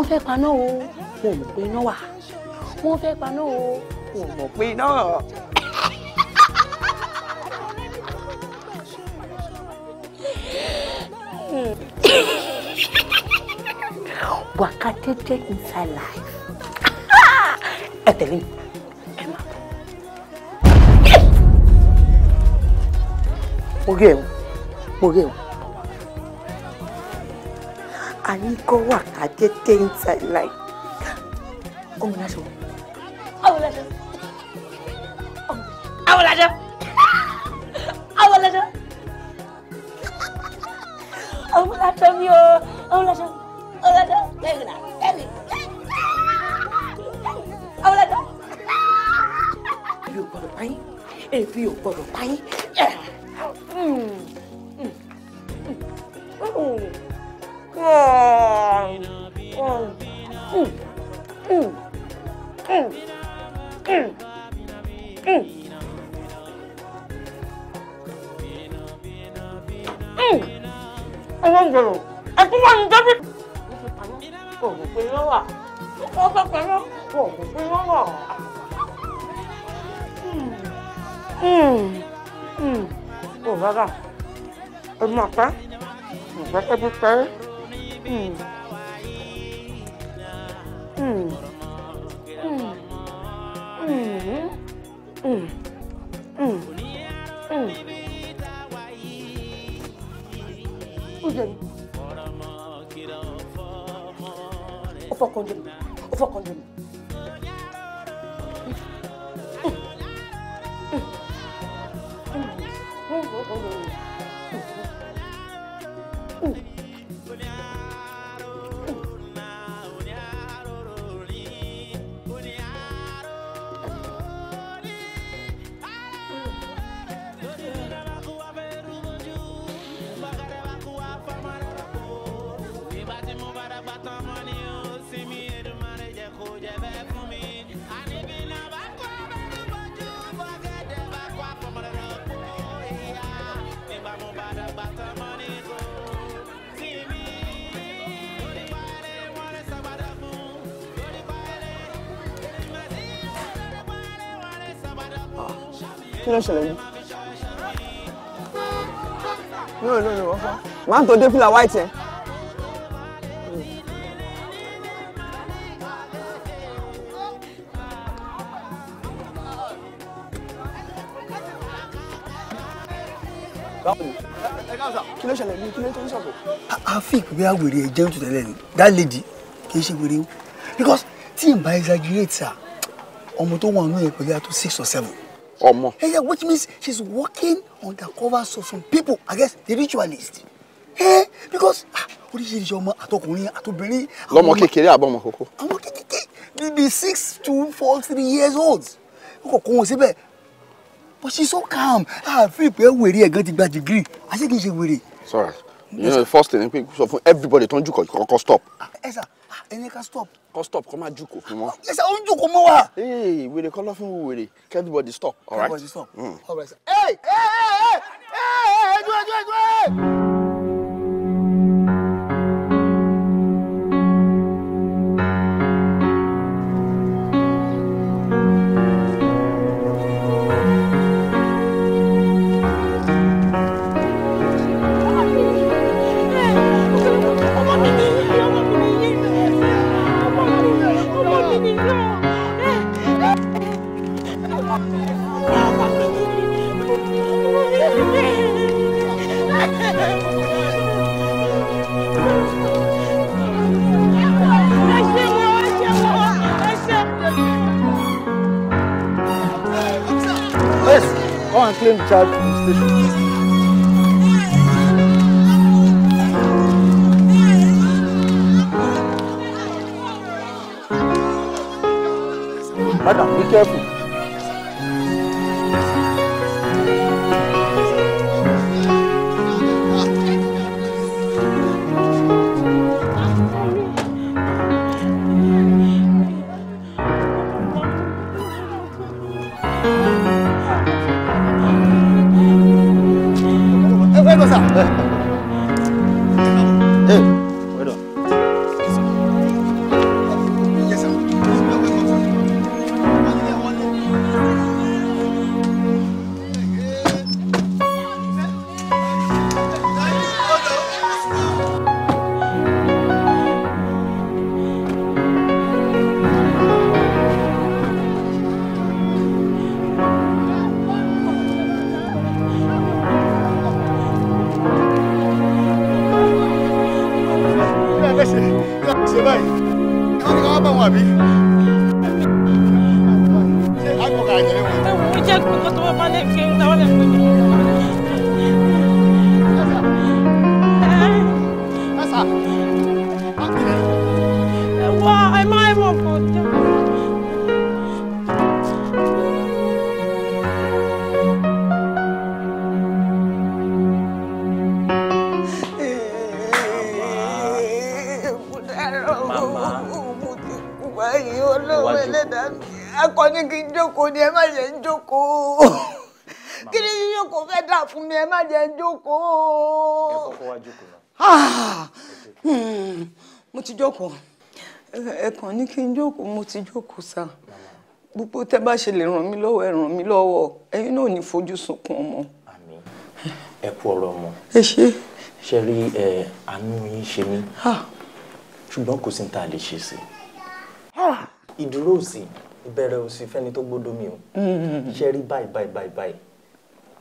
wọ́n fẹ́ paná o wọn ò mọ̀ pé iná wà wọ́n fẹ́ paná o wọn ò mọ̀ pé iná. Waka jẹ́jẹ́ inside life. Ẹ tẹ̀lé mi. mo gé o mo gé o the things I like. ẹbí pẹ́ ó fọkàn jẹ mi ó fọkàn jẹ mi. Oh, oh, oh, oh. ń ṣẹlẹ̀ no no no ọkọ máa ń tọ́ dépìlà white yẹn. kí ló ṣẹlẹ̀ ní kí ló tó ń sọ̀rọ̀. afik bí a wèrè ẹ̀jẹ̀ ń tún tẹ́lẹ̀ ni that lady kì í ṣe wèrè o because tí n bá exaggerate sa ọmọ tó wà nínú ẹ̀ pẹ̀lú àtó six or seven ọmọ. yeah, yeah, which means she's working on the covers of some people I guess the ritualist. Eh, because ah, oríṣiríṣi ọmọ àtọkùnrin àtobìnrin. lọmọ kékeré àbọmọ kókó. àwọn kékeré they be six to four three years old. ó kò kó wọn síbẹ̀ but she's so calm. àfi ah, ìpè wèrè ẹ̀gán ti gba degree àṣé kì í ṣe wèrè. sọ̀rọ̀ you know the first thing pé sọ fún everybody tó ń jùkọ̀ kọ́kọ́ stop. ẹ sà ẹni ká stop. kọ́ stop kọ́ máa jùkọ̀ fún wọn. ẹ sà ó ń jùkọ̀ mọ́ wa. ee wèrè kọ́ lọ́ fún wèrè kí everybody stop. all right everybody stop. all right sir. ẹ ẹ ẹ ẹ ẹ ẹ ẹ ẹ ẹ ẹ ẹ ẹ ẹ ẹ ẹ ẹ ẹ recharge vraiment pas akọni kí n jókòó ni ẹ má jẹ́ n jókòó ni jókòó fẹ́ dà fún mi ẹ má jẹ́ n jókòó. ẹ jókòó ẹ kàn ní kí n jókòó mo ti jókòó sá gbogbo tẹ bá ṣe lè ràn mí lọ́wọ́ ẹ ràn mí lọ́wọ́ ẹ̀yin náà ní fojú sunkún ọmọ. àmín ẹ kú ọ̀rọ̀ ọmọ. ẹ ṣe. ṣe rí ẹ àánú yín ṣe mí ṣùgbọ́n kò sí ní tá a lè ṣe sí i ìdúró òsì ìbẹ̀rẹ̀ òsì fẹ́ni tó gbọ́dọ̀ mi o mm-hmm. ṣe rí báyìí báyìí báyìí báyìí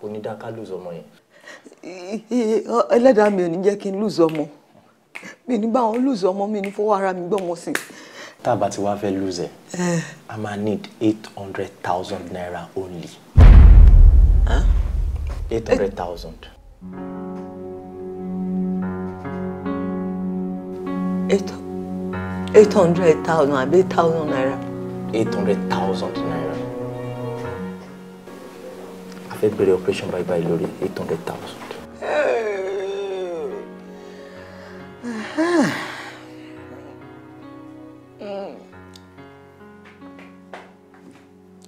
onídàáká lùzọ yẹn. ẹlẹ́dàá mi ò ní jẹ́ kí n lùzọ mi ní bá wọn lùzọ ọmọ mi ní fọwọ́ ara mi gbọ́mọ sí. tá a bá ti wá fẹ́ lùzẹ̀ a máa need eight hundred thousand naira only eight hundred thousand. eight hundred thousand àbí eight thousand naira. eight hundred thousand naira a fẹ́ bẹ̀rẹ̀ operation báyìí báyìí lórí eight hundred thousand.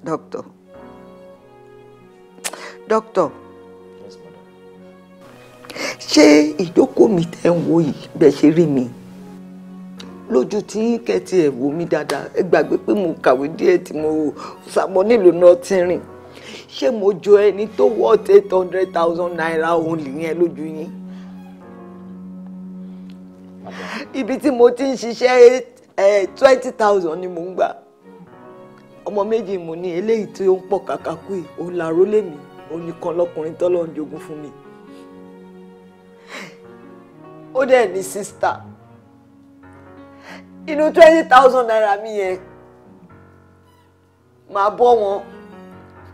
Doctor. Doctor. Yes, madam. Ṣé ìjókòó mi tẹ́ ń wo yìí bẹ́ẹ̀ rí mi? Lójú tí kẹ́tì ẹ̀ wò mí dáadáa, ẹ gbàgbé pé mo kàwé díẹ̀ tí mo sàmọ́ nílùú náà ti Ṣé mo jọ ẹni tó wọ́ eight hundred thousand naira òun lè lójú yín? ibi tí mo ti ń ṣiṣẹ́ twenty thousand ni mò ń gbà ọmọ méjì mo ní eléyìí tí ó ń pọ̀ kàkàkù yìí òun làró lèmi òun nìkan lọkùnrin tọ́lọ́ ń jogún fún mi ó dẹ̀ ní sísítà inú twenty thousand naira mi yẹn màá bọ́ wọn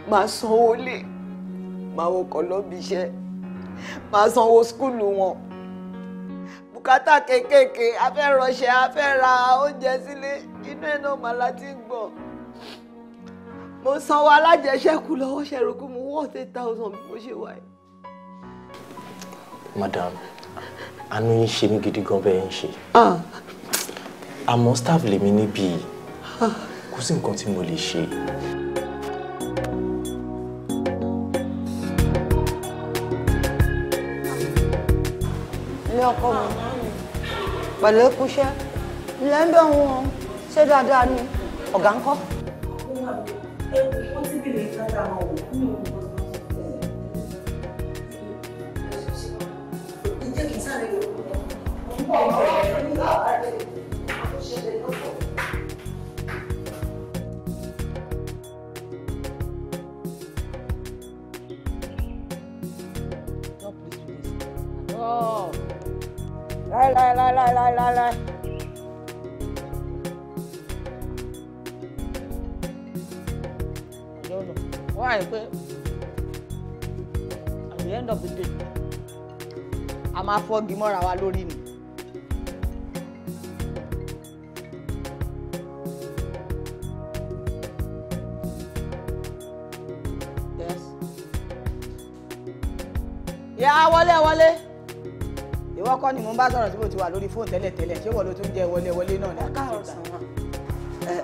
màá sanwó lé màá wọkọ̀ lọ́bi iṣẹ́ màá sanwó skúlù wọn bùkátà kéékèèké a fẹ́ rọṣẹ́ a fẹ́ ra oúnjẹ sílé inú ẹ̀ náà mà láti ń gbọ̀ mo sanwó alájẹṣẹ́kù lọ́wọ́ ṣẹ̀rùkú mo wọ́n eight thousand bí mo ṣe wà yìí. madam àánú yín ṣe mí gidi gan bẹ́ẹ̀ ń ṣe àmọ́ staff lèmi níbí kò sí nǹkan tí mo lè ṣe. ilé ọkọ pẹ̀lú ẹkúṣẹ́ ilẹ̀ ń dọ̀hún o ṣé dáadáa ni ọ̀gá ń kọ́. Oh. 来来来来来来来！Why? at the end of the day I'm máa gimora mọ́ra wa lórí Yes. Yeah, wale, wale. ìwọ ni mo ń bá sọ̀rọ̀ tí mo ti wà lórí fóònù tẹ́lẹ̀ tẹ́lẹ̀ ṣé wọ́n ló tún jẹ wọlé wọlé náà ni.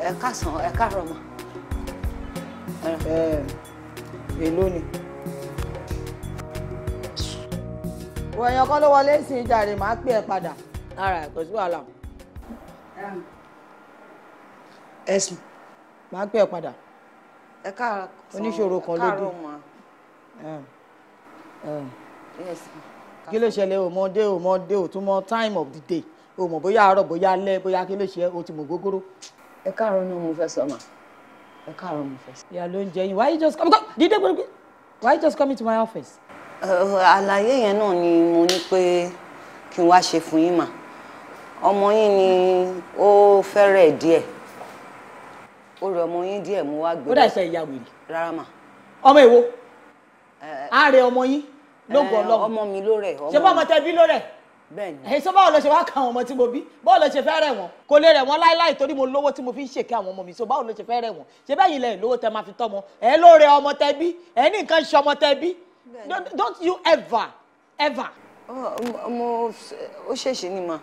ẹ káàsán ẹ káàárọ̀ mọ́. èló ni. wọ èèyàn kọ́ ló wọlé sí pè é padà. ara ẹ̀ kò sí wàhálà. pè é padà. ẹ mọ́ kan lóde. ẹ káàárọ̀ mọ́. kí ló ṣẹlẹ̀ o mọ dé o mọ dé time of the day o bóyá àárọ̀ bóyá alẹ́ bóyá kí ló ṣe o ti mọ̀ gógóró. ẹ káàárọ̀ ni mo fẹ́ sọ ma ẹ káàárọ̀ mo fẹ́ sọ. ìyá ló ń jẹ yín why you just come come dídé gbogbo why you just come into my office. àlàyé yẹn náà ni mo ní pé kí n wá ṣe fún yín mà ọmọ yín ni ó fẹ́rẹ̀ díẹ̀ ó rẹ ọmọ yín díẹ̀ mo wá gbé. ó dà ìṣe ìyá wèrè. rárá mà. ọmọ èwo. ààrẹ ọmọ yín. Eh, lóògùn ọlọ́run ọmọ mi ló rẹ̀ ọmọ ṣe bá ọmọ tẹ bí ló rẹ̀ bẹ́ẹ̀ni èyí sọ báwo lọ ṣe wá kan àwọn ọmọ tí mo bí báwo lọ ṣe fẹ́ rẹ̀ wọ́n kò lè rẹ̀ wọ́n láéláé torí mo lówó tí mo fi ń ṣèké àwọn ọmọ mi so báwo lọ ṣe fẹ́ rẹ̀ wọ́n ṣe bẹ́ẹ̀ yìí lẹ̀ lówó tẹ máa fi tọ́ ọmọ ẹ ló rẹ ọmọ tẹ bí ẹ ní nǹkan ṣe ọmọ tẹ bí don't you ever ever. ọmọ ó ṣèṣì ni mà.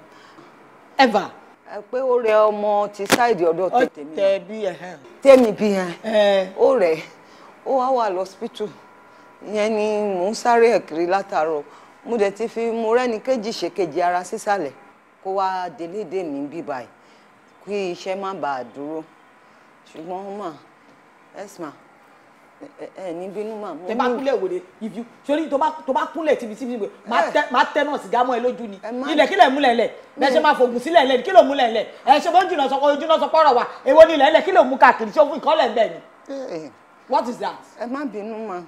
ever. pé ó rẹ ọmọ ti ṣáìdì ọ̀dọ̀ tèmi tèmi bí eh. ó rẹ ó wá wà lọ́sípítù yẹn ni mò ń sáré ẹ̀ kiri látàárọ̀ mo dẹ̀ ti fi mo rẹ́ni kejì ṣèkejì ara sísàlẹ̀ kó wá délé dè mí bí báyìí kí iṣẹ́ má bàa dúró ṣùgbọ́n mà ẹ̀sìmà ẹ ní bínú mà. tẹ bá kúnlẹ̀ wòde ìfiú sórí tó bá kúnlẹ̀ tìbítìbí pé máa tẹ́nà sìgá mọ́ ẹ lójú ni ilẹ̀ kílẹ̀ múlẹ̀ lẹ̀ bẹ́ẹ̀ ṣe máa fògùn sílẹ̀ lẹ̀ kílò múlẹ̀ lẹ̀ ẹ ṣe bó jìnnà sọpọ̀ ojúná sọpọ̀ ọ̀rọ̀ wa èwo ni ilẹ̀ kílò mú káàkiri ṣé ó fún ìkọ́lẹ̀ bẹ́ẹ̀ ni eh, eh. what is that. ẹ má bínú mà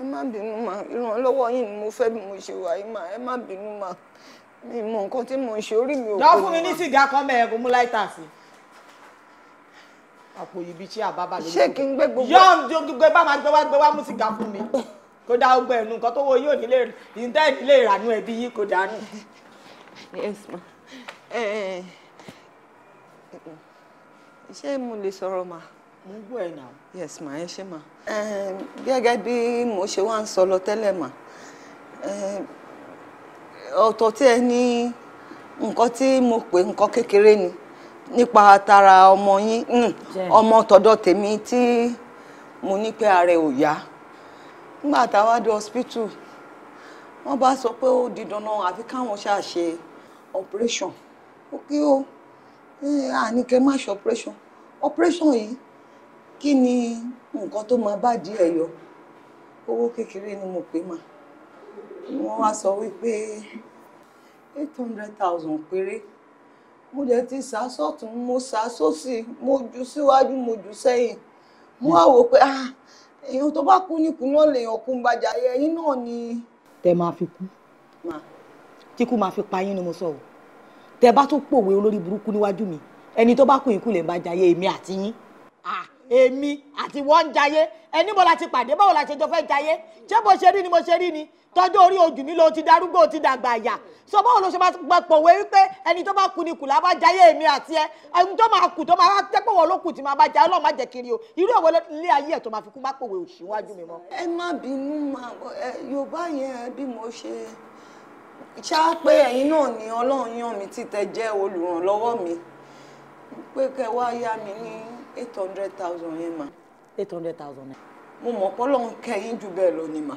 ẹ má bínú mà ìrànlọ́wọ́ yìí ni mo fẹ́ bí mo ṣe wà yìí mà ẹ má bínú mà mi mọ nǹkan tí mo ń ṣe orí mi ò kò mà. lọ fún mi ní sìgá kan bẹ́ẹ̀ kó mú láìta sí àpò ibi tí àbábà lórí. ṣé kí n gbé gbogbo. yọ gbogbo ẹ bá máa gbé wá gbé wá mú sìgá fún mi kó dá ogbó ẹnu nǹkan tó wo yóò nílé ìdá ìdílé ìrànú ẹbí yìí kó dànù. ṣé mo lè sọ̀rọ̀ mà. mo gbọ́ ẹ̀ náà. yes ma ẹ ṣe ma. gẹ́gẹ́ bí mo ṣe wá ń sọ lọ tẹ́lẹ̀ mà ọ̀tọ̀ tí ẹ ní nǹkan tí mo pè nǹkan kékeré ni nípa tara ọmọ yín hmm, ọmọ tọ̀dọ̀ tèmi tí mo ní pé ara ẹ̀ ò yá nígbà táwa dé hospital wọ́n bá sọ pé ó di dandan àfi káwọn ṣàṣe ṣe operation ó kí ó àní má ṣe operation operation yìí kí ni nǹkan tó máa bá díẹ̀ yọ owó kékeré ni mo pè mà wọ́n wá sọ wípé eight hundred thousand péré mo dẹ̀ ti sá sọ́tún mo sá sósì mo jù síwájú mo jù sẹ́yìn mo wá wò pé ah, èèyàn tó bá kú níkù náà lèèyàn kú ń bàjá ẹ̀yìn náà ni. tẹ máa fi kú kíkú máa fi pa yín ni mo sọ o tẹ bá tún pòwe olórí burúkú níwájú mi ẹni tó bá kú ikú lè ń bàjá yé èmi àti yín. Ah, èmi àti wọ́n ń jayé ẹni bó la ti pàdé báwo la ṣe jọ fẹ́ jayé ṣé bó ṣe rí ni mo ṣe rí ni tọjọ́ orí ojú mi ló ti darúgbó ti dàgbà àyà sọ báwo ló ṣe máa gba pọ̀wé wípé ẹni tó bá kú ni kù lá bá jayé èmi àti ẹ ẹni tó máa kù tó máa jẹ́ pé wọ́n ló kù tí máa bá jayé ọlọ́run má jẹ́ kiri o irú èwo ilé ayé ẹ̀ tó máa fi kú má pòwe òṣì wájú mi mọ́. ẹ má bínú yorùbá yẹn bí mo ṣe ṣá pé ẹ̀yin náà ni ọlọ́run yàn mí títẹ jẹ́ olùrànlọ́wọ́ mi pé kẹ yá mi ní eight hundred thousand yẹn mà. eight hundred thousand naira. mo mọ̀ pọ́lọ́ ń kẹ́yìn jù bẹ́ẹ̀ lọ ni mà.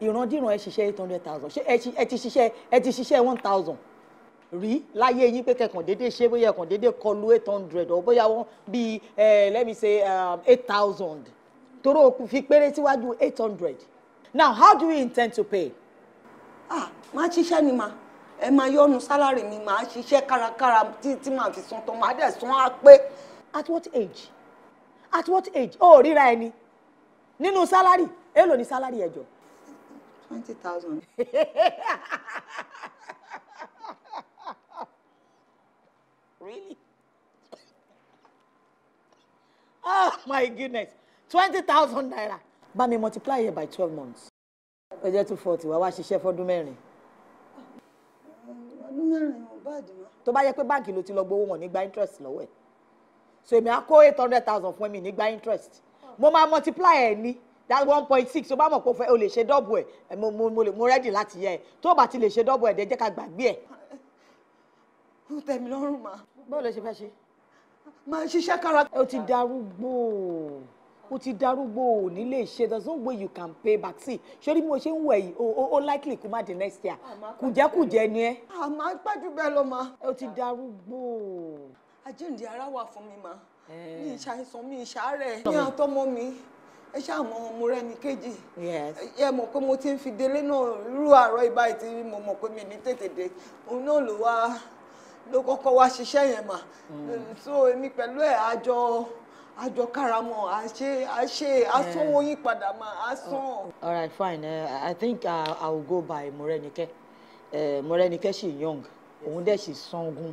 ìrandíran ẹ ṣiṣẹ́ eight hundred thousand ṣé ẹ ti ṣiṣẹ́ ẹ ti ṣiṣẹ́ one thousand rí láyé yín pé kẹkàn déédéé ṣe bóyá ẹkàn déédéé kọlu eight hundred ọ̀ bóyá wọ́n bíi let me say um, eight thousand toro fi péré síwájú eight hundred now how do you intend to pay. ah máa ṣiṣẹ́ ni ma ẹ máa yọnu sálárì mi máa ṣiṣẹ́ kárakára tí tí màá fi san tán màá dẹ̀ san á pé at what age at what age oh, ríra ẹni nínú sálárì èèlò ní sálárì ẹjọ. twenty thousand. really oh my goodness twenty thousand naira bá mi multiply here by twelve months ó jẹ́ two forty wá wá ṣiṣẹ́ fọ́dún mẹ́rin. ọdún mẹ́rin ò bá àdìmọ́. tó bá yẹ pé báǹkì ló ti lọ gbowó wọn nígbà interest lọ́wọ́ ẹ̀ so èmi á kó eight hundred thousand fún mi nígbà interest mo máa multiply ẹ̀ ní that one point six tó bá mọ̀ pé o fẹ́ o lè ṣe double ẹ̀ mo mo mo ready láti yẹ ẹ̀ tó o bá ti lè ṣe double ẹ̀ dẹ́ jẹ́ ká gbàgbé ẹ̀. ó tẹ́ mi lọ́rùn mà. báwo ló ṣe fẹ́ ṣe. máa ṣiṣẹ́ kára. o ti darúgbó o ti darúgbó o ní lè ṣe there's no way you can pay back See, sórí bí mo ṣe ń wẹ̀ yìí o o likely kó má di next year kùjẹ́kùjẹ́ ni ẹ. àmọ́ pẹ́jú bẹ́ẹ̀ ló máa. o ti darúgbó àjíǹde ara wà fún mi mà ní ìṣàìsàn mi ìṣàárẹ̀ ní àtọmọ mi ẹ ṣáà mọ ọmọ rẹ ní kejì ẹ mọ̀ pé mo ti ń fi délé náà irú àárọ̀ ibà tí mo mọ̀ pé mi ní tètè dé òun náà ló wá ló kọ́kọ́ wá ṣiṣẹ́ yẹn mà mm. eh, so èmi pẹ̀lú ẹ̀ àjọ àjọ karamọ àṣe àṣe àsanwó eh. yín padà mà àsan. Oh, all right fine uh, i think uh, i will go by Morenike uh, Morenike she young òun dẹ̀ she sangun.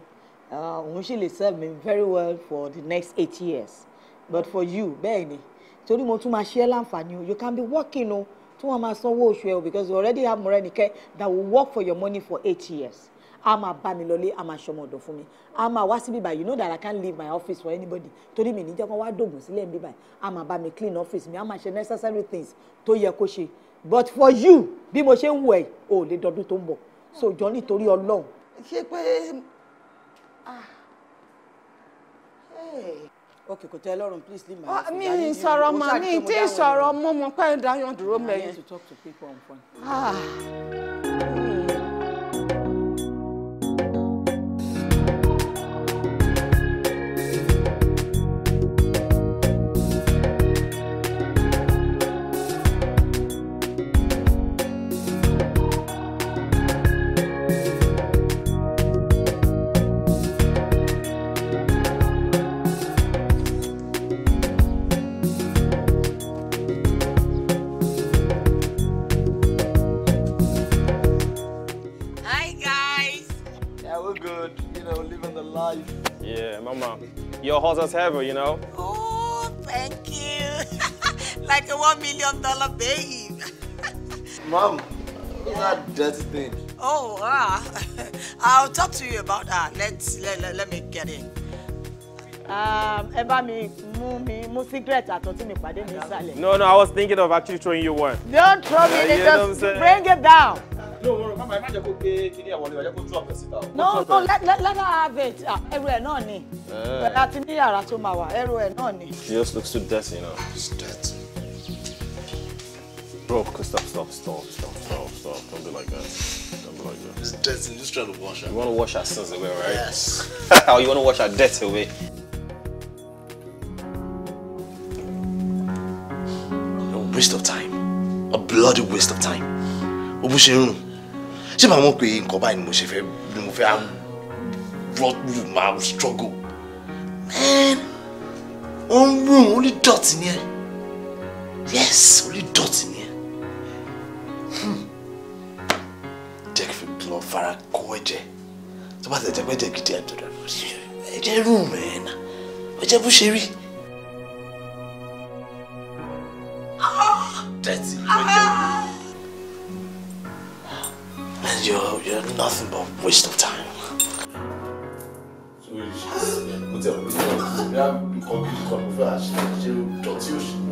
Ah, òun ṣì lè serve me very well for the next eight years but for you bẹ́ẹ̀ ni torí mo tún máa ṣe é láǹfààní o you can be working o tí wọ́n máa sanwó oṣù ẹ̀ o because you already have Morenike that will work for your money for eight years a máa bá mi lọlé a máa ṣọmọ ọ̀dọ̀ fún mi a máa wá sí bíbá you know that I can't leave my office for anybody torí mi níjẹ́ kan wá dògùn sílẹ̀ bíbá a máa bá mi clean office mi a máa ṣe necessary things tó yẹ kó ṣe but for you bí mo ṣe ń wọ̀ ẹ́ o lè dọdún tó ń bọ̀ so jọ nítorí Ọlọ́run. ṣé pé ok kò tẹ́ lọ́rùn please leave my ah, house. mi ì sọ̀rọ̀ mọ́ mi ì tí ì sọ̀rọ̀ mọ́ mo pẹ́ dayan dúró mẹ́yìn. I need to talk to people on phone. Ah. ah. us have her, you know? Oh, thank you. like a one million dollar babe. Mom, look that dirty thing. Oh, ah. I'll talk to you about that. Let's, let, let, let me get in. Um, ẹ bá mi mú mi mú cigarette àtọ̀tí mi pàdé mi sálẹ̀. no no i was thinking of actually throwing you one. don't throw me yeah, just bring it down. no no mama ẹ má jẹ́ kó gbé kíní ẹ̀ wọlé ẹ jẹ́ kó tú ọ̀pẹ síta. no no lẹ́nà avet ah, ẹrù ẹ̀ náà ni eh. ẹ̀rọ ti ní yàrá tó máa wà ẹrù ẹ̀ náà ni. she just looks too dirty now. she's dirty. bro stop stop stop stop stop stop don't be like that. Don't be like that. It's dirty. Just try to wash her. You want to wash our sins away, right? Yes. Or you want to wash our debt away? waste of time. A bloody waste of time. Obushirunu, ṣé màá mọ̀ pé nǹkan báyìí ni mo ṣe fẹ́ ni mo fẹ́ rot you ma struggle man ó ń rùn ó lè dọ̀tí ni ẹ yes ó lè dọ̀tí ni ẹ hmm. jẹ́ kí n fi lọ fara kó ẹ̀jẹ̀ tó bá tẹ̀jẹ̀ pẹ́jẹ̀ gidi àtọ̀dọ̀ ẹ̀jẹ̀ rùn mẹ́ẹ̀nà ẹ̀jẹ̀ bó ṣe rí. Dirty, ah. And you're, you're nothing but waste of time. no,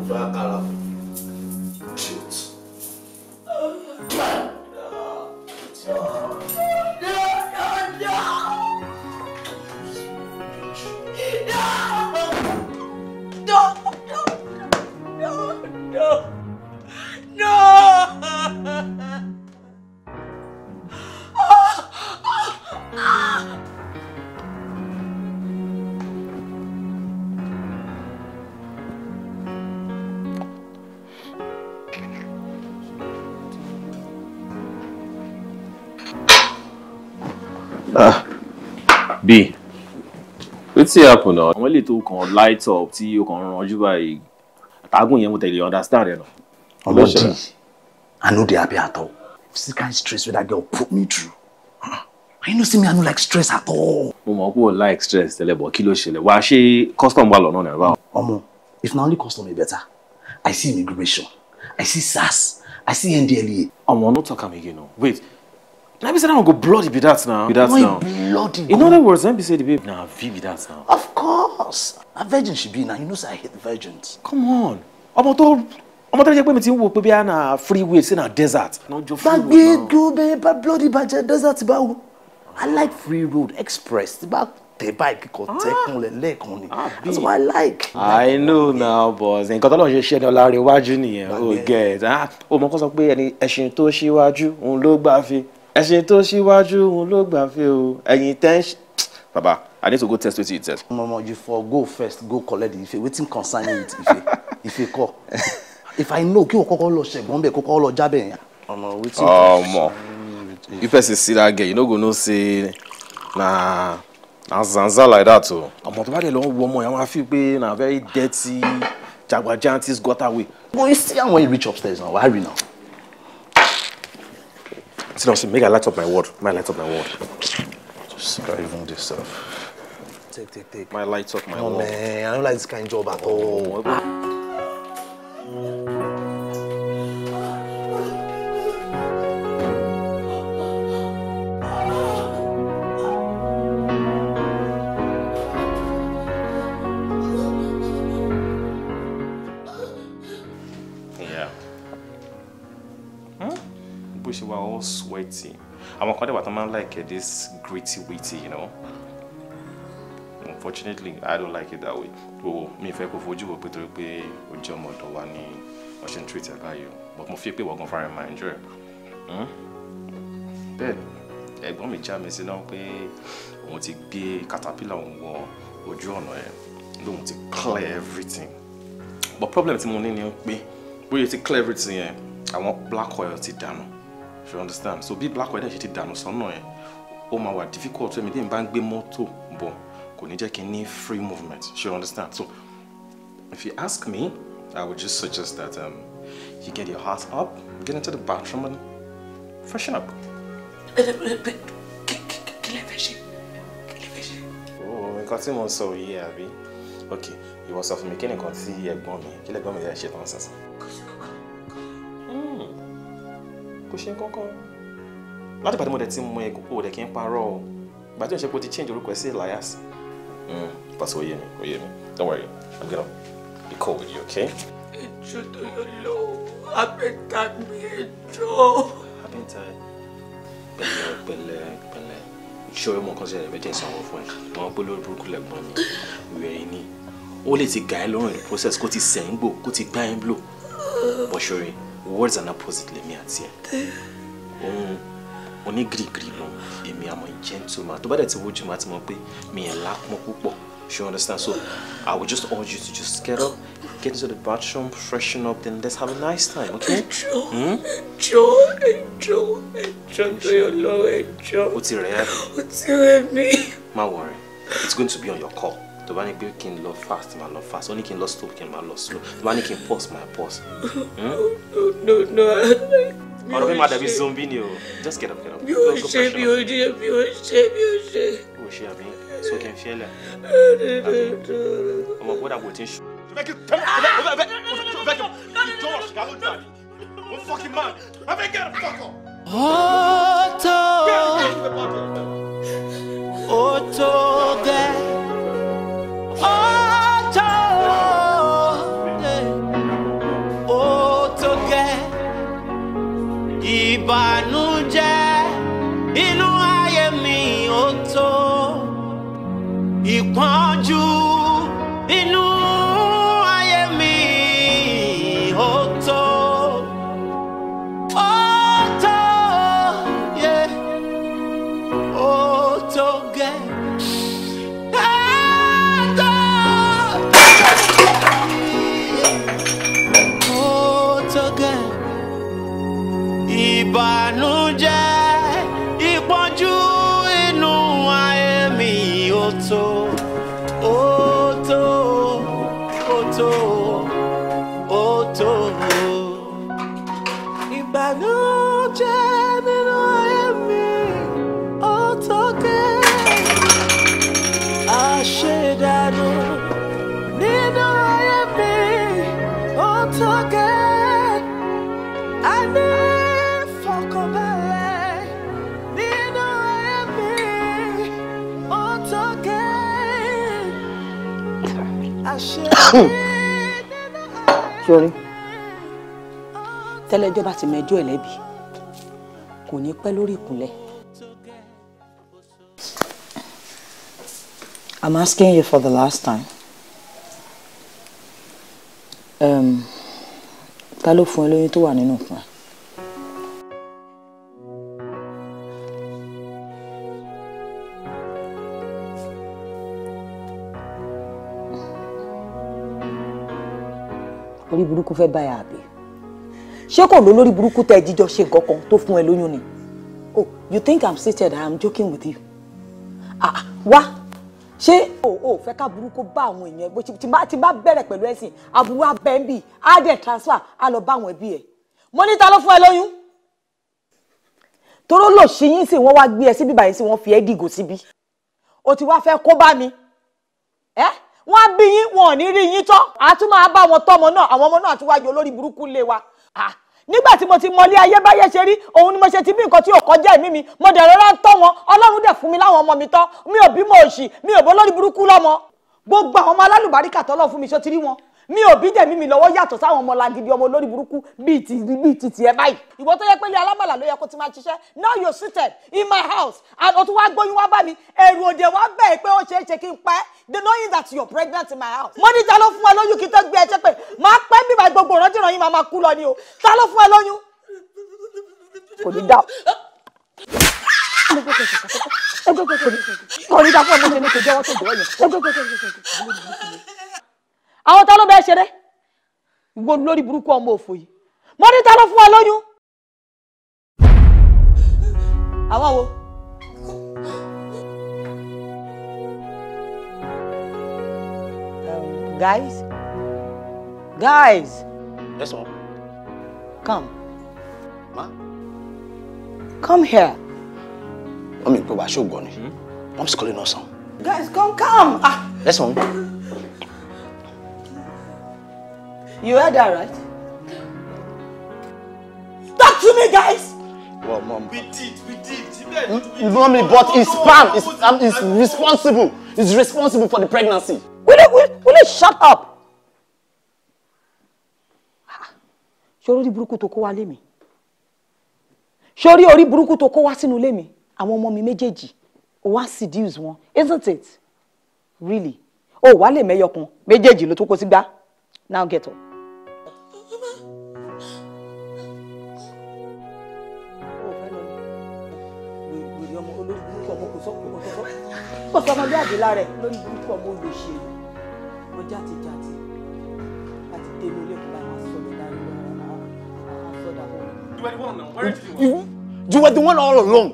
no, no, no, no, no. B. Wetin happen na? Àwọn ilé tó kàn light up tí o kàn ranjú báyìí. Àtàgùn yẹn mo tẹ̀lé understand ẹ̀ nà. Ọlọ́dì, I no dey happy at all. See kind stress wey that girl put me through. I no see me I no like stress at all. Mo mọ̀ pé o like stress tẹ́lẹ̀ bọ̀ kí ló ṣẹlẹ̀? Wàá ṣe custom wà lọ́nà náà Ọmọ, if na only custom e better, I see immigration, I see SARS, I see NDLEA. Ọmọ, no talk am again o. Wait, Let me say that I go bloody be that now. Be that Why now. bloody? In go? other words, let me say the babe. Nah, be that now. Of course. A virgin should be now. You know say I hate virgins. Come on. I'm not tó ọmọ tó jẹ́ pé mi ti ń wo pé bí a na freeway sí na desert. Gbàgbé gbé bá bloody bàjẹ́ desert báwo. I like free road express. Ti bá tẹ báyìí kò ah. tẹkùn lẹ́ẹ̀kan ni ah, that's what i like. i know now but nǹkan tó lọ́n ṣe ṣe ní ọ̀la rẹ̀ wájú nìyẹn o oh, get ah, o mọ̀ kó sọ pé ẹni ẹṣin tó ṣíwájú òun ló gbà fi ẹ̀sìn tó ṣíwájú òun ló gbàfẹ́ o ẹ̀yìn tẹ́ńṣ baba i need to go test wetin you test. mama you for go first go collect the ife wetin concern you with ife ife call, if i know kí o kọ́kọ́ lọ ṣẹ̀gbọ́n bẹ́ẹ̀ kọ́kọ́ lọ jábẹ̀ yẹn. ọmọ wetin ọmọ if person see that girl you no go know say na na zanza like that o. ọmọ tó bá dé lọ wọ ọmọ yẹn wọn á fi pé na very dirty jagba jantis gutter way. boy see àwọn e reach upstairs now wàá rí now. See now, see. Make I light up my word. I light up my word. Just driving this stuff. Take, take, take. I light up my no, word. man. I don't like this kind of job at all. Oh. bó ṣe wà all sweaty àwọn kan dẹ̀wà tó máa ń like eh, this gritty witty you know unfortunately i don't like it that way o mi fẹ́ kó fojú wò pé torí pé o jẹ́ ọmọ ọ̀dọ̀ wa ni wọ́n ṣe ń treat ẹ̀ báyìí o but mo fi pé wọ́n fara ma enjoy ẹ̀ hmm? bẹ́ẹ̀ ẹ̀gbọ́n mi já mi sí náà pé òun ti gbé caterpillar òun wọ ojú ọ̀nà ẹ̀ lóun ti clear everything but problem tí mo ní ni pé bóyá ti clear everything yẹn àwọn black oil ti dànù. you understand so be black weather ṣe ti dànù sọ́nà Oh my máa wà difficult ẹ̀mí tí n bá ń gbé mọ́tò bọ̀ kò ní jẹ́ kí n gbe moto bo ko ni je ki n free movement She understand so if you ask me I would just suggest that um, you get your heart up get into the bathroom and freshen up. Oh, we got ṣe kí lè fẹ́ ṣe. Oh, nǹkan tí mo sọ yìí àbí ok ìwọ sọ me. mi kí nìkan tí ẹ̀gbọ́n mi kí lẹ̀gbọ́n mi yà ṣe tán sàṣà. kò ṣe kankan láti pàdé mo dẹ̀ ti mọ ẹ kókó kí n parọ́ o ìgbà tí mo ṣe pé o ti change orúkọ ẹ sí Elias. Hmm, pàṣẹ oyè mi oyè mi don't worry i'm gonna be cool with you okay. ẹjọ tó yọ lọ abẹta mi ẹjọ. abẹta ẹ pẹ̀lẹ́ pẹ̀lẹ́ pẹ̀lẹ́ ṣọrọ mọ nǹkan ṣẹlẹ̀ bẹjẹ ìsanwó fún ẹ àwọn gbólórí burúkú lẹgbọn mi ìwé ẹ̀yìn ni ó lè ti gà ẹ lọ́rùn in process kó ti sẹ̀ ń gbò kó ti gbá ẹ ń blò words and opposite lèmi àti ẹ̀ òun onígirigiri lọ èmi àmọ́ gentleman tó bá dẹ̀ ti wojú ma ti mọ̀ pé mi ẹ̀ lápọn púpọ̀ you understand so I would just urge you to just get up get into the bathroom freshen up then let's have a nice time okay. ẹjọ enjoy, enjoy, enjoy your love, enjoy. ó ti rẹ̀ ẹ́. ó ti rẹ̀ mí. má worry it's going to be on your call tó bá ní pé kí n lọ fast máa lọ fast ó ní kí n lọ slow kí n máa lọ slow tó bá ní kí n pause máa pause. Hmm? ọ̀rọ̀ mi máa dàbí zombie ni o just get up get up. mi ò ṣe mi ò ṣe mi ò ṣe mi ò ṣe. o ṣe àmì so kí n fi ẹ lẹ. ọmọ gbọ́dọ̀ àbò tí ń ṣu. o fẹ́ kí o jọ̀wọ́ ṣìkà ló dà ní o fucking man o fẹ́ get the fuck up. ó tó ó tó gẹ́ẹ́. you. sori tẹ́lẹ̀jọ́ bá ti mẹjọ́ ẹ̀ lẹ́bi kò ní pẹ́ lórí ìkúnlẹ̀. I'm asking you for the last time. Um, ta ló fún ẹ lóyún tó wà nínú fún ẹ? olórí burúkú fẹ́ báyà àbí ṣé kò ló lórí burúkú tẹ́ jíjọ ṣe nǹkan kan tó fún ẹ lóyún ni oh you think i'm seated i'm joking with you ah wá ṣé o ò fẹ́ ká burúkú bá àwọn èèyàn bó ti bá ti bá bẹ̀rẹ̀ pẹ̀lú ẹ̀sìn àbúrò abẹ́ńbì á dẹ̀ transfer á lọ bá àwọn ẹbí ẹ̀ mo ní ta ló fún ẹ lóyún toró lò ṣí yín sí wọ́n wá gbé ẹ síbí báyìí sí wọ́n fi ẹ́ dìgò síbí o ti wá fẹ́ kó bá mi ẹ́ eh? wọ́n á bí yín wọn ò ní rí yín tọ́ a tún máa bá wọn tọ́mọ náà àwọn ọmọ náà tún wáyé olórí burúkú lé wa nígbà tí mo ti mọlé ayé báyé ṣe rí òun ni mo ṣe ti bí nǹkan tí yóò kọjá ẹ̀mí mi mo dẹ̀ rọra ń tọ́ wọn ọlọ́run dẹ̀ fún mi láwọn ọmọ mi tọ́ mi ò bímọ òṣì mi ò bọ́ lórí burúkú lọ́mọ gbogbo àwọn ọmọ alálùbáríkà tọ́lọ́ fún mi ṣó ti rí wọn mi ò bí tèmi mi lọ́wọ́ yàtọ̀ sáwọn ọmọ làgìdì ọmọ olórí burúkú bíi ti bíi ti tiẹ̀ báyìí ìwọ tó yẹ pé ilé alámàlà ló yẹ kó ti máa ṣiṣẹ́ now you seated in my house and o tún wá gbóyún wá bá mi èrò òde wá bẹ́ẹ̀ pé ó ṣeé ṣe kí n pa ẹ́ they know you that you are pregnant in my house. mo ní ta ló fún ẹ lóyún kí n tó gbé ẹ ṣe pé máa pẹ́ bíbá gbogbo ìrọ́jìnrán yín máa máa kú lọ ni o ta ló fún ẹ lóyún. kò ní dá kò ní dá fún ẹ mo ṣe ní kò jẹ́wọ́ tó jọ àwọn ta ló bẹ́ẹ̀ ṣeré ìwọ lórí burúkú ọmọ òfò yìí mo ní ta ló fún wa lóyún àwọn wo. Um, guys guys. yes ma'am. come. ma. come here. wọ́n mi pé wàá ṣògbọ́n ni wọ́n sì kọ́lé náà guys come come. ah. yes ma'am. You heard that right? Talk to me, guys! Well, mom. We did, we did. You know hmm? me, but it's spam. It's, um, it's responsible. It's responsible for the pregnancy. Will you, will, will you shut up? Shori buruku burúkú tó kó mi? Shori ori buruku burúkú tó kó wá mi? Àwọn ọmọ mi méjèèjì, ó wá seduce wọn, isn't it? Really? Ó wá lè mẹ́yọkun, méjèèjì ló tó kó sígbá. Now get up. sọmọdé àdìlá rẹ̀ lórí burúkú ọmọ olùṣe wọn jáde jáde láti dé inú ilé ìgbà sọ mi dárí wọn sọdà wọn. You were the one all along.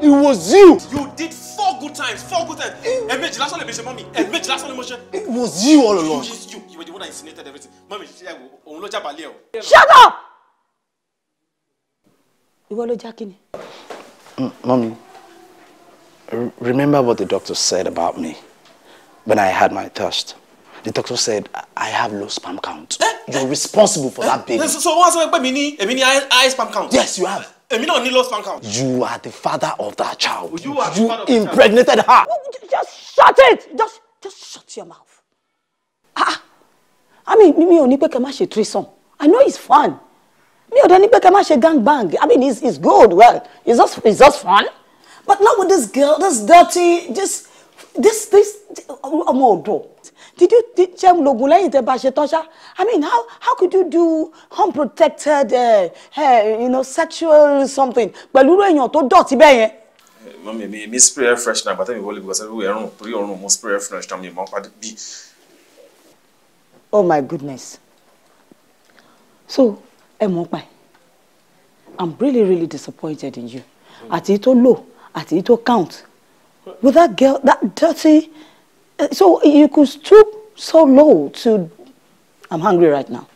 It was you. You did four good times, four good times. Ẹ̀ẹ̀mejì lásán lè mi ṣe mọ́mí, ẹ̀ẹ̀mejì lásán lè mo ṣe. It was you all along. You, you, you were the one that incinerated everything. Mọ́mí ṣe ẹ̀wò, òun ló jábàálẹ̀ o. Shut up! Ìwọ ló já kí ni? Mm, mọ́mí remember what the doctor said about me when I had my test. The doctor said, I have low sperm count. Eh? eh. You're eh? responsible for eh? that baby. So, eh, what's so, so, me ni, èmi ni high, high sperm count? Yes, you have. Èmi náà ní low sperm count. You are the father of that child. You, are you the impregnated her. Just shut it. Just, just shut your mouth. Ah, ah. I mean, mi ò ní pé kẹ́ má ṣe threesome. I know it's fun. Mi ò dẹ̀ ní pé kẹ́ má ṣe gangbang. I mean, it's, it's good. Well, it's just, it's just fun. But not with this girl, this dirty, this, this, this, ọmọ ọ̀dọ̀. Did you did jẹun lògùn lẹ́yìn tẹ́ bá I mean, how how could you do unprotected, uh, uh, you know, sexual something But you know, tó dọ̀tí bẹ́ẹ̀ yẹn? Mami, me, mi spray air freshener àgbàtà mi wọlé because everywhere ẹ̀rùn torí ọ̀run mo spray fresh freshener mi mọ̀ padà bí. Oh my goodness. So, ẹ mọ̀ I'm really really disappointed in you. At it all, Mm àti èyí tó count with that girl that dirty uh, so you could stoop so low to I'm hungry right now.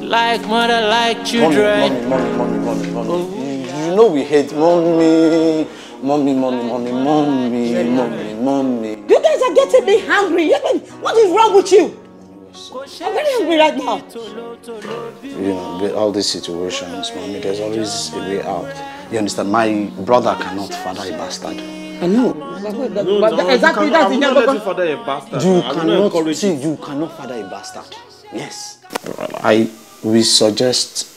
Like mother, like children. Money, money, money, money, money. Oh. You know we hate mommy. Mommy, mommy, mommy, mommy, mommy, mommy. You guys are getting me hungry. What is wrong with you? Where are be right now? You know, all these situations, mommy, there's always a way out. You understand? My brother cannot father a bastard. I know. No, that, no, no, exactly. That's the never going to father a bastard. You cannot. See, you cannot father a bastard. Yes. I we suggest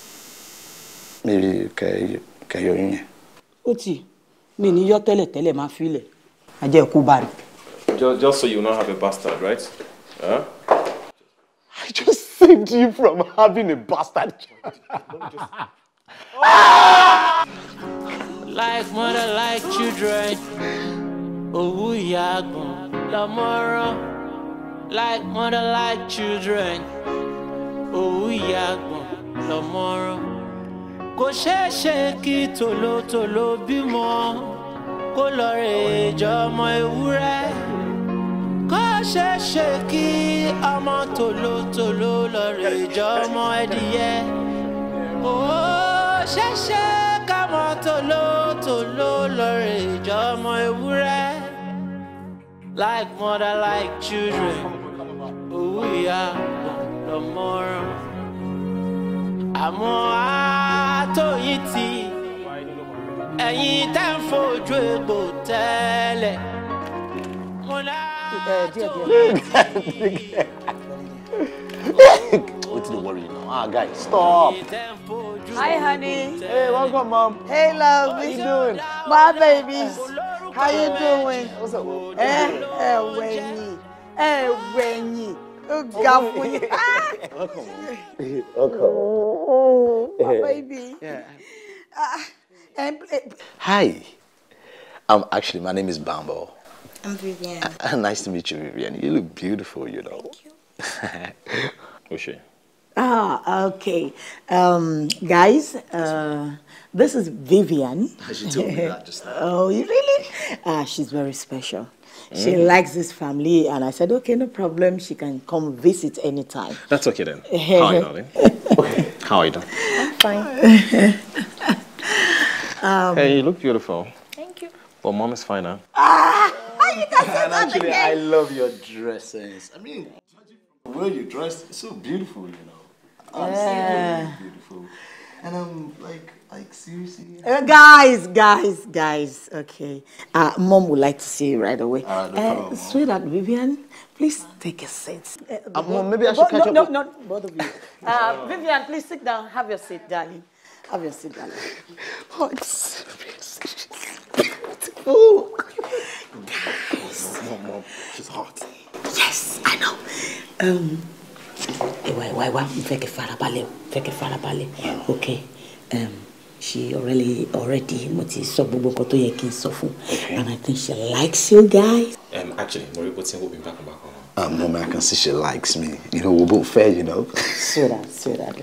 maybe kẹ kẹ yọ yín yẹn. me ni mi tele tele ma tẹ́lẹ̀ máa fi ilẹ̀ ajẹ́ just so you not have a bastard right. Huh? I just saved you from having a bastard like mother, like children. Oh, ìyá àgbọ̀n lọ́mọ Like mother, like children. Oh, ìyá àgbọ̀n lọ́mọ rán. Kò ṣeé ṣe kí tòlótòló bímọ. Kó lọ rè é kó ṣeéṣe kí ọmọ tòlótòló lọ rè jọ ọmọ ẹdìyẹ ó ṣeéṣe kọmọ tòlótòló lọ rè jọ ọmọ ewúrẹ́ like mother like children òwú ìyá lọmọràn àmọ́ àtòyìn tí ẹ̀yin tẹ́ ń fojú egbò tẹ́lẹ̀ mo náà. Eh, ah, What's the worry now? Ah, guys, stop. Hi, honey. Hey, welcome, mom. Hey, love. How you doing? My babies. How you doing? What's up? Eh, eh, Wenyi. Eh, Wenyi. Oh, God, Wenyi. Welcome. Welcome. My eh. baby. Yeah. Uh, Hi. I'm actually, my name is Bambo. I'm Vivian. Uh, nice to meet you, Vivian. You look beautiful, you know. Thank you. she? Ah, okay. Um, guys, uh, this is Vivian. She told me that just now. oh, you really? Ah, she's very special. She mm. likes this family, and I said, okay, no problem. She can come visit anytime. That's okay then. How are you, darling? How are you doing? I'm fine. um, hey, you look beautiful. Thank you. Well, mom is fine now. Huh? Ah! and actually, I love your dresses. I mean, the way you dress so beautiful, you know. Absolutely beautiful. And I'm like, like seriously. Uh, guys, guys, guys. Okay. Uh, Mom would like to see you right away. Uh, no uh, sweetheart, Vivian, please take a seat. Uh, uh Mom, maybe I should catch no, up. No, no, no, both of you. Uh, Vivian, please sit down. Have your seat, darling. Have your seat, darling. Oh, it's so beautiful. Guys. Mom, mom, mom, she's hot. Yes, I know. Um, eh, why, why, why? mo fẹ́ kẹ́ farabalẹ̀ o fẹ́ kẹ́ farabalẹ̀ ok um, she already already what is so, gbogbo nǹkan tó yẹ and I think she likes you guys. Um, actually Marie rí bó ti ń wò mí bákan Um, Mama, I can see she likes me. You know, we're both fair, you know. So that, so that.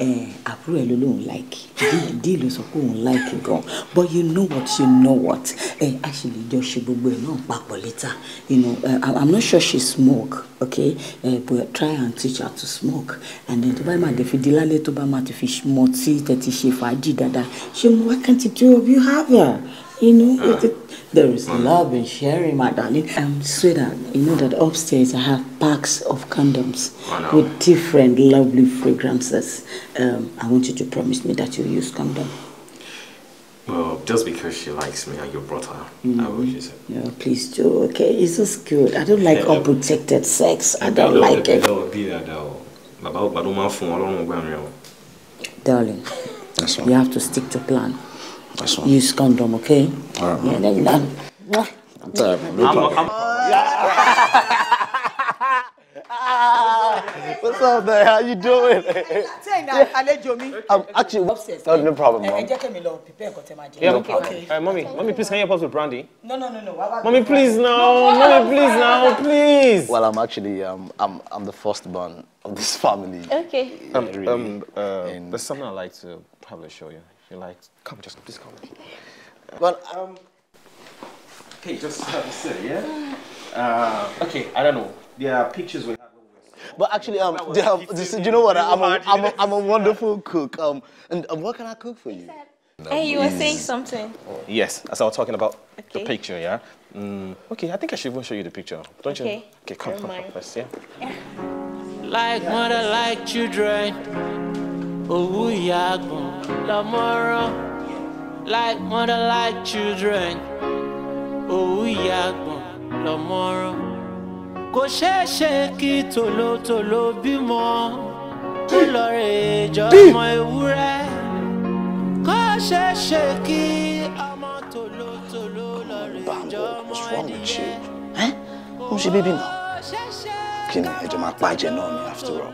Eh, àbúrò ẹ lòun like. Dí ló sọ pé òun like gan. But you know what, you know what. Eh, actually, jọ shibu gbogbo ẹ̀ náà papọ̀ You know, uh, I'm not sure she smoke, okay? Eh, but try and teach her to smoke. And then to bá máa dẹ̀ fi di lálẹ́ tó bá máa ti fi mọtí tẹ̀ she ṣe fàájì dáadáa. Ṣé mo wá kàn ti do? You have her. You know, uh, ah. it, it, there is love and sharing, my darling. Um, sweetheart, you know that upstairs I have packs of condoms with different lovely fragrances. Um, I want you to promise me that you'll use condom. Well, just because she likes me and you brought her, mm. I mm-hmm. wish you. Yeah, please do. Okay, it's just good. I don't like unprotected sex. I, don't, don't like it. Darling, That's you have to stick to plan. That's fine. Use condom, okay? All right. Yeah, then done. I'm tired, man. No problem. I'm, I'm... Yeah. ah, what's up, man? How you doing? I'm actually upstairs. Oh, no, no problem, eh, eh, mom. Yeah, No problem. Uh, mommy, mommy, please can you help us with brandy? No, no, no, no. Mommy, please now. mommy, please now, please. Well, I'm actually um, I'm I'm the first born of this family. Okay. Um, um, uh, there's something I'd like to probably show you you like. Come, just, just come. Well, um, okay, just have a sit, yeah? Uh, okay, I don't know. There are pictures we have. But actually, um, have, you know what? I'm a, I'm, a, I'm a wonderful cook. Um, and um, what can I cook for you? hey, you were saying something. Oh, yes, as I was talking about okay. the picture, yeah? Mm, okay, I think I should even show you the picture. Don't okay. you? Okay, come, come, come, first, yeah? yeah. Like mother, like children. òwú ìyàgùn lọ́mọ́rán like mother like children òwú ìyàgùn lọ́mọ́rán kò ṣeé ṣe kí tòlótòló bímọ kó lọ rè jọ ọmọ ewúrẹ́ kò ṣeé kí ọmọ tòlótòló lọ rè jọ ọmọ ẹdìyẹ. báwo what's wrong with you? ó ń ṣe bébì náà kíni ẹjọ́ máa pàjẹ́ náà ni after all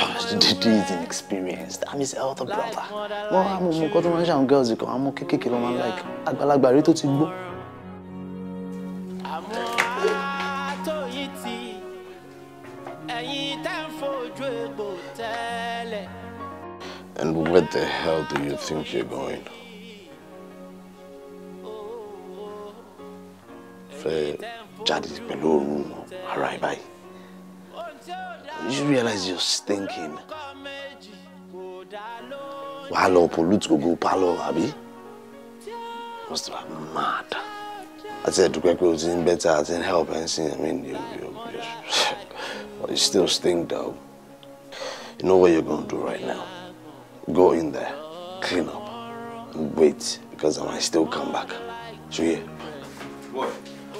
ah, this is an experience i'm his elder brother wọ́n á mú mú kọ́tún ránṣẹ́ àwọn girls kan àmọ́ kéékèèké ló máa ń like àgbàlagbà rí tó ti gbó. And where the hell do you think you're going? Fair jáde pẹ̀lú oorun ara ẹ̀ báyìí you realize you're stinking wàá lọ pollute gbogbo pálọ̀ àbí must be mad àti ẹ̀dùpẹ́ pé o ti ń better àti ń help ẹ̀ ń sìn I mean you you still stink though you know what you're gonna do right now go in there clean up and wait because I might still come back so yeah. What?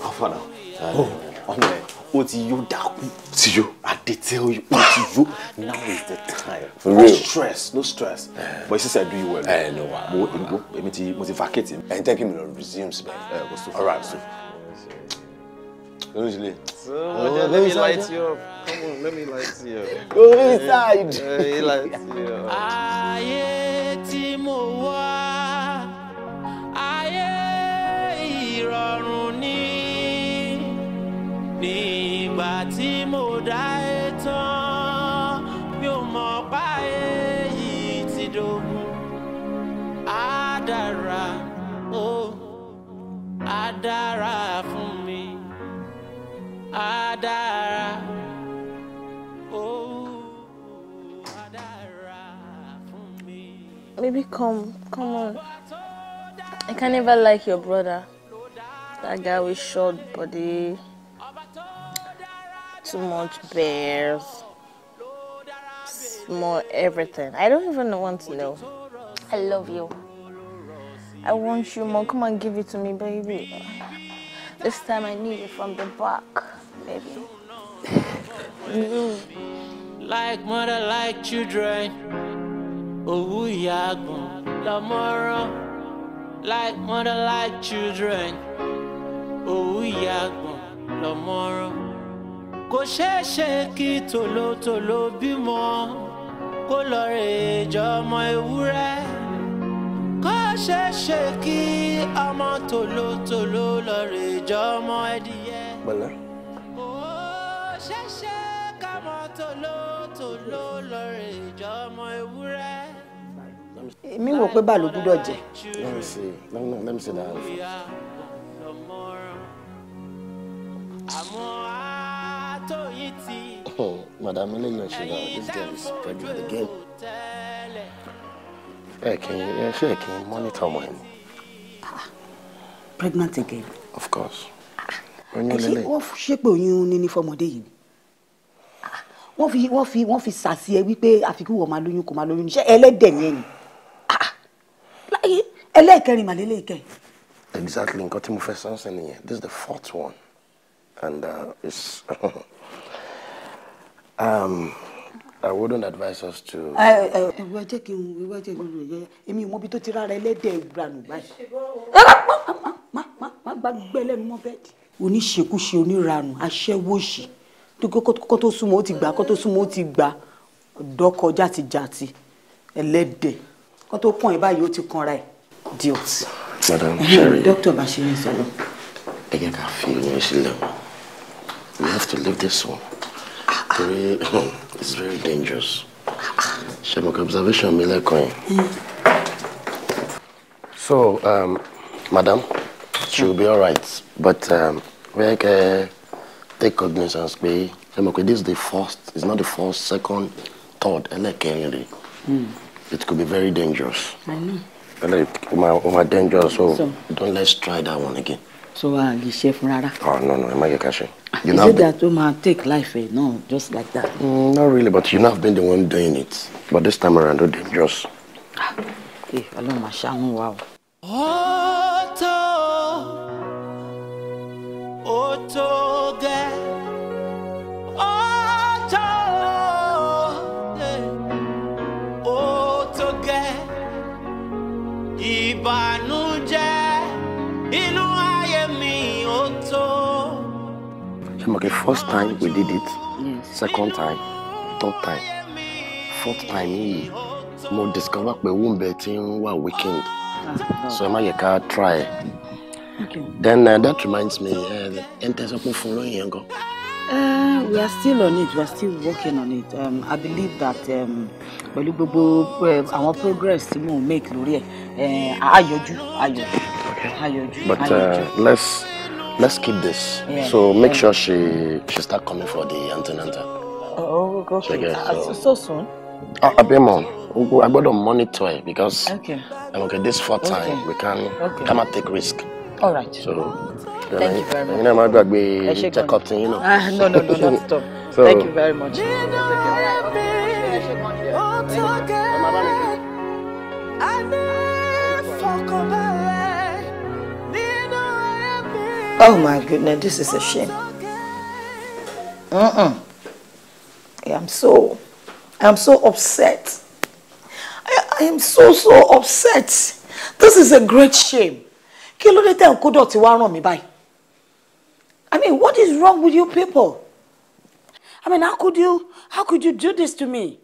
How far now? Oh, ọmọ ẹ ó ti yó dákú ti yó adé tẹ ó ti yó now is the time for real no stress no stress but sísẹ do you well ẹ ní wa mo mo èmi ti mo ti vacate. ẹ n tẹ́ kí mi lọ resume síbẹ̀ ẹ kò sófin all right so. Lórí ìṣẹ̀lẹ̀. So oh, let me light you up. Come on, let me light you up. Go inside. Eh, Ayé tí mo wá. nígbà tí mo dá ẹ e mi ò mọ̀ páyé yìí ti dogun á ó á fún mi á dára come, come on. I can never like your brother. That guy with short body. too much bears, more everything. I don't even want to know. I love you. I want you more. Come and give it to me, baby. This time I need it from the back, baby. like mother, like children. Oh, yeah, tomorrow. Like mother, like children. Oh, yeah, tomorrow. kò ṣeé ṣe kí tòlótòló bímọ kó lọ rè jọ ọmọ ewúrẹ́ kò ṣeé ṣe kí ọmọ tòlótòló lọ rè jọ ọmọ ẹdìyẹ. pẹ̀lẹ́. kò ṣeé ṣe kámọ tòlótòló lọ rè ọmọ ewúrẹ́. èmi wò pé báà gbúdọ̀ jẹ. let me see let me, let me see Oh, Madam Elena Shida, this girl is pregnant again. Hey, can you, sure, can you monitor my ah, Pregnant again? Of course. see, ah, what Wọ́n fi you oyún níní fọmọdé yìí. Ah, wọ́n fi wọ́n fi wọ́n fi sàsí ẹ wípé àfikún wọ̀ máa lóyún kò máa lóyún ṣé ẹlẹ́dẹ̀ ni Ah. ẹ̀yìn. Ẹlẹ́ẹ̀kẹrin màlélẹ́ ìkẹyìn. Exactly nǹkan tí mo fẹ́ sọ́nsẹ̀ nìyẹn. This is the fourth one and uh, it's. Um, I wouldn't advise us to. Ìwọ jẹ́ kí n ìwọ jẹ́ kí n yẹ èmi ìwọ bí tó ti rárá ẹlẹ́dẹ̀ ìgbàanù báyìí. Má gbàgbé lẹ́nu mọ́ bẹ́ẹ̀dì. Oníṣekúṣe oníranù aṣẹ́wóṣì kó tó súnmọ́ ó ti gbà kó tó súnmọ́ ó ti gbà ọ̀dọ́ kọjá ẹlẹ́dẹ̀ kó tó kàn ẹ́ báyìí ó ti kanra ẹ̀. Diot. Madam Sherry. Dókítà Bashiri sọ̀rọ̀. Ẹ jẹ́ ká fi ìwé sílẹ̀. We have to leave this one torí it's very dangerous ṣẹ̀mọ̀kẹ́ observation mi lẹ́kàn so um, madam she will be right. but um, we bẹ́ẹ̀ kẹ́ take cognizance pé ṣẹ̀mọ̀kẹ́ this is the first it's not the first second third ẹlẹ́kẹ̀rin rẹ̀ hmm. it could be very dangerous. I know. Like, my, my dangerous, so, so don't let's try that one again. So, uh, the chef, rárá? Oh, no, no, I'm má jẹ́ ká You Is it that woman take life, eh? No, just like that. Mm, not really, but you know I've been the one doing it. But this time around, it's dangerous. Hey, Ọlọ́run máa ṣàánú wa o. Ó tó, ó tó Okay, first time we did it. Yes. Second time, third time, fourth time yìí mo discover pé wúńbẹ ti ń wà weekend ah, so ẹ má yẹ try Okay. Then uh, that reminds me, uh, ẹ ń tẹ́sán pé fún lóyìn uh, We are still on it, we are still working on it. Um, I believe that um, pẹ̀lú gbogbo uh, àwọn progress tí mò make lórí ẹ̀, a yọjú, a yọjú, a yọjú. But uh, let's let's keep this. Yeah. So make yeah. sure she she start coming for the antenatal. Oh, go for it. Ah, so. so soon? Oh, a bit more. I got to monitor it because okay. I'm okay. This fourth okay. time we can okay. come and take risk. All right. So thank you very much. You know, my bag be check up thing, you know. Ah, no, no, no, not stop. so, thank you very much. Oh my goodness, this is a shame. Mm-mm. I'm so, I'm so upset. I, I am so, so upset. This is a great shame. Kí ló dé tẹ́ ń kó I mean, what is wrong with you people? I mean, how could you, how could you do this to me?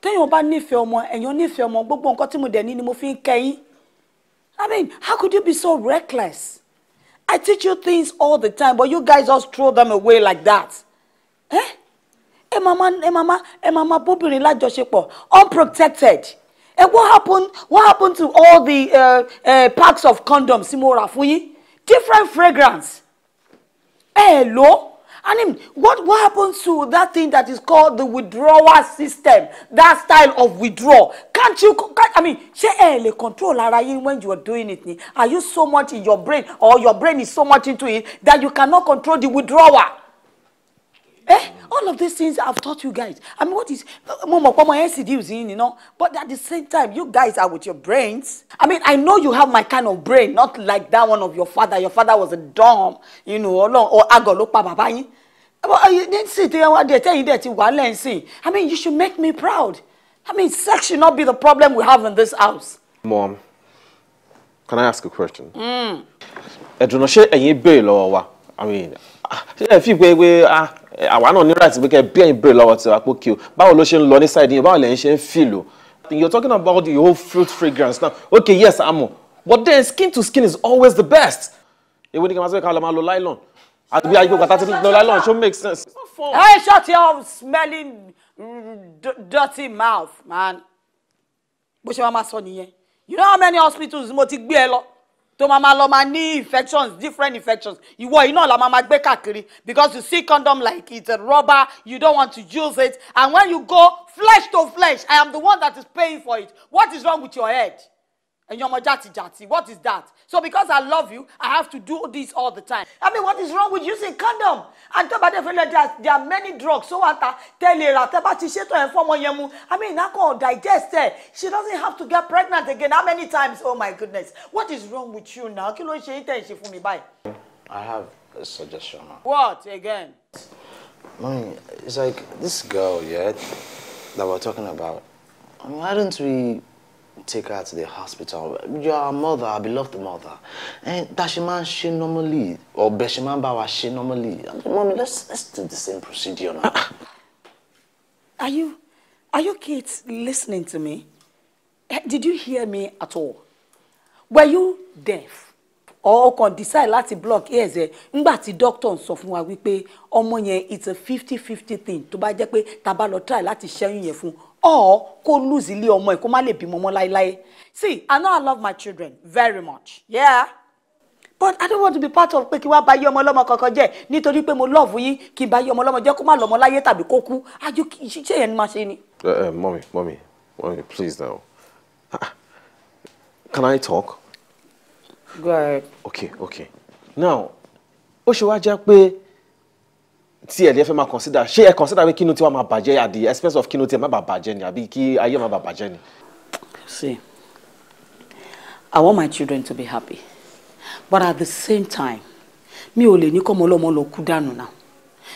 Tell you about ọmọ, and your ọmọ, gbogbo nǹkan mo dẹ̀ ni mo fi I mean, how could you be so reckless? I teach you things all the time, but you guys just throw them away like that. Eh? Eh, mama, eh, mama, eh, mama, ẹ máa máa unprotected. Eh, what happened what happened to all the uh, uh, packs of condoms tí mo rà Different fragrance. Eh, lò I mean, what, what happens to that thing that is called the withdrawal system? That style of withdrawal? Can't you, can't, I mean, ṣé ẹ control ara yín when you are doing it Are you so much in your brain or your brain is so much into it that you cannot control the withdrawal? Eh? All of these things I've taught you guys. I mean, what is mo mọ̀ pé you know? But at the same time, you guys are with your brains. I mean, I know you have my kind of brain, not like that one of your father. Your father was a dumb, you know, or àgọ̀ ló pa bàbá But uh, you didn't see the one there, tẹ́yìn dẹ̀ ti wà lẹ́yìn sí. I mean, you should make me proud. I mean, sex should not be the problem we have in this house. Mom, can I ask a question? Hmm. Ẹ̀dùnà ṣé ẹ̀yin béèrè lọ́wọ́ wa? I mean, ah, ṣé ẹ fi pé ah àwa náà ní right pé bí ẹ̀yin béèrè lọ́wọ́ tiwa pé kí o báwo ló ṣe ń lọ ní side yẹn báwo lẹ́yìn ṣe ń feel o you're talking about the whole fruit fragrance now okay yes àmọ́ but then skin to skin is always the best èwo ni kí n máa sọ pé ká lọ máa lo nylon àti bí ayípo pàtàkì lo nylon ṣó make sense. hey shut your smelling dirty mouth man bó ṣe máa ma sọ nìyẹn you know how many hospitals mo ti gbé ẹ lọ tó máa máa lọ máa ní infections different infections ìwọ yìí náà la máa máa gbé káàkiri because you see condom like it's a rubber you don't want to use it and when you go flesh to flesh I am the one that is paying for it what is wrong with your head ẹ̀yin ọmọ jati, what is that So because I love you, I have to do this all the time. I mean, what is wrong with using condom? And tó bá dé fẹ́lẹ̀ there are many drugs so what? Tell tẹ̀lé ra tẹ́ bá ti ṣètò ẹ̀ fọ́mọ yẹn I mean, na kàn digest ẹ̀. She doesn't have to get pregnant again. How many times? Oh my goodness. What is wrong with you now? Kí ló ń ṣe yín I have a suggestion. What again? Mine, it's like this girl, yeah, that we're talking about. I mean, why don't we take her to the hospital. You are a mother, a beloved mother. And eh, that she man she normally, or bẹ́ẹ̀ ṣe máa ń she normally. I mean, mommy, let's, let's do the same procedure now. are you, are you kids listening to me? Eh, did you hear me at all? Were you deaf? Or can decide láti block ears ẹ ńgbà tí doctor sọ fún wa wípé it's a fifty fifty thing To buy jẹ́ way, tabalo try that is sharing láti phone or kó lose ilé ọmọ ẹ̀ kó má lè bímọ mọ́ láéláé see i know i love my children very much yeah but i don't want to be part of pé kí wá bá yé ọmọ ọlọ́mọ kankan jẹ́ nítorí pé mo love yín kí n bá yé ọmọ ọlọ́mọ jẹ́ kó má lọ́mọ láyé tàbí kó kú ajú ṣíṣe yẹn ni máa ṣe ni. mọ́mí mọ́mí mọ́mí please now ah, can i talk. go ahead. okay okay now ó ṣe wá jẹ́ pé tí ẹ̀dẹ́ fẹ́ máa consider ṣé ẹ consider pé kínú tí wàá máa bàjẹ́ at the expense of kínú tí ẹ má bàa bàjẹ́ ni àbí kí ayé má bàa bàjẹ́ ni. see I want my children to be happy but at the same time mi ò lè ní kọ́mọ ọlọ́mọ lọ kú dànù náà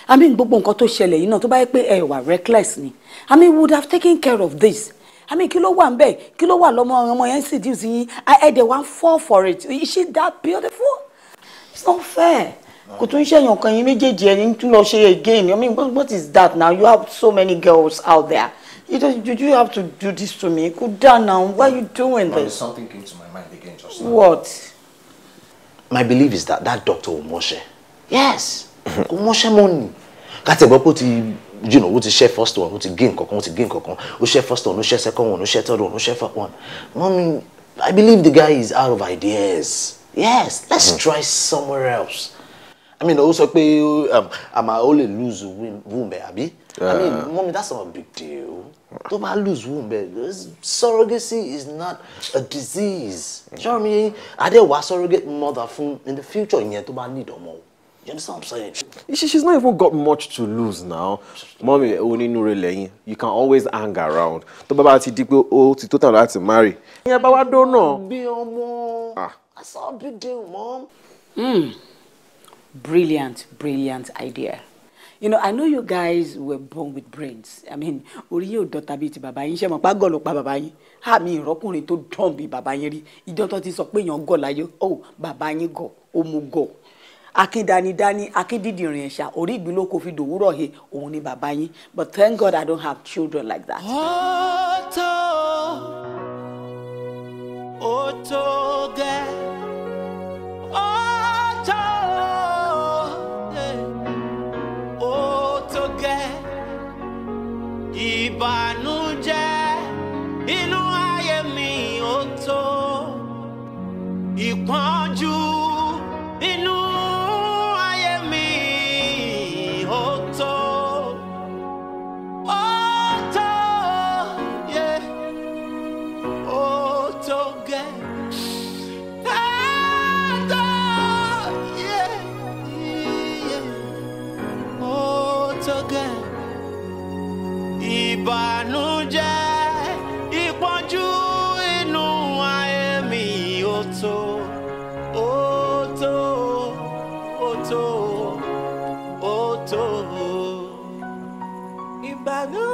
I mean gbogbo nǹkan tó ṣẹlẹ̀ yìí náà tó bá yẹ pé ẹ wà reckless ni I mean would have taken care of this I mean kí ló wà ńbẹ̀ kí ló wà lọ́mọ ọmọ yẹn sì dìbò sí yín ẹ̀dẹ̀ wá fall for it is she that beautiful it's not fair kò tún ṣèyàn kan yín méjèèjì ẹni tún lọ ṣe again i mean what what is that now you have so many girls out there you don't you, you have to do this to me kò dá now why you doing this. something came to my mind again just now. what. my belief is that that doctor will yes kò mọṣẹ mọ ni káti ti you know, ó ti share first one, ó ti gain kankan, ó ti gain kankan, ó share first one, ó share second one, ó share third one, ó share fourth one. Mommy, I believe the guy is out of ideas. Yes, let's mm. try somewhere else. I mean, ó sọ pé àmà um, ó lose Wumbe, baby. I mean, mommy, that's not a big deal. Tó bá lose Wumbe, surrogacy is not a disease. You Ṣé o mi Adéwà surrogate mother fún in the future ìyẹn tó bá need ọmọ o? You understand what I'm saying? she's not even got much to lose now. Mommy, only no lẹ́yìn. You can always hang around. Tó bàbá about di pé ó ti tó tàn to marry. Ìyẹn bá wá dó náà. Bí ọmọ. Ah. That's not a big deal, mom. Mm. Brilliant, brilliant idea. You know, I know you guys were born with brains. I mean, orí yóò dán tàbí ti bàbá yín ṣe mọ̀ pá gọ̀lọ̀ pa bàbá yín. Àmì ìrọ́kùnrin tó dán bíi bàbá yín rí. Ìjọ tó ti sọ pé èèyàn gọ̀ láyé. Ó bàbá yín gọ̀, ó gọ̀. Akíndanidání, akíndídìrín ẹ̀ṣà, orí ìgbín ló kò fi dòwúrọ̀ he, òun ni bàbá yín. But thank God I don't have children like that. Ó tó, ó tó ìbànújẹ́ inú ayé mi ò tó ìpọ́njú inú. ìbànújẹ́ ìpọ́njú inú ayé mi ó tó ó tó ó tó ó tó ìbànújẹ́.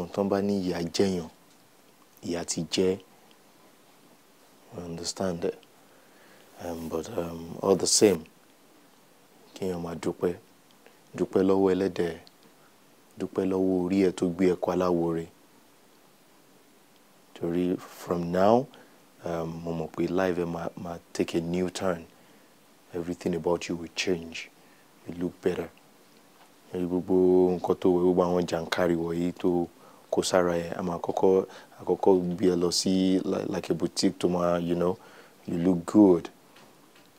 ṣùgbọ́n tán bá ní ìyá jẹ̀yàn ìyá ti jẹ́ you understand it um, but um, all the same kéèyàn máa dúpẹ́ dúpẹ́ lọ́wọ́ ẹlẹ́dẹ̀ dúpẹ́ lọ́wọ́ orí ẹ̀ tó gbé ẹ̀kọ́ aláwo rẹ̀ torí from now um, mo mọ̀ pé life ẹ̀ take a new turn everything about you will change you look better gbogbo nǹkan tó wẹ̀ gbogbo àwọn jàǹkárì wọ̀nyí tó kó sára ẹ a máa kọ́kọ́ àkọ́kọ́ gbé ẹ lọ sí like a boutique tó máa you know you look good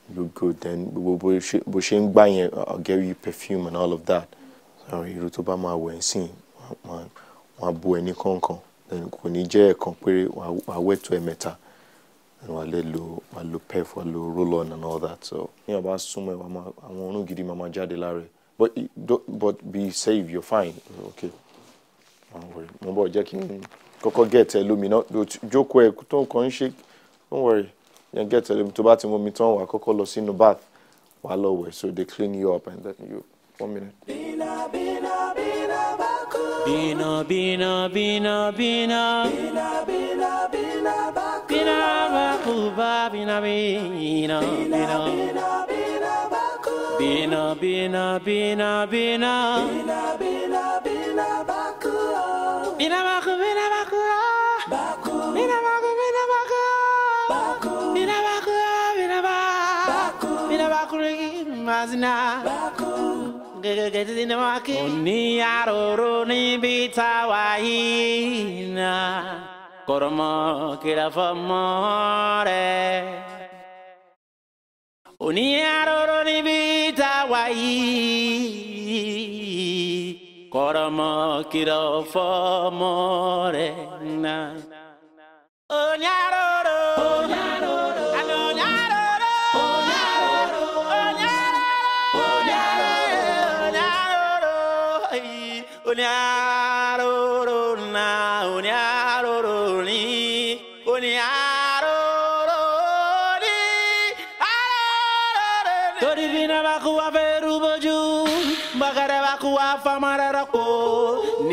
you look good then gbogbo bó ṣe ń gbá yẹn I'll get you perfume and all of that àwọn irú tó bá máa wẹ̀ ń sìn wọ́n á bu ẹ ní kọ̀ọ̀kan then kò ní jẹ́ ẹ̀kan péré wàá wẹ̀ tó ẹ̀mẹ́ta and wàá lè lo wàá lo pef wàá lo roll on and all that so ní ọba súnmọ́ ẹ wàá máa àwọn orun gidi máa máa jáde lára but but be safe you're fine okay. Don't mo bọ̀ jẹ́ kí n kọ́kọ́ gẹ̀ẹ́tì ẹ lómi náà jókòó ẹ tó ń kàn ń ṣe don't worry yẹn gẹ̀ẹ́tì ẹ lómi tó bá ti mú mi tán wà á kọ́kọ́ lọ sínú bath wà á lọ wẹ̀ so they clean you up and then you one minute. bina bina bina baku. bina bina bina bina. bina bina baku. bina baku ba bina bina. bina bina baku. bina bina bina. bina bina baku. baku. mazina gegegezina waki oni aroro ni bita wahina koromo kira famore oni aroro ni bita wahina Coramo kirofo morena. Oñaroro. Oñaroro.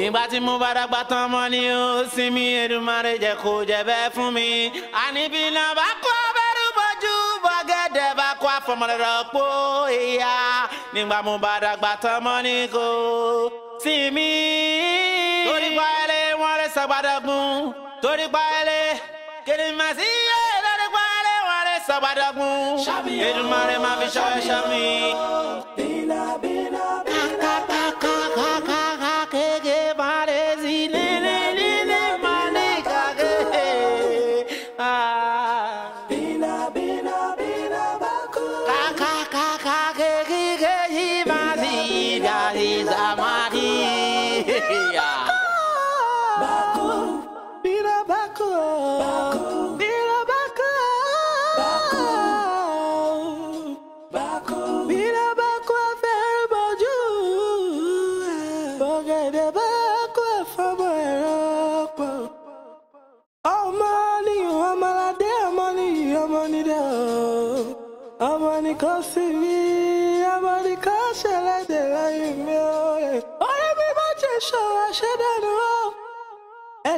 ìgbà tí mo bá dàgbà tán mọ́ ni ó sinmi Èdùmàrè jẹ́ kó jẹ́ bẹ́ẹ̀ fún mi àníbi náà bá kọ́ bẹ́rù bójú bọ́gẹ́dẹ́ bá kọ́ àfọmọ́lẹ́rọ̀ pọ̀ ìyá nígbà mo bá dàgbà tán mọ́ ni kò sinmi. torí pa ẹlẹ́ wọ́n lè sàgbàdàgùn torí pa ẹlẹ́ kìrìmàsí yẹ lórí pa ẹlẹ́ wọ́n lè sàgbàdàgùn Èdùmàrè máa fi ṣọ́ ẹ̀ṣọ́ mi.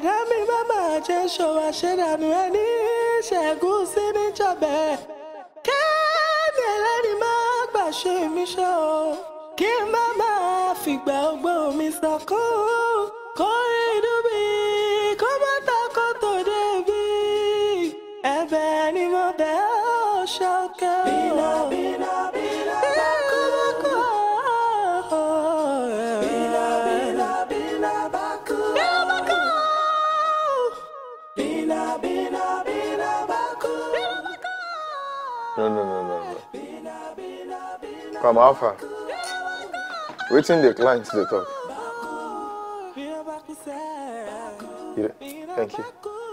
ẹ̀dá mi má máa jẹ́ ṣòwò àṣedànù ẹni ṣẹ́gun sí níjọ̀bẹ̀. kẹ́ẹ̀mí ẹlẹ́ni máa gbàṣe mi ṣọ́ kí n má máa fìgbà ogbó mi sọ̀kún kó come alpha wetin the clients dey talk you, thank you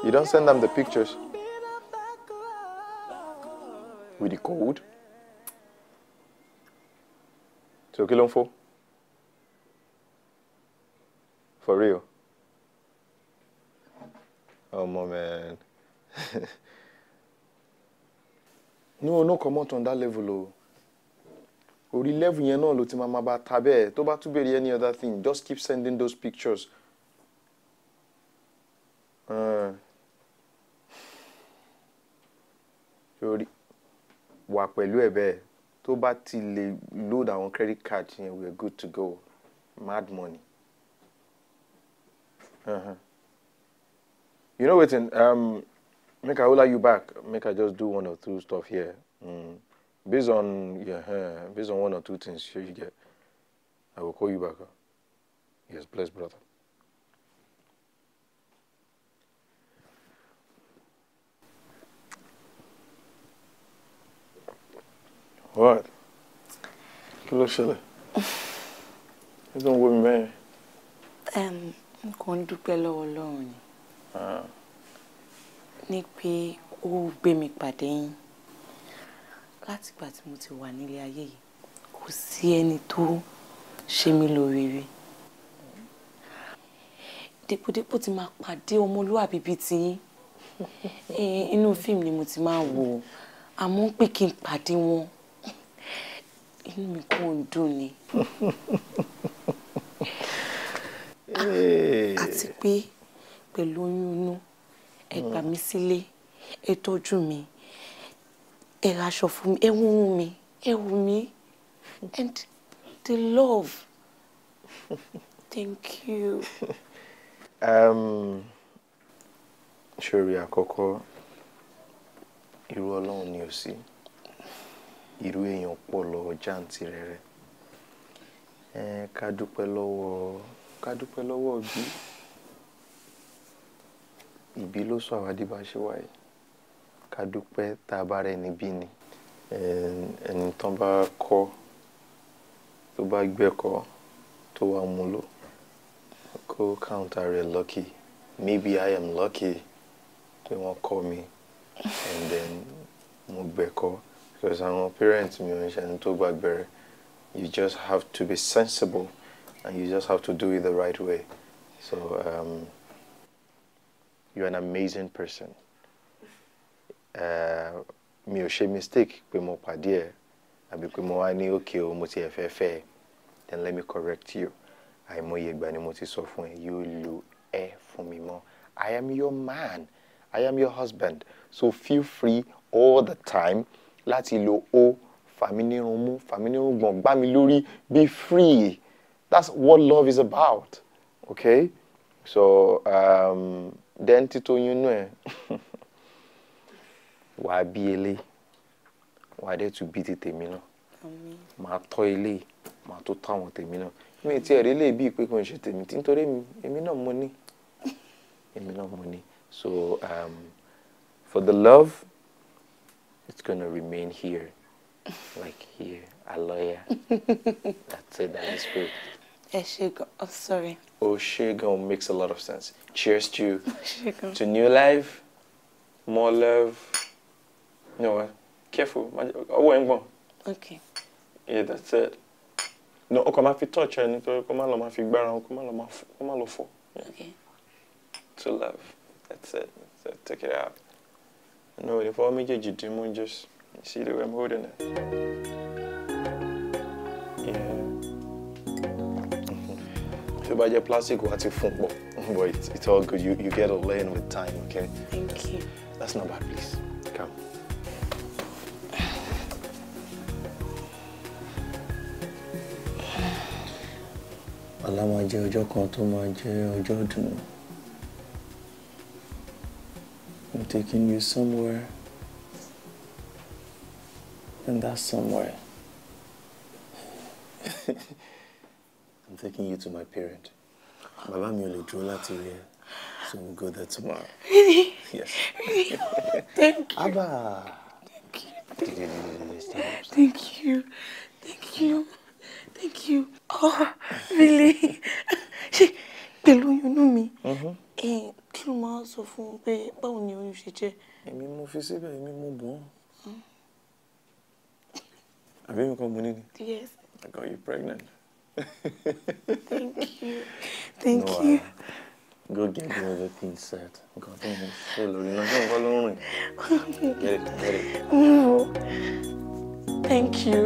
you don't send them the pictures with the code so kí ló ń for real omo oh, man no no comot on that level o. Oh orí level yẹn náà ló ti máa máa bá ta bẹ́ẹ̀ tó bá tún béèrè any other thing just keep sending those pictures. sori wà pẹ̀lú ẹ̀ bẹ́ẹ̀ tó bá ti lè load àwọn credit card yẹn we are good to go mad money. Uh-huh. You know wetin um, make I hold you back make I just do one or two stuff here. Mm based on yeah, eh, based on one or two things you get, I will call you back. Yes, bless brother. What? Kí ló ṣẹlẹ̀? Ẹ tó man. Um, I'm going to kò ń dúpẹ́ lọ́wọ́ Ọlọ́run ni. be ah. pé ó látìgbà tí mo ti wà nílé ayé yìí kò sí ẹni tó ṣe mí lóríire dípòdípò tí máa pàdé ọmọlúwàbí bíi tiyín inú fíìmù ni mo ti máa wò ó àmọ́ pé kí n pàdé wọn inú mi kò ń dùn ni. àti pé pẹ̀lú oyún inú ẹ gbà sílé ẹ tọ́jú mi ẹ raṣọ fún mi ẹ wù mí ẹ and the love thank you. um, ṣòrí àkọ́kọ́ irú ọlọ́run ni ò sí irú èèyàn pọ̀ lọ jàǹtì rẹ̀ Eh, ká dúpẹ́ lọ́wọ́ ká dúpẹ́ lọ́wọ́ bí ìbí ló sọ àwọn adébáṣe wáyé ká tabare nibini. a bá rẹ̀ níbí ẹni bá kọ́ tó bá tó wà múlò kó káùntà rẹ̀ lucky maybe I am lucky pé wọ́n kọ́ mi and then mo because àwọn parents mi ò ń ṣe ẹni you just have to be sensible and you just have to do it the right way so um, you're an amazing person. Eh, mi ò ṣe mistake pé mo pàdé ẹ àbí pé mo wá ní òkè o mo ti ẹ̀ fẹ́ fẹ́ ẹ then let me correct you àìmọye ìgbà ni mo ti sọ fún ẹ yóò lo ẹ fún mi mọ́ I am your man I am your husband so feel free all the time láti lo o fàmínírun mú fàmínírun gbọ̀n gbá mi lórí be free that's what love is about okay so um, then títóyún náà. wà á bí ilé wà á dẹ̀ tún bí ti tèmi náà màá tọ́ ilé màá tó tọ́ àwọn tèmi náà mi ti ẹ̀rí lè bí ìpè kan ṣe tèmi tí nítorí èmi náà mo ní èmi náà mo ní so um, for the love it's gonna remain here like here aloya that's it that is great. ẹ ṣé gan oh sorry. Oh, ṣé gan makes a lot of sense cheers to to new life more love. No, careful. Ọwọ́ ẹ̀ ń gbọ̀n. Okay. Yeah, that's it. No, ọkọ̀ máa fi touch ẹ nítorí kó má lọ máa fi gbára wọn, kó má lọ máa fọ, kó má Okay. To love, that's it. So take it out. No, the four méjèèjì dín mú just you see the way I'm holding it. Yeah. You buy jẹ́ plastic wa ti fún pọ̀, but it's, it's all good. You, you get a learn with time, okay? Thank you. That's not bad, please. Come. ọ̀la máa jẹ́ ọjọ́ kan tó máa jẹ́ ọjọ́ ìdùnnú. I'm taking you somewhere and that somewhere. I'm taking you to my parent. Bàbá mi ò lè dúró láti rí ẹ. So we'll go there tomorrow. Really? Yes. Really? thank you. Abba. Thank you. Thank you. Thank you. Thank you thank you oh really ṣe pẹ̀lú inú mi mm-hmm. kí ló máa sọ fún un pé báwo ni oyún ṣe jẹ́. èmi mo fi síbẹ̀ èmi mo bọ̀ ọ́ mm. àbí mi kan mo ní ni. yes. I got you pregnant. thank you thank you. Uh, go get the other everything set nǹkan tó ń ṣe lórí náà ṣé ń rìn. get thank you.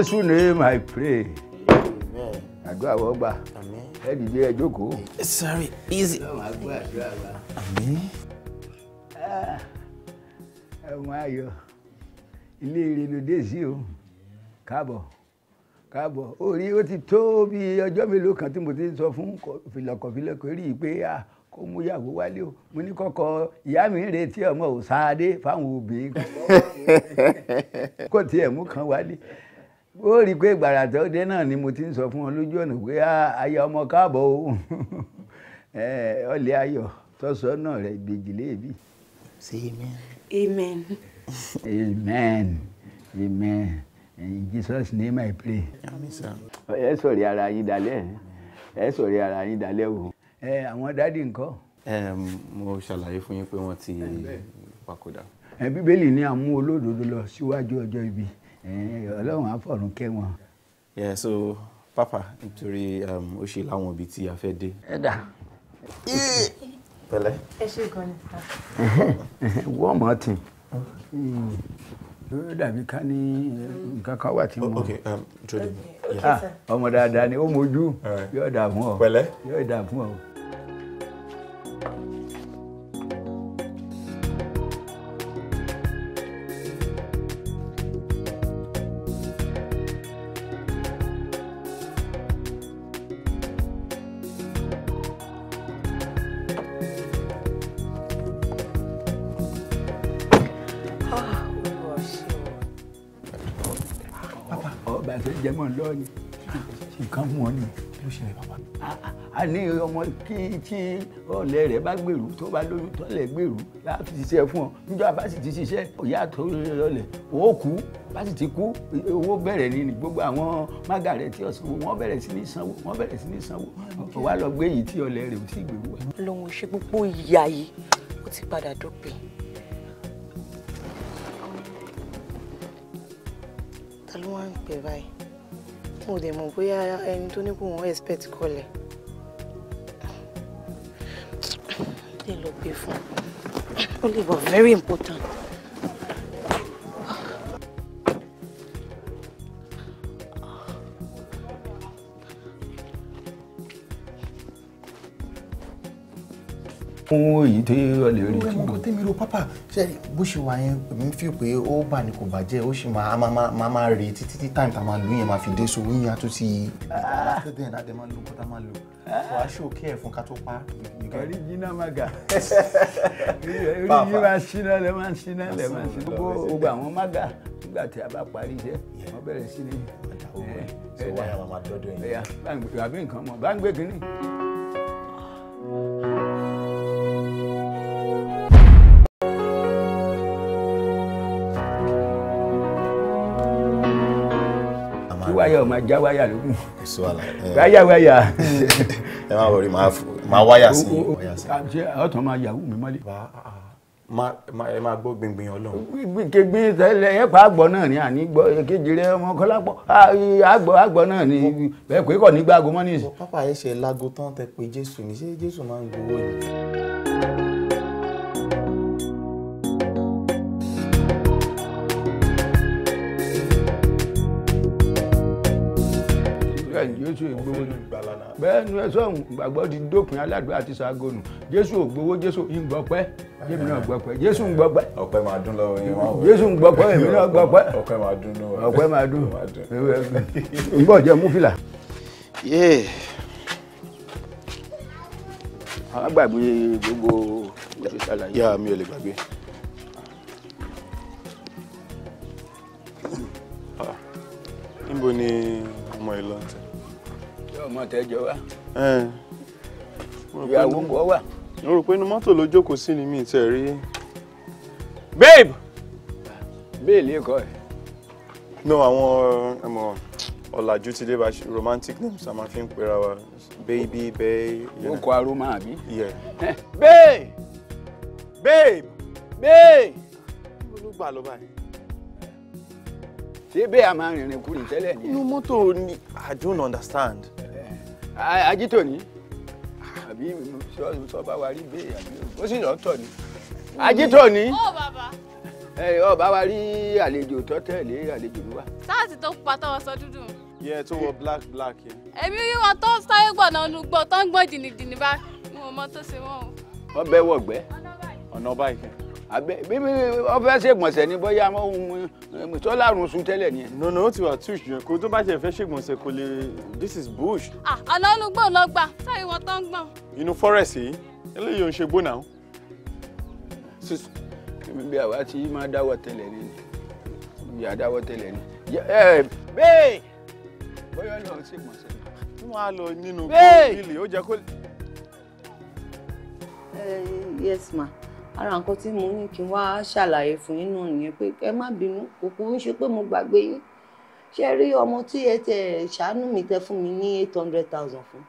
Jésù name I pray. Àdúrà wọ́n gbà. Ẹ dìde ẹ jókòó. Sorry, easy. Ọmọ àgbọ̀ àdúrà wa. Ẹ̀wọ̀n ah, ayọ̀, ilé ìrìnlódé sí o, káàbọ̀ káàbọ̀ orí ó ti tó bí ọjọ́ mélòó kan tí mo ti sọ fún fìlọ̀kọ̀fìlọ̀kọ̀ rí i pé kó mú ìyàwó wálé o mo ní kọ́kọ́ ìyá mi ń retí ọmọ ò sáadé fáwọn òbí kó tiẹ̀ mú kan wálé ó rí i pé ìgbàrà tó dé náà ni mo ti ń sọ fún wọn lójú ọ̀nà pé ah, ayé ọmọ káàbọ̀ o ọlẹ́ ayọ̀ tọ́sọ́nà rẹ̀ ìbejì léèbì. say amen. amen. amen amen in Jesus name I pray. àmín sir. ẹ sọ̀rí ara yín dalẹ̀ ẹ sọ̀rí ara yín dalẹ̀ o. ẹ àwọn dádì ńkọ́. mo ṣàlàyé fún yín pé wọ́n ti papòdà. bíbélì ní àmú olódodo lọ síwájú ọjọ́ ibi. ọlọ́run á kẹ́ wọn. yeah so papa nítorí um, ó ṣe láwọn ibi tí a fẹ́ dé. ẹ dà pẹ̀lẹ́. ẹ ṣe gan ni sá. wọ́n mọ̀ ọ́ tì dàbí ká ní eh, nǹkan kan wà oh, um, ah, ọmọ dáadáa ni ó mojú yóò dà fún ọ. yóò dà ọ. lọ ni. nǹkan mú ọ ni ló ṣẹlẹ̀ bàbá. a ní ọmọ kí tí ọ̀lẹ́ rẹ̀ bá gbèrú tó bá lójú tọ́lẹ̀ gbèrú láti ṣiṣẹ́ fún ọ níjọ́ àbá sì ti ṣiṣẹ́ òyà tó lọlẹ̀ ó kú bá sì ti kú owó bẹ̀rẹ̀ ni ni gbogbo àwọn mágàrẹ̀ tí ọ̀sán wọn bẹ̀rẹ̀ sí ní sanwó wọn bẹ̀rẹ̀ sí ní sanwó wàá lọ gbé yìí tí ọ̀lẹ́ rẹ̀ ò tí gbèrú wa. lòun ṣe gbogbo ìyá yìí ó ti padà dópin. ta ló wá ń pè báyìí mo dẹ̀ mọ̀ bóyá ẹni tó ní kò wọ́n expect kọlẹ̀ ó lè lọ gbé fún ó lè wà very important. fún èyí tó yẹ lè rí. ọmọ nǹkan tẹ́mi ro pápá ṣe bó ṣe wà yẹn èmi ń fi pé ó bà ní kò bàjẹ́ ó sì máa máa máa rè títí tí táìmù tá máa lò yẹn máa fi dé so yíyan tó ti ṣẹ́dẹ̀ ẹ̀ láti máa lò kó máa lò wà á òkè ẹ̀ fún ká tó pa. original maga orí yìí máa ṣínà lẹ̀ máa ṣínà lẹ̀ máa ṣínà lẹ̀ gbogbo àwọn maga nígbà tí a bá parí iṣẹ́ wọ́n bẹ̀rẹ̀ sí ni. ṣé wàá yà máa dọ́dọ̀ yẹn. Eh, àbí nǹkan mọ̀ bá ń gbé kínní. wáyà ò máa já wáyà lókun. wáyà wáyà. ẹ má wọrí máa wáyà sí i. ọ̀tún máa yàwó mi mọ́lẹ̀. ẹ máa gbọ́ gbìngbìn ọlọ́run. gbìngbìn tẹ́lẹ̀ ẹ pa àgbọ̀ náà ní àní gbọ́ èkejì rẹ ọmọ kọ́lápọ̀ àgbọ̀ àgbọ̀ náà ní ẹ pé kọ̀ nígbà agomọ́nìsì. pápá yẹn ṣe lágo tán tẹ pé jésù ní ṣé jésù máa ń gbowó ni. jésù ìgbowó bẹ́ẹ̀ nu ẹ̀sọ́ ìgbàgbọ́ ti dópin aládùúgbò àti sàgónù jésù ògbowó jésù ìgbọ̀pẹ́ jésù náà gbọ̀pẹ́ jésù ń gbọ̀pẹ́. ọpẹ́ máa dún lọ́wọ́ yín wọn. jésù ń gbọ̀pẹ́ èmi náà gbọ̀pẹ́. ọpẹ́ máa dún lọ́wọ́. ọpẹ́ máa dún. n bọ̀ jẹ́ múfìlà. àwọn gbàgbé gbogbo oṣù sálàyé. yá mi ò lè gbàgbé. Ah. níbo ni ọmọ ìlọrin ọmọ tẹjọ wa ìyàwó ń bọ̀ wà. mo rò pé inú mọ́tò ló jókòó sí ni mi ì tẹ̀ rí. babe. béèlì ẹ̀kọ́ ẹ̀. no àwọn ẹ̀mọ̀ ọ̀làjú ti dé bá romantic names a máa fi ń pera wa baby babe. ó kọ aró máa bí. Eh, babe babe babe. olùgbà ló báyìí ṣé bẹ́ẹ̀ a máa rìnrìn kúrò tẹ́lẹ̀ ni. inú mọ́tò ni i don't understand ajítòní àbí sọ́ba wa rí bẹ́ẹ̀ àbí ó sì lọ́ọ́ tọ̀ ni ajítòní ọba wa rí àlejò tó tẹ̀lé àlejò mi wá. sáàsì tó pupa tọwọ sọ dúdú. yẹ tó wọ black black yẹn. èmi rí wọn tó sáré gbọ̀nà olùgbọ́ tó ń gbọ́n jìnnìjìnnì bá mo mọ tó ṣe wọ́n o. ọbẹ̀ wọ̀gbẹ́ ọ̀nà báyìí kẹ́ àbẹ bí ọfẹ ṣègbọ̀nsẹ̀ ni bóyá tó lárùn sun tẹ́lẹ̀ ni. no no ó ti wà tush yẹn kó tó bá jẹ fẹ́ ṣègbọ̀nsẹ̀ kò lè this is bush. àná olùgbò lọ gbà sẹ́yìn wọn tó ń gbọ̀n. inú forest yìí eléyìí ò ń ṣe gbóná. bí àwa ti máa dáwọ́ tẹ́lẹ̀ ni bí a dáwọ́ tẹ́lẹ̀ ni. bẹ́ẹ̀ bóyá lọ ṣègbọ̀nsẹ̀. wọ́n á lọ nínú kó nílé ó jẹ́ kó. Eh, yes ma ara nǹkan tí mo ní kí n wá ṣàlàyé fún yín náà nìyẹn pé ẹ má bínú kòkó ń ṣe pé mo gbàgbé yín ṣe rí ọmọ tí ẹ tẹ ṣàánú mi tẹ fún mi ní eight hundred thousand fún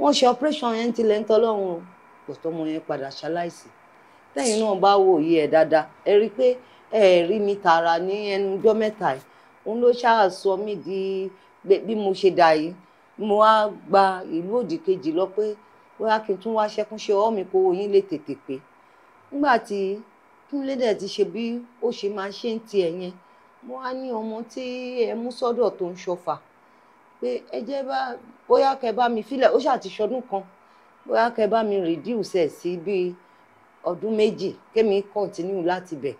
wọn ṣe operation yẹn ti lẹ́ńtọ́ lọ́rùn kò tọ́mọ yẹn padà ṣaláìsí tẹ́yìn náà bá wò yí ẹ dáadáa ẹ rí i pé ẹ rí mi tààrà ní ẹnu ọjọ́ mẹ́ta yìí òun ló ṣáà sọ di bí mo ṣe dà yìí mo wá gba ìlú òdìkejì lọ pé bóyá kí n tún wá ṣẹ́kúnṣe ọwọ́ mi kó oyin lè tètè pé nígbà tí kúnlé dẹ̀ ti ṣe bí ó ṣe máa ṣe ń tiẹ̀ yẹn mo wá ní ọmọ tí ẹ mú sọ́dọ̀ tó ń ṣọfà pé ẹ jẹ́ bá bóyá kẹ́ bá mi filẹ̀ ó ṣáà ti ṣọdún kan bóyá kẹ́ bá mi reduce ẹ̀ sí bíi ọdún méjì kémi continue láti bẹ̀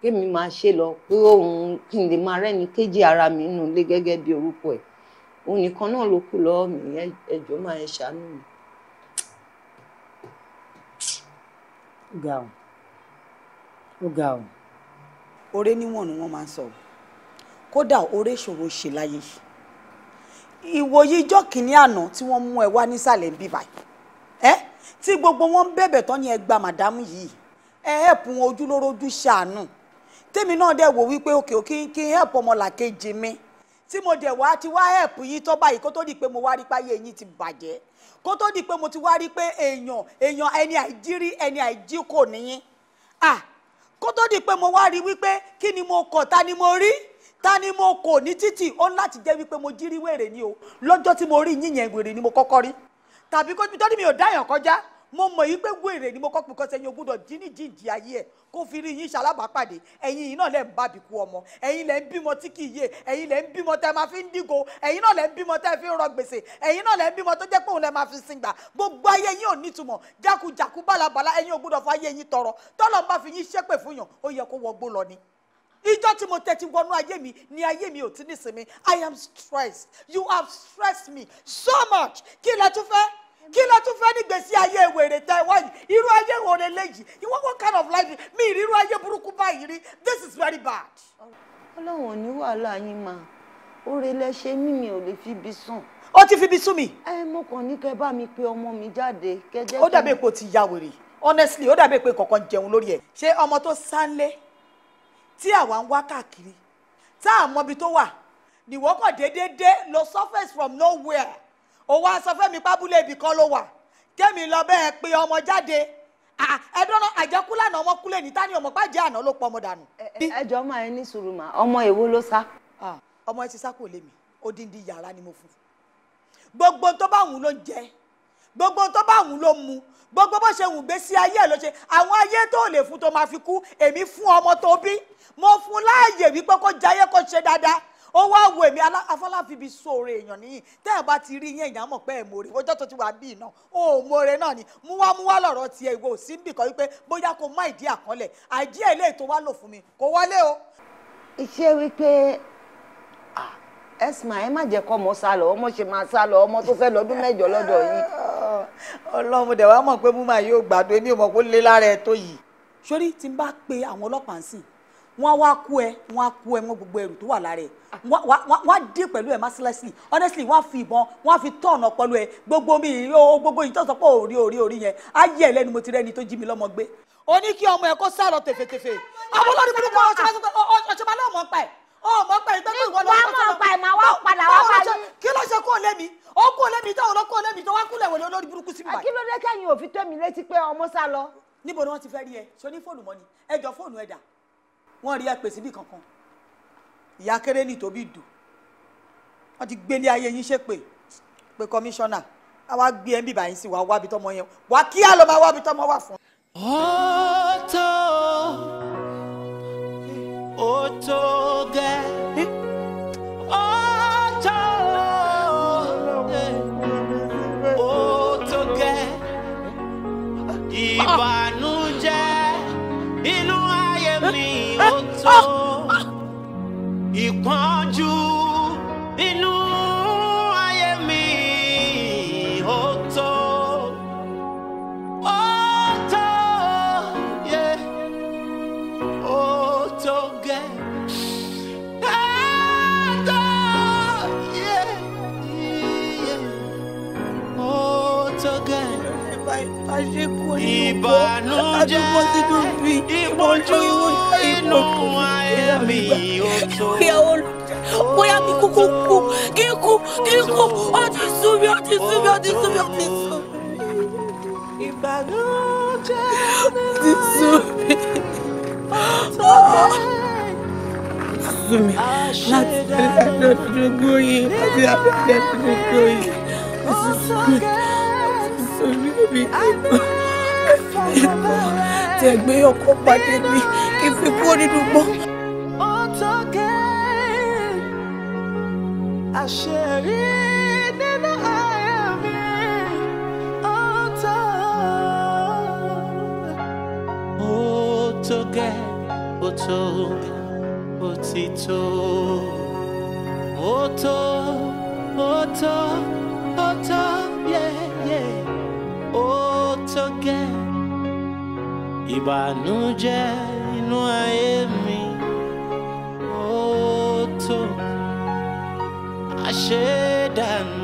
kémi máa ṣe lọ pé òun kí n lè máa rẹ́ni kéjì ara mi nù lé gẹ́gẹ́ bí orúkọ ẹ̀ òun nìkan náà ló kù lọ́wọ́ mi ẹjọ́ máa ẹ ṣàánú mi. ó ga ọ ó ga ọ. ọ̀rẹ́ níwọ̀n ni wọ́n máa ń sọ kódà ọ̀rẹ́ ṣòro ṣe láyé ìwòye ijọ́ kìíní àná tí wọ́n mú ẹ wá nísàlẹ̀ ń bí báyìí ẹ tí gbogbo wọn ń bẹ̀bẹ̀ tán ni ẹ gba màdámù yìí ẹ hẹ́pù wọn ojúlóró ojú ṣàánú tèmi náà dẹ̀ wò wípé òkè òkè kí n hẹ́pù ọmọlàkejì mi tí mo dẹ̀ wá ti wá hẹ́pù yìí tọ́ báyìí kó tó di pé mo wá rí páyé yín ti bàjẹ́ kó tó di pé mo ti wá rí pé èèyàn èèyàn ẹni àìjírí ẹni àìjíkò nìyí à kó tó di pé mo wá rí wípé kí ni mo kọ̀ ta ni mo rí ta ni mo kò ní títì ó ń láti jẹ́ wípé mo jírí wèrè ni o lọ́jọ́ tí mo rí yín yẹn wèrè ni mo kọ́kọ́ rí tàbí kó tó ní mi ò dáyàn kọjá mo mọ̀ yí pé wèrè ni mo kọ́ pé kọ́sẹ́ yín o gbọ́dọ̀ dín ní jíǹjì ayé ẹ̀ kó fi rí yín ṣalábàápàdé ẹ̀yin yìí náà lẹ́ ń bábi ku ọmọ ẹ̀yin lẹ́ ń bímọ tí kì í yé ẹ̀yin lẹ́ ń bímọ tẹ́ máa fi ń dìgò ẹ̀yin náà lẹ́ ń bímọ tẹ́ fi ń rọ gbèsè ẹ̀yin náà lẹ́ ń bímọ tó jẹ́ pé òun lẹ́ máa fi sin gbà gbogbo ayé yín ò nítumọ̀ jákujàku bálabàla ẹ̀yin ò gbọ́dọ̀ fọ ayé yín tọrọ tọ́lọ́ ń bá fi yín ṣépè fún yàn ó yẹ kó wọgbó lọ ni ìjọ́ tí mo tẹ́tí wọnú ayé mi ni ayé mi ò ti nísinmi i am stressed you have stressed me so much kí lẹ tún fẹ́ kí ló tún fẹ́ ní gbèsè ayé wèrè tẹ ẹ wáyé irú ayé wo ni léyìí ìwọ what kind of life mi rí irú ayé burúkú báyìí rí this is very bad. ọlọ́run ò ní wàhálà yín mà oore lẹ ṣe mi ò lè fi ibi sùn. ó ti fi ibi sùn mi. ẹ mo kàn ní kẹ bá mi pe ọmọ mi jáde kẹjẹ. ó dàbí epo ti ya wèrè honestly ó dàbí pé kankan jẹun lórí ẹ. ṣé ọmọ tó sálé tí àwa ń wá káàkiri tá a mọbi tó wà nìwọ́kọ̀ déédéé lọ surface from nowhere ó wá sọ fẹ́mi pábúlé ibì kan ló wà kémi lọ bẹ́ẹ̀ pé ọmọ jáde ẹdọ́nà àjẹkú lànà ọmọ kúlẹ̀ ní tani ọmọ pàjẹ́ àná ló pọ̀ ọmọ dànù. ẹjọ́ máa ẹ ní sùúrù ọmọ èwo ló sá. ọmọ ẹ ti sá kò lè mí odindi yàrá ni mo fún gbogbo tó bá wù ló ń jẹ gbogbo tó bá wù ló ń mu gbogbo bó ṣe wù gbé sí ayé ẹ ló ṣe àwọn ayé tó lè fún tó máa fi kú èmi fún ọmọ tó bí mo fún láàyè wípé kó jayé kó ṣe dáadáa ó wá wo èmi afọláfibi sóore èèyàn nìyí tẹ́ ẹ̀ bá ti rí yẹn èèyàn mọ̀ pé ẹ̀ mòrè ọjọ́ tó ti wà bíi náà ó mòrè náà ni múwámúwá lọ̀rọ̀ tiẹ̀ ìwé òsín bìkan wípé bóyá kó má ìdí àkànlẹ̀ àìdíyà ilé ètò wa lò fún mi kò wọlé o. iṣẹ́ wípé ẹ̀sìnmá ẹ má jẹ́ kọ́ ọmọ sá lọ ọmọ ṣe máa sá lọ ọmọ tó fẹ́ lọ́dún mẹ́jọ lọ́dọ̀ yín. ọlọ́run dẹ̀ wá mọ̀ pé mú màá yóò gbàdo èmi ò mọ̀ kó lé lára ẹ̀ tó yìí. sórí tí n bá pe àwọn ọlọ́pàá ń sìn wọ́n wá kú ẹ wọ́n á kú ẹ mọ́ gbogbo ẹrù tó wà lára ẹ wọ́n á dé pẹ̀lú ẹ mercilessly honestly wọ́n á fi ìbọn wọ́n á fi tọ̀nà pẹ̀lú ẹ gbogbo mi ìró gbogbo ìjọ sọ pé òrí òrí òrí yẹn á yẹ ẹ lẹ́nu mo ti rẹ́ ẹni tó jí mi lọ́mọ gbé. o ní kí ọmọ ẹ kó sá lọ tèfètèfè àwọn olórí burúkú ọ̀ṣọ́ba náà mọ̀ pa ẹ̀ ọmọ pa ẹ̀ tẹ́lẹ̀ ìwọ lọ́wọ́ wọ́n mọ̀ pa ẹ̀ máa wá padà wá bá yín. kí ló ṣe kó lé mi ó kó lé mi tó ó lọ kó lé mi tó wá kúlẹ̀ wọlé olórí burúkú sí mi báyìí. kí ló dé kẹ́yìn òfin tó mi létí pé ọmọ sá lọ. níbo ni wọ́n ti fẹ́ rí ẹ sọ ní fóònù mọ́ ni ẹ jọ fóònù ẹ dà wọ́n rí ẹ̀pẹ̀ síbi kankan ìyá kérélì tó bí dùn wọ́n ti gbélé ayé yín ṣépè pé kọmíṣánná àwa gbé ẹ̀ ń sí wa wábi tọmọ yẹn wá kíá ló máa wábi tọmọ wà fún. ó tó ó ìpọ́njú inú ayé mi ó tó ó tó yẹ ó tó gẹ ẹ tó yẹ yẹ tó gẹ. ìbànújẹ́ ìpọ́njú lọ ìyàwó lọ bóyá kí kúkú kú kí kú kí kú ó ti sú mi ó ti sú mi ó ti sú mi ó ti sú mi. ìbànújẹ́ ti sú mi. ó sú mi láti ẹ̀ẹ́dẹ́gbẹ̀rún yìí láti ẹ̀ẹ́dẹ́gbẹ̀rún yìí ó sú mi ó sú mi bíi tí ẹ gbé ọkọ pàdé mi kí n fi kúrò nínú gbọ́. ó tó gẹ́ ìbànújẹ́ inú ayé mi ó tó àṣedànù.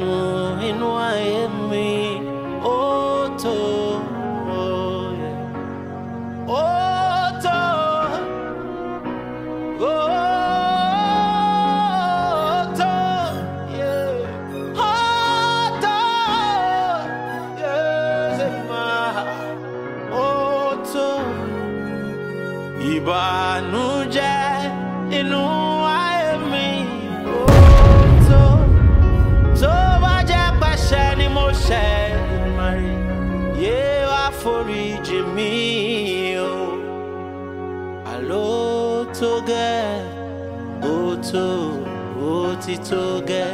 ti tó gẹ́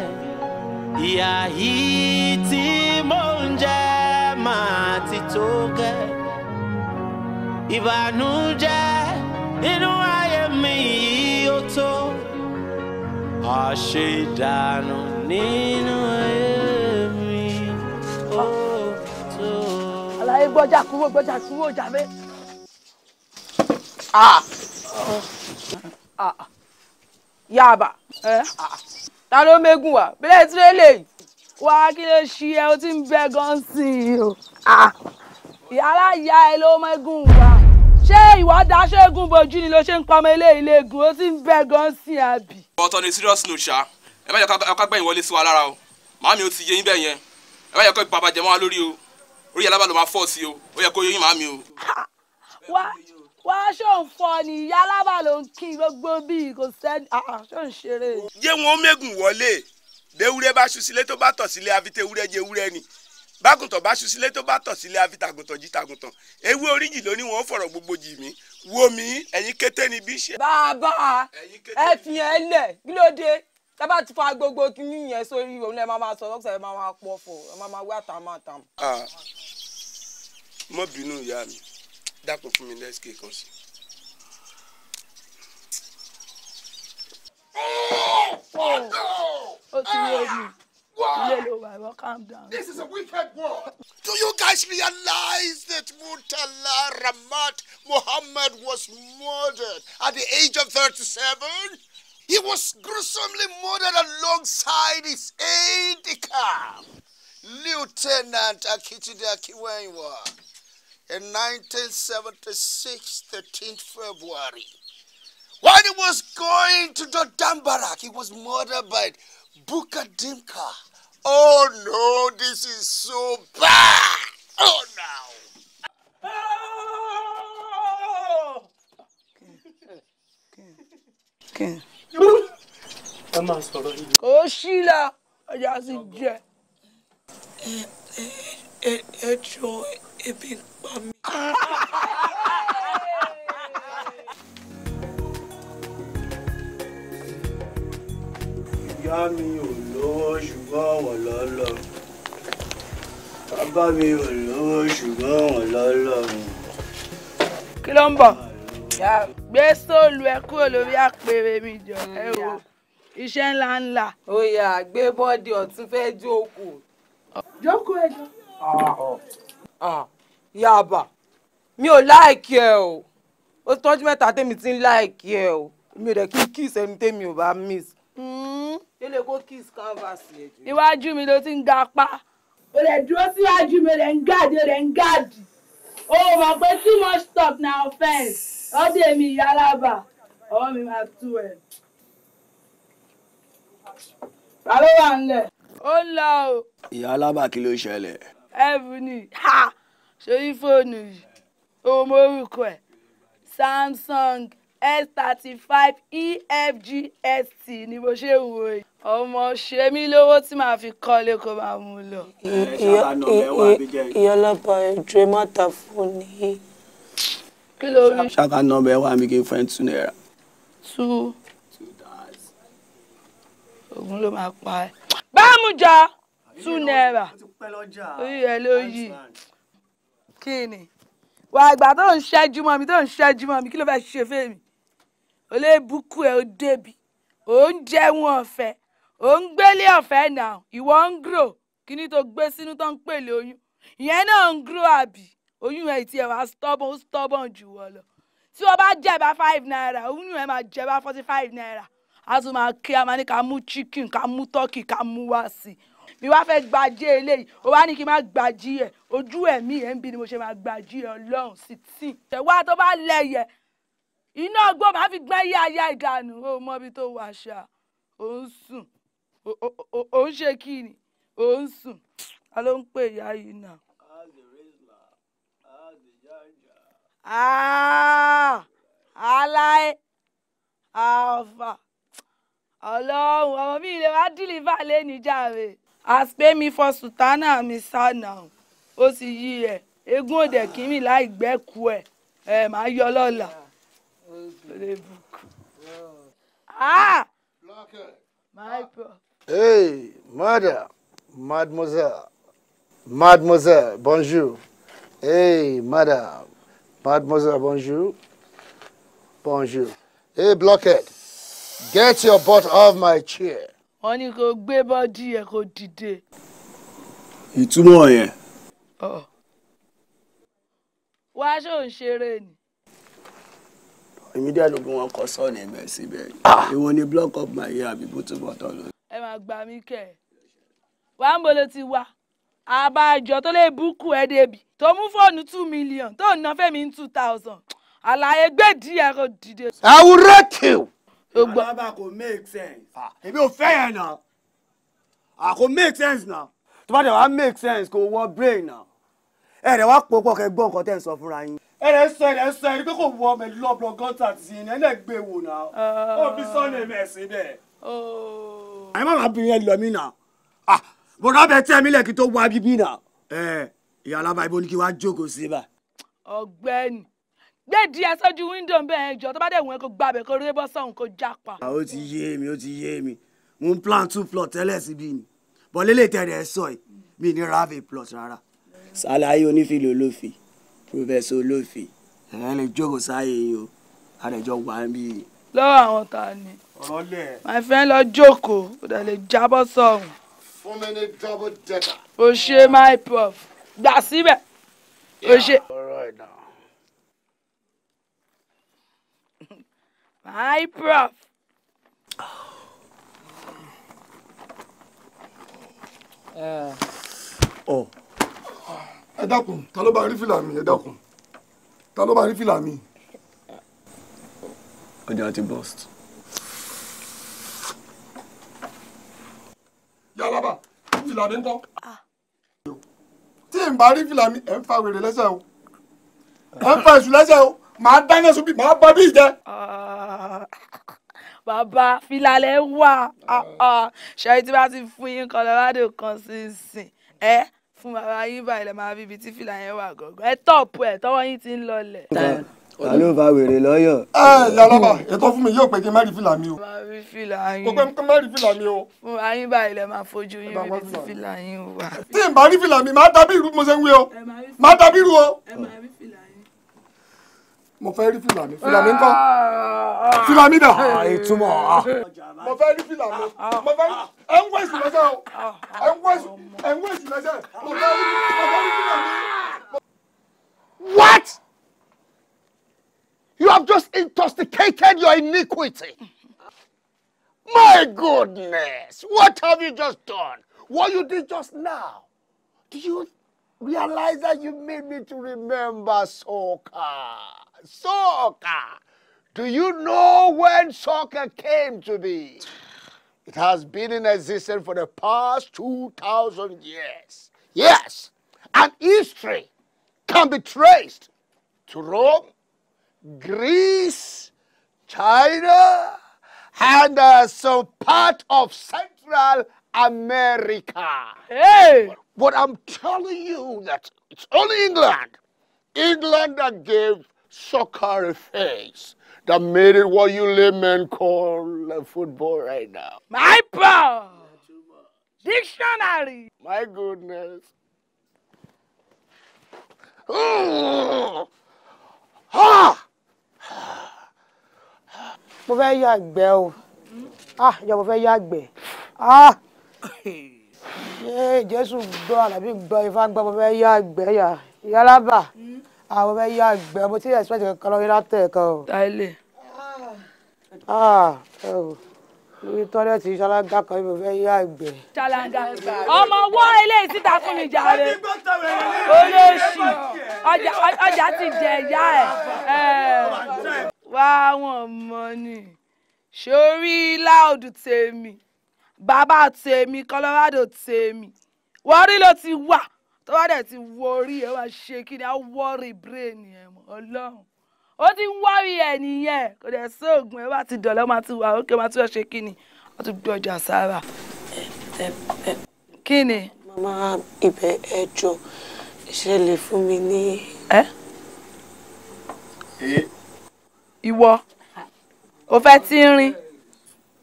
ìyà yìí tí mò ń jẹ máa ti tó gẹ́ ìbànújẹ́ inú ayé mi yìí ó tó àṣedànù nínú ayé mi ó tó. àlàyé gbọ́jà kúrò gbọ́jà kúrò jàmé. Ah. Ah. Yaba. Eh? Ah. ah ta ló mégùn wá bílẹ̀ tí lè wá kí ló ṣí ẹ ó ti ń bẹ gan sí i o ìyá aláya ẹ ló mégùn wá ṣé ìwà daṣẹ́gun bojú ni ló ṣe ń pamọ́ ilé ìlẹ́gùn ó ti ń bẹ gan sí i àbí. ọ̀tọ̀ ni serious note ṣá ẹ bá yẹ ká gbẹ̀yìn wọlé sí wa lára o màámi ó ti yé yín bẹ́ẹ̀ yẹn ẹ bá yẹ kó bàbá jẹ mọ́ wa lórí o orí yàrá bá ló máa fọ́ sí o ó yẹ kó yín màámi o. wá wọ́n ṣòun fọ ni ìyá alábà ló ń kí gbogbo bíi kò sẹ́ni ah, ah, ṣòun ṣeré. yé wọn ó mẹ́gùn wọlé léwúrẹ́ bá ṣu sílé tó bá tọ̀ sílé àfitẹ́ ewúrẹ́ jẹ ewúrẹ́ ni bágùntàn bá ṣu sílé tó bá tọ̀ sílé àfitàgùntàn jí tàgùntàn ewé oríjì ló ní wọn fọ̀rọ̀ gbogbo jì mí wo mi ẹ̀yin kété ni bí ṣe. bàbá ẹ fi ẹ lẹ kí ló dé tábà ti fa gbogbo kínní yẹn sórí òun lẹ máa máa sọ lọ́sẹ̀ ẹ máa máa pọ̀ fọ̀ ẹ máa máa wá tàmátam. Ah. mo bínú ìyá mi. that fún from the kan sí. ó ti calm down. this is a wicked world. do you guys realize that Mutala Ramat Muhammad was murdered at the age of thirty-seven? He was gruesomely murdered alongside his aide de camp, Lieutenant Akitude Akiwenwa in 1976, 13th February. while he was going to the he was murdered by Buka Dimka. Oh no, this is so bad! Oh no! Oh! Oh, I just ẹ ebi ń pa mí. ìyá mi ò lówó ṣùgbọ́n wọ́n lọ́lọ́ bàbá mi ò lówó ṣùgbọ́n wọ́n lọ́lọ́. kí ló ń bọ̀ gbé sóòlù ẹ kúrò lórí àpèrè mi jọ ẹ wò iṣẹ́ ńlá ńlá. ó yá gbé bọ́ọ̀dì ọ̀tún fẹ́ jókòó. jókòó yaba mi ò láìkí ẹ o ó ti tọ́jú mẹ́ta tèmi ti ń láìkí ẹ o mi ò dẹ̀ kí kiss ẹni tèmi ò bá miss. délé hmm? kó kiss canvas yẹn jù. iwájú mi ló ti ń ga pa. o lè dúró síwájú mi rẹ̀ ń gáàdì rẹ̀ ń gáàdì o mọ̀ pé too much talk na offence ọdẹ mi ìyá alábà ọwọ́ mi máa tú ẹ̀. ta ló wà ń lẹ̀. ó ń lọ o. ìyá alábà kí ló ṣẹlẹ̀. ẹ bù ni. ha! ṣorí fóònù yìí òun orúkọ samsung s thirty five efgst ni mo ṣe ń wo yìí ọmọ ṣe mí lówó tí màá fi kọ́lé kó máa mú lọ. ìyọlọpàá ẹjọ ẹ má ta fóònù yìí. kí ló rí. ṣáká nọmba ẹ wà mí kí n fẹ́ two naira. two. dollars. ogun ló máa pa ẹ. báàmù jọ two naira orí ló yí kí ni wà àgbà tó ń ṣẹ́jú mọ́ mi tó ń ṣẹ́jú mọ́ mi kí ló fẹ́ ṣe fèmí olébùkù ẹ̀ ó débi ò ń jẹun ọ̀fẹ́ ò ń gbélé ọ̀fẹ́ náà ìwọ ń gírò kí ni tó gbé sínú tó ń pèlè oyún ìyẹn náà ń gírò àbí oyún ẹ̀ tiẹ̀ wá stubborn ó stubborn jù wọ́ lọ tí wọ́n bá jẹ̀bá five naira oyún ẹ̀ máa jẹ̀bá forty five naira a tún máa kí a máa ní ká mú chicken ká mú turkey ká mú wá sí i mi wá fẹ́ gbajẹ eléyìí o wá ní kí n má gbají ẹ ojú ẹ̀mí ẹ̀ ń bi ni mo ṣe máa gbají ẹ ọlọ́run sì tì. ṣẹ̀wá tó bá lẹ̀yẹ̀ iná ọgbọ́n máa fi gbẹ́ yé aya ìdànù ó mọ ibi tó wà ṣá ò ń sùn ò ń ṣe kí ni ò ń sùn a ló ń pè ìyá yìí náà. Ah, aláì àfà ọlọ́run ọmọ mi lè wá dìlì bá lé níjà rẹ̀ as pay me for sultana mi sa náà O si yí ẹ eégún òde kìíní láì gbẹ́kú ẹ ẹ máa yọ lọ́la lè ah my hey mother mademoiselle mademoiselle bonjour hey madame mademoiselle bonjour bonjour hey blockhead get your butt off my chair wọ́n ní kó gbé bọ́dí yẹn kó dìde. ìtumọ̀ yẹn. wá ṣó ń ṣeré ni. èmi díẹ̀ ló gún wọn kọ sọ́ọ̀nì ẹ̀mẹ́ síbẹ̀ ah. ìwọ ni block up my ear àbí bùtù bọ̀tọ̀ lọ. ẹ máa gbà mí kẹ wà ń bolo ti wá àbájọ tó lè búkú ẹ débi tó mú fóònù two million tó ná fẹ́mi two thousand àlàyé gbèdí ẹ kò dìde. I will wreck you ìwàlábà kò make sense. èmi ò fẹ́ yẹn náà à kò make sense náà tó bá dẹ̀ wá make sense kò wọ brain náà ẹ rẹ̀ wá pọ̀ pọ̀ kẹ́ gbọ́ nǹkan tẹ̀ ń sọ fúnra yín. ẹ rẹ̀ sọ ẹ rẹ̀ sọ ẹ rí pé kò wọ ọmọ ìlú ọ̀bùrọ̀ gọ́tà tì í ẹ náà gbé wò náà ah. ó fi sọ́ọ̀nù ẹ̀mí ẹ̀sìn bẹ́ẹ̀. Oh. àyè máa bí yẹn lọ mí náà ah bọ̀dọ̀ bẹ tẹ́ mi lẹ́kì tó wá bíbí náà. ẹ ìyá alábàá ibo ni kí wàá jókòó sí bá gbé di ẹ sójú wíńdò ń bẹ ẹ tó bá dẹ̀ wọ́n kó gbàbẹ̀ kó rí bọ́ sọ̀hún kó já pa. Ah, ó ti yé mi ó ti yé mi mo ń plan two plot tẹ́lẹ̀ síbi ni bọ́ lélẹ̀ tẹ̀lé ẹ sọ yìí mi ní rave plot rárá. sàlàyé onífìlì olófin pòfẹ́sọ olófin ẹ lè jókòó sáyé yìí o àrẹ̀jọ wà ń bí. lọ́wọ́ àwọn ta ni my friend lọ jókòó ó dẹ̀ lè jábọ́ sọ̀hún. fún mi ní double decker. o ṣe my prof gbà síbẹ̀. o ṣe. all right now. my prof. ọ oh. ẹ dákun ta ló bá rí fìlà mi ẹ dákun ta ló bá rí fìlà mi. ọjà ti burst. yàrá fìlà mi ń tọ́ tí n bá rí fìlà mi ẹ̀ ń fa wèrè lẹ́sẹ̀ o ẹ̀ ń fa èṣù lẹ́sẹ̀ o màá dáná sun bí màá bọ́ bí ìjẹ. bàbá filalẹ̀ wà ah. ah, ah. ṣẹ́yìn tí bá ti fún yín kan lọ́wọ́dé kan sí i sìn ẹ́ fún bàbá yín báyìí lẹ́ máa fi ibi tí fìlà yẹn wà gọ̀ọ̀gọ̀ ẹ tọ̀pù ẹ̀ tọwọ́ yín ti ń lọlẹ̀. ta ló fa wèrè lọ́yọ̀. ẹ yàrá ètò fún mi yóò pé kí n má rí fìlà mi o. máa rí fìlà yín. kò pé kí n má rí fìlà mi o. fún bàbá yín báyìí lẹ́ máa fojú yín ibi tí fìlà yín wà. tí n bá rí fìlà mi máa dábìrú mo ṣe ń wé o máa dábìrú o. ẹ máa rí fìlà mo fẹ́ rí fìlà mi ń kọ́ fìlà dà. Ah, ah, ìtumọ̀ ah. mo fẹ́ rí fìlà mo fẹ́ rí ẹ̀ ń wẹ̀sì lọ́sẹ̀ o ẹ̀ ń wẹ̀sì ẹ̀ ń wẹ̀sì lọ́sẹ̀ mo fẹ́ rí mo fẹ́ rí fìlà What? You have just intoxicated your iniquity. My goodness, what have you just done? What you did just now? Do you realize that you made me to remember soccer? soccer. Do you know when soccer came to be? It has been in existence for the past 2,000 years. Yes, and history can be traced to Rome, Greece, China, and uh, some part of Central America. Hey! But, but I'm telling you that it's only England, England that gave Soccer face that made it what you laymen call football right now. My bro, Dictionary! My goodness. Mo fẹ́ yàgbẹ́ o. Ah, ìjọba mo fẹ́ yàgbẹ́. Ah! Jésù gbọ́ Àlàbí gbọ́ Ifá gbọ́ mo fẹ́ yàgbẹ́ yà. Yálàbà. Mm àwọn ẹyọ àgbẹ̀ mo ti expect kankan lọ́wọ́ látẹ̀ kan o. táìlè. ibi tọ́lẹ̀tì ṣáláńgá kan ibi fẹ́ yá àgbẹ̀. ṣáláńgá ọmọ wọ́ eléyìí síta fún mi jàre olóṣì ọjà ti jẹ ìyá ẹ̀ eh. wá wọn mọ ni sórí láòdù tèmi bàbá tèmi Colorado tèmi wọ́n rí ló ti wà tó bá dẹ̀ ti wọrí ẹ wá ṣe kí ni á wọ́ọ̀rì bírèèni ẹ̀ mọ́ ọlọ́run ó ti ń wọ́ọ̀rì ẹ̀ nìyẹn kò dẹ̀ sí oògùn ẹ bá ti dọ̀lẹ́ ó máa ti wà ókè máa ti wọ́ọ̀ ṣe kí ni ó ti gbé ọjà sára. kí ni. màmá ibẹ̀ ẹ jọ ṣe fún mi ní. ẹ. ìwọ o fẹ́ tí ń rin.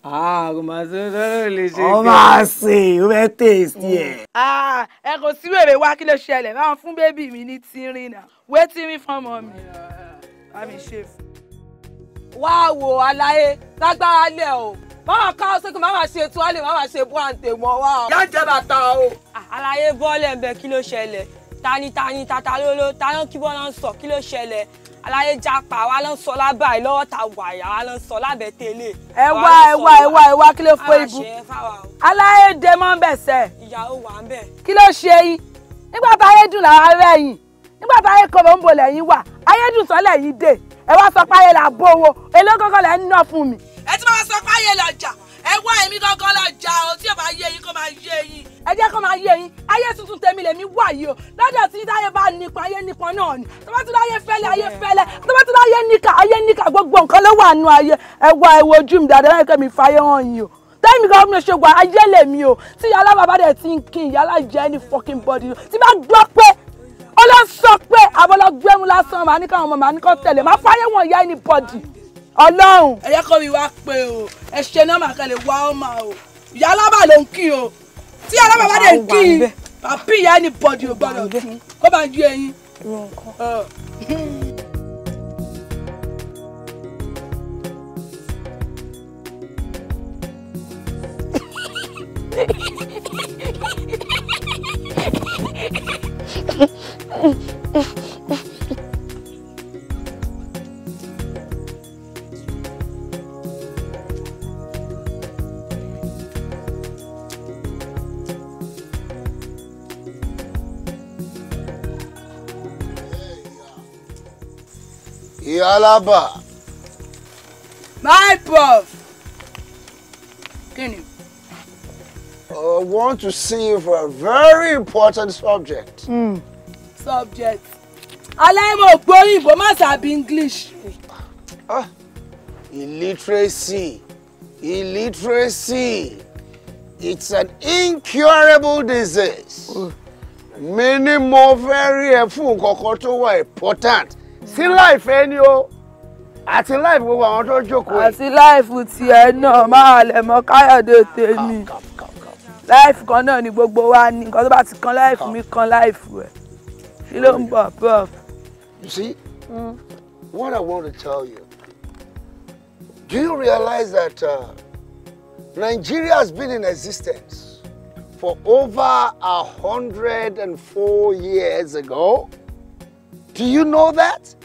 Ah, kò máa ṣe lọ́rọ̀ lè ṣe. ọ máa ṣe ó fẹ́ tèèsì ẹ̀. Mm. Ah, ẹ kò sí wèrè wá kí ló ṣẹlẹ̀ báwọn fún bébì mi ní tínrín náà wé tínrín fọmọ mi bá mi ṣe fún. wá wo aláyé lágbára lẹ o máa ká ọ sókè máa ṣe ètò àlè máa ṣe bó àǹtẹ̀ mọ́ wá. yá jẹ́ bàtà o. Ah, aláyé bọ́ọ̀lù ẹ̀ ń bẹ kí ló ṣẹlẹ̀ tani tani tata lolo tani kí bọ́ọ̀lù ń sọ kí ló ṣẹlẹ̀ aláyé japa wa ló ń sọ lábà yìí lọ́wọ́ ta wàyà wa ló ń sọ lábẹ́ tẹ́lẹ̀. ẹ wá ẹ wá ẹ wá ẹ wá kí ló fọ ibu aláyé dé mọ́ bẹ̀ sẹ́. ìyàwó wà ń bẹ̀. kí ló ṣe yín nígbà tá ayé dùn làwọn ará yìí nígbà tá ayé kọ̀ọ̀mọ̀ ń bọ̀ lẹ́yìn wà ayé dùn sọ́lẹ̀ yìí dé ẹ wá sọ páyé là bó owó elókòkò lẹ́ ń ná fún mi. ẹ ti máa sọ páyé lọ́jà ẹ wá èmi gangan la jà ọ tí ò bá yé yín kó máa yé yín. ẹ jẹ́ kó máa yé yín ayé tuntun tèmi lèmi wà yìí o lọ́dọ̀ tí táyé bá nípa ayé nípa náà ni tó bá tún láyé fẹ́lẹ́ ayé fẹ́lẹ́ tó bá tún láyé níkà ayé níkà gbogbo nǹkan ló wà nù ayé ẹ wá ẹ wojú mi dáadáa láyé kẹ́mi fàyè hàn yìí o tẹ́mi kan mi ò ṣe gbà ayé lèmi o tí yàrá bàbá dẹ̀ ti ń kí yàrá jẹ́ ní fucking body tí bá gbọ́ pé ọlọ́sọ pé àbọ̀lọ́gbẹ́mu lásán màá ní káwọn ọmọ màá ní kọ́ tẹ̀lé màá fàyè wọn yá anybody ọlọ́run. ẹ yẹ kó mi wá pé o ẹ ṣe nọ́mbà kan lè wá ọmọ o ìyá alábà ló ń kí o tí alábà bá dé kí i pàpí ìyá ẹni bọ̀dì ò gbọ́dọ̀ tún kó máa ju ẹyin. Calabar. My prof. Kini. I want to see you for a very important subject. Mm. Subject. Aláìmọ̀ ògbóyìnbó má sàbí English. Ah, illiteracy. Illiteracy. It's an incurable disease. Oh. Many more very mo fẹ́ rí important sí láìfẹ́ ni o àti láìfù gbogbo àwọn tó jókòó ẹ̀. àti láìfù tiẹ̀ náà máa lẹ̀ mọ́ káyọ̀dé tèmi ah, láìfù kan náà ni gbogbo wa ní nǹkan tó bá ti kan láìfù mi kan láìfù ẹ̀ kí ló ń bọ̀ prof. you see mm. what i want to tell you do you realize that uh, nigeria has been in existence for over a hundred and four years ago. Do you know that?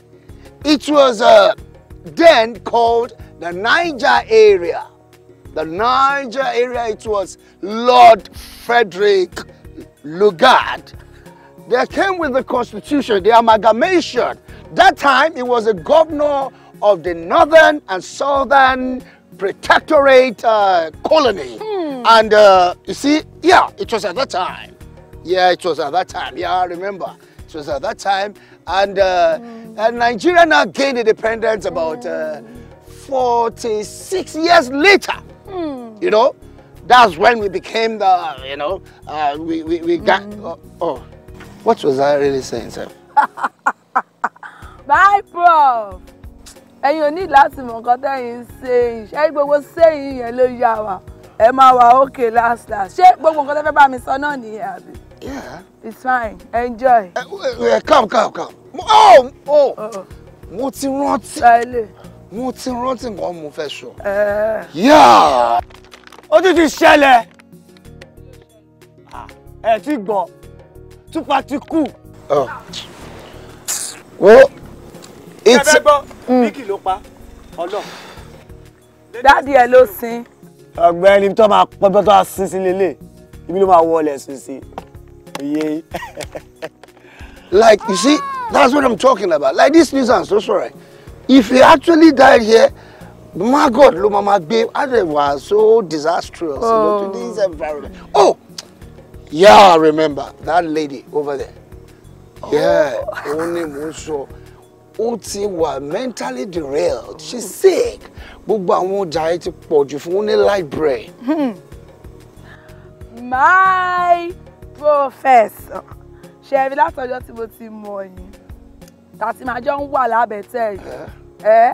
It was uh, then called the Niger area. The Niger area, it was Lord Frederick Lugard. They came with the constitution, the amalgamation. That time, it was a governor of the northern and southern protectorate uh, colony. Hmm. And uh, you see, yeah, it was at that time. Yeah, it was at that time. Yeah, I remember. It was at that time. And, uh, and Nigeria now gained independence about uh, 46 years later. Hmm. You know, that's when we became the, you know, uh, we, we, we got, hmm. oh, oh, what was I really saying, sir? Bye, bro. And you need láti mọ̀ nǹkan tẹ́yin ṣe iṣẹ́ gbogbo sẹ́yìn yẹn ló yá wa ẹ last last ṣé But we're tẹ́ fẹ́ bá mi sọ náà nìyẹn àbí. It's fine. Enjoy. Uh, uh, calm, calm, calm. Oh, oh, oh. Mo ti rántí. Sale. Mo ti rántí nǹkan mo fẹ́ sọ. Eh. Yeah. Ó ti ti ṣẹlẹ̀. Ah, ẹ ti gbọ́. Tupa ti kú. Oh. Wo. It's Ẹ gbọ́. Biki ló pa. Ọlọ́run. Daddy ẹ ló sin. Ọ̀gbẹ́ni tó máa pọ́jọ́ tó a sin sí lélẹ̀. Ibi ló máa wọlé sin sí. Yeah. like, you see, that's what I'm talking about. Like this news nuisance, so sorry. If he actually died here, my God, lo mama babe, I was so disastrous oh. you know, to this oh. environment. Oh, yeah, I remember that lady over there. Oh. Yeah, only Muso. Ó ti wà mentally derailed. She's hmm. sick. Gbogbo àwọn ọjà ẹ ti pọ̀jù fún ní library. Hmm. My professor ṣe rí látọjọ́ tí mo ti mọ̀ yín tàti máa jọ ń wà lábẹ́tẹ̀ yìí eh? ẹ eh?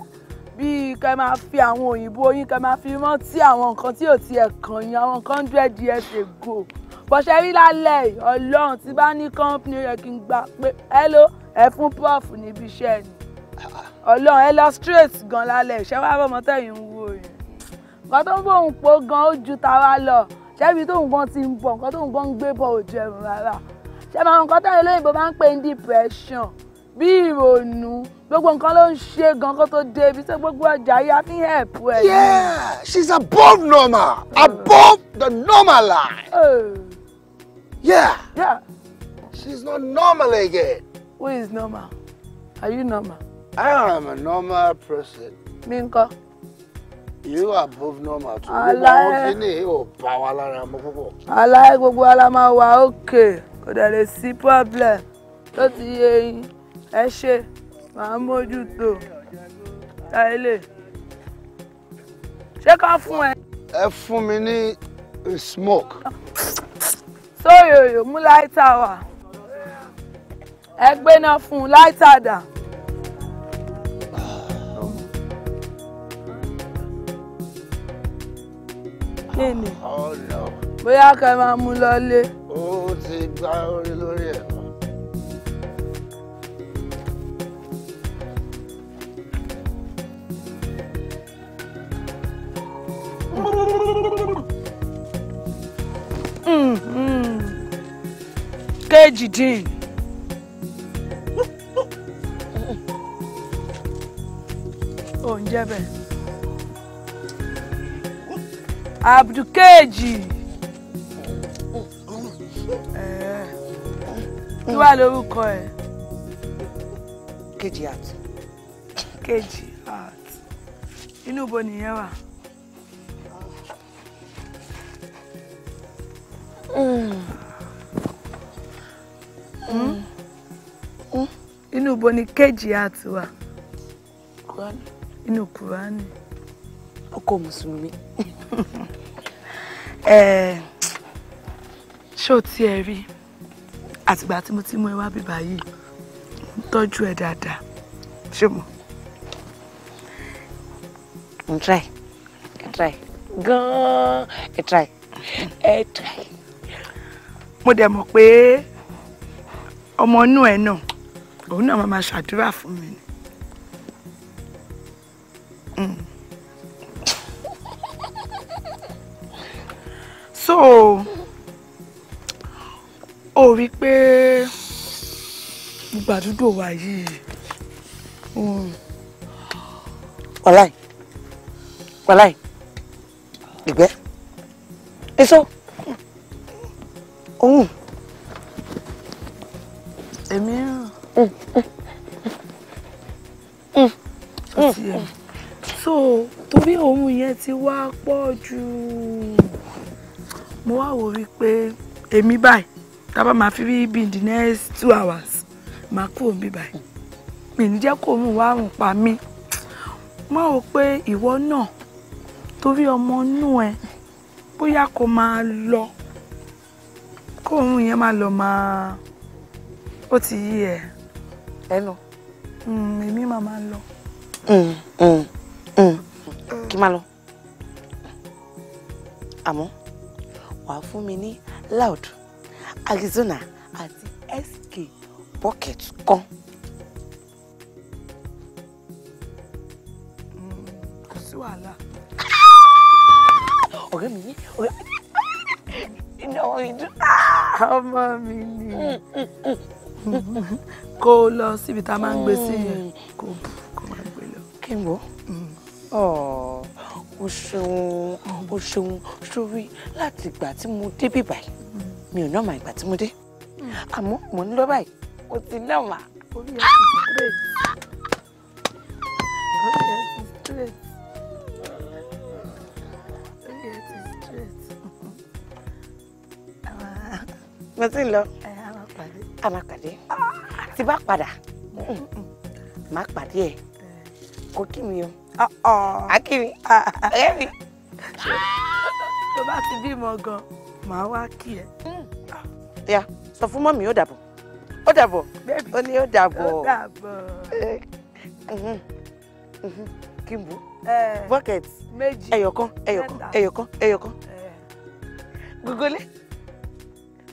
bíi kẹ máa fi àwọn òyìnbó yín kẹ máa fi rántí àwọn nǹkan tí ò ti ẹ̀ kàn yín àwọn nǹkan hundred years ago bọ̀ṣẹ́ rí lálẹ́ yìí ọlọ́run tí bá ní company yẹ kí n gbà pé hello ẹ fún prof níbi iṣẹ́ ni ọlọ́run ẹ lọ straight gan lálẹ́ ìṣẹ́wá bọ́mọtẹ́yìn ń wò yín nǹkan tó ń bò ń po gan ó ju tàwa lọ ṣebí tóun gan ti ń bọ̀ nǹkan tóun gan ń gbé bọ̀ ò jẹun rárá ṣe máa nǹkan táwọn olóyìnbó máa ń pè ní depression bí ìrònú gbogbo nǹkan ló ń ṣe gan kó tó dé ibi tó gbogbo ọjà yìí fi ń help ẹ. yeah she's above normal uh. above the normal line. Uh. yeah. yeah. she's not normal again. who is normal? are you normal? I am a normal person. mi ńkọ́ you are above normal too gbogbo àwọn kíní ò bá wa lára mọ́ púpọ̀. aláì gbogbo ara máa wà òkè kò dẹ̀ lè sí problem tó ti yé yín ẹ ṣe màá mójútó táyélé ṣé ká fún ẹ. ẹ fún mi ní smoke. sóyòyò mú láìta wá ẹ gbéná fún un láìta dà. kí ni bóyá ká máa mú lọ́lé. ó ti gbá orí lórí ẹ̀. kejì dín. oúnjẹ bẹ́ẹ̀ abdulkeji eh. kí wàá lórúkọ ẹ. kejì art. kejì art inú bo nìyẹn wà. Hmm. Hmm? inú bo ni kejì art wà. inú kùránì. ọkọ mùsùlùmí. ṣó tí ẹ rí àtìgbà tí mo ti mú ẹ wá bíbá yìí ń tọ́jú ẹ dáadáa ṣé mo. n try ẹ try gan-an ẹ try ẹ try. mo dẹ̀ mọ̀ pé ọmọ inú ẹ náà òun náà máa ṣàdúrà fún mi ni. Mm. so ó rí i pé gbogbo àdúgbò wa yìí hmm. wàláì wàláì dìgbẹ́ èso òun èmi so torí òun yẹn ti wá pọ̀ jù mo wá wò wípé èmi báyìí tá a máa fi bí in the next two hours máa kú òun bí báyìí mi ní jẹ́ kó mú wá rùn pa mí mo wá wò pé ìwọ náà torí ọmọ inú ẹ bóyá kó máa lọ kó òun yẹn máa lọ máa ó ti yí ẹ. ẹ lọ. Hmm, èmi máa máa lọ. Hmm, hmm, kí máa lọ àmọ́ wàá fún mi ní loud Arizona àti SK bucket kan. Hmm, kò sí wàhálà. ọ̀rẹ́ mi ní ọ̀rẹ́ iná ìdú ọmọ mi ni hmm, hmm, kó lọ síbi tá a máa ń gbé sí yẹn kó má gbé lọ. kí n bọ̀ o ṣeun o ṣeun sórí láti ìgbà tí mo dé bí báyìí mi ò náà mà ìgbà tí mo dé àmọ́ mò ń lọ báyìí o ti náà mà. straight orí straight orí straight. mo ti ń lọ àmàpàdé tí bá padà má pàdé ẹ kò kí mi o akíní ọ̀rẹ́ mi. tó bá ti bímọ gan màá wá kí ẹ. Hmm. ya sọ fún mọ́mí ó dàbọ̀ ó dàbọ̀ ó ní ó dàbọ̀ kí n bú bucket ẹyọkan ẹyọkan ẹyọkan ẹyọkan eh. gogole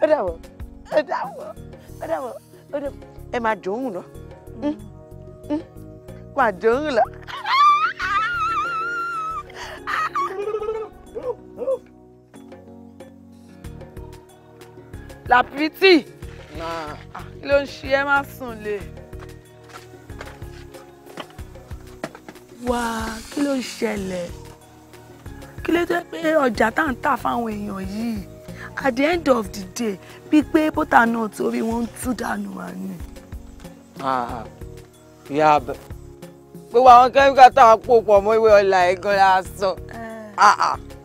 ó dàbọ̀ ó dàbọ̀ ó dàbọ̀ ó dàbọ̀ ẹ máa jòhún lọ hmm. Hmm. máa jòhún lọ. làpìtì kí ló ń ṣe ẹ má sùn lè. wá kí ló ń ṣẹlẹ̀ kí ló jẹ́ pé ọjà tá ń tà fáwọn èèyàn yìí at the end of the day bíi pé bọ́tà náà torí wọ́n ń tú dànù wá ni. ìyá abẹ gbogbo àwọn kẹ́míkà táwọn pò pọ̀ mọ́ ìwé ọ̀la ẹ̀gán la sọ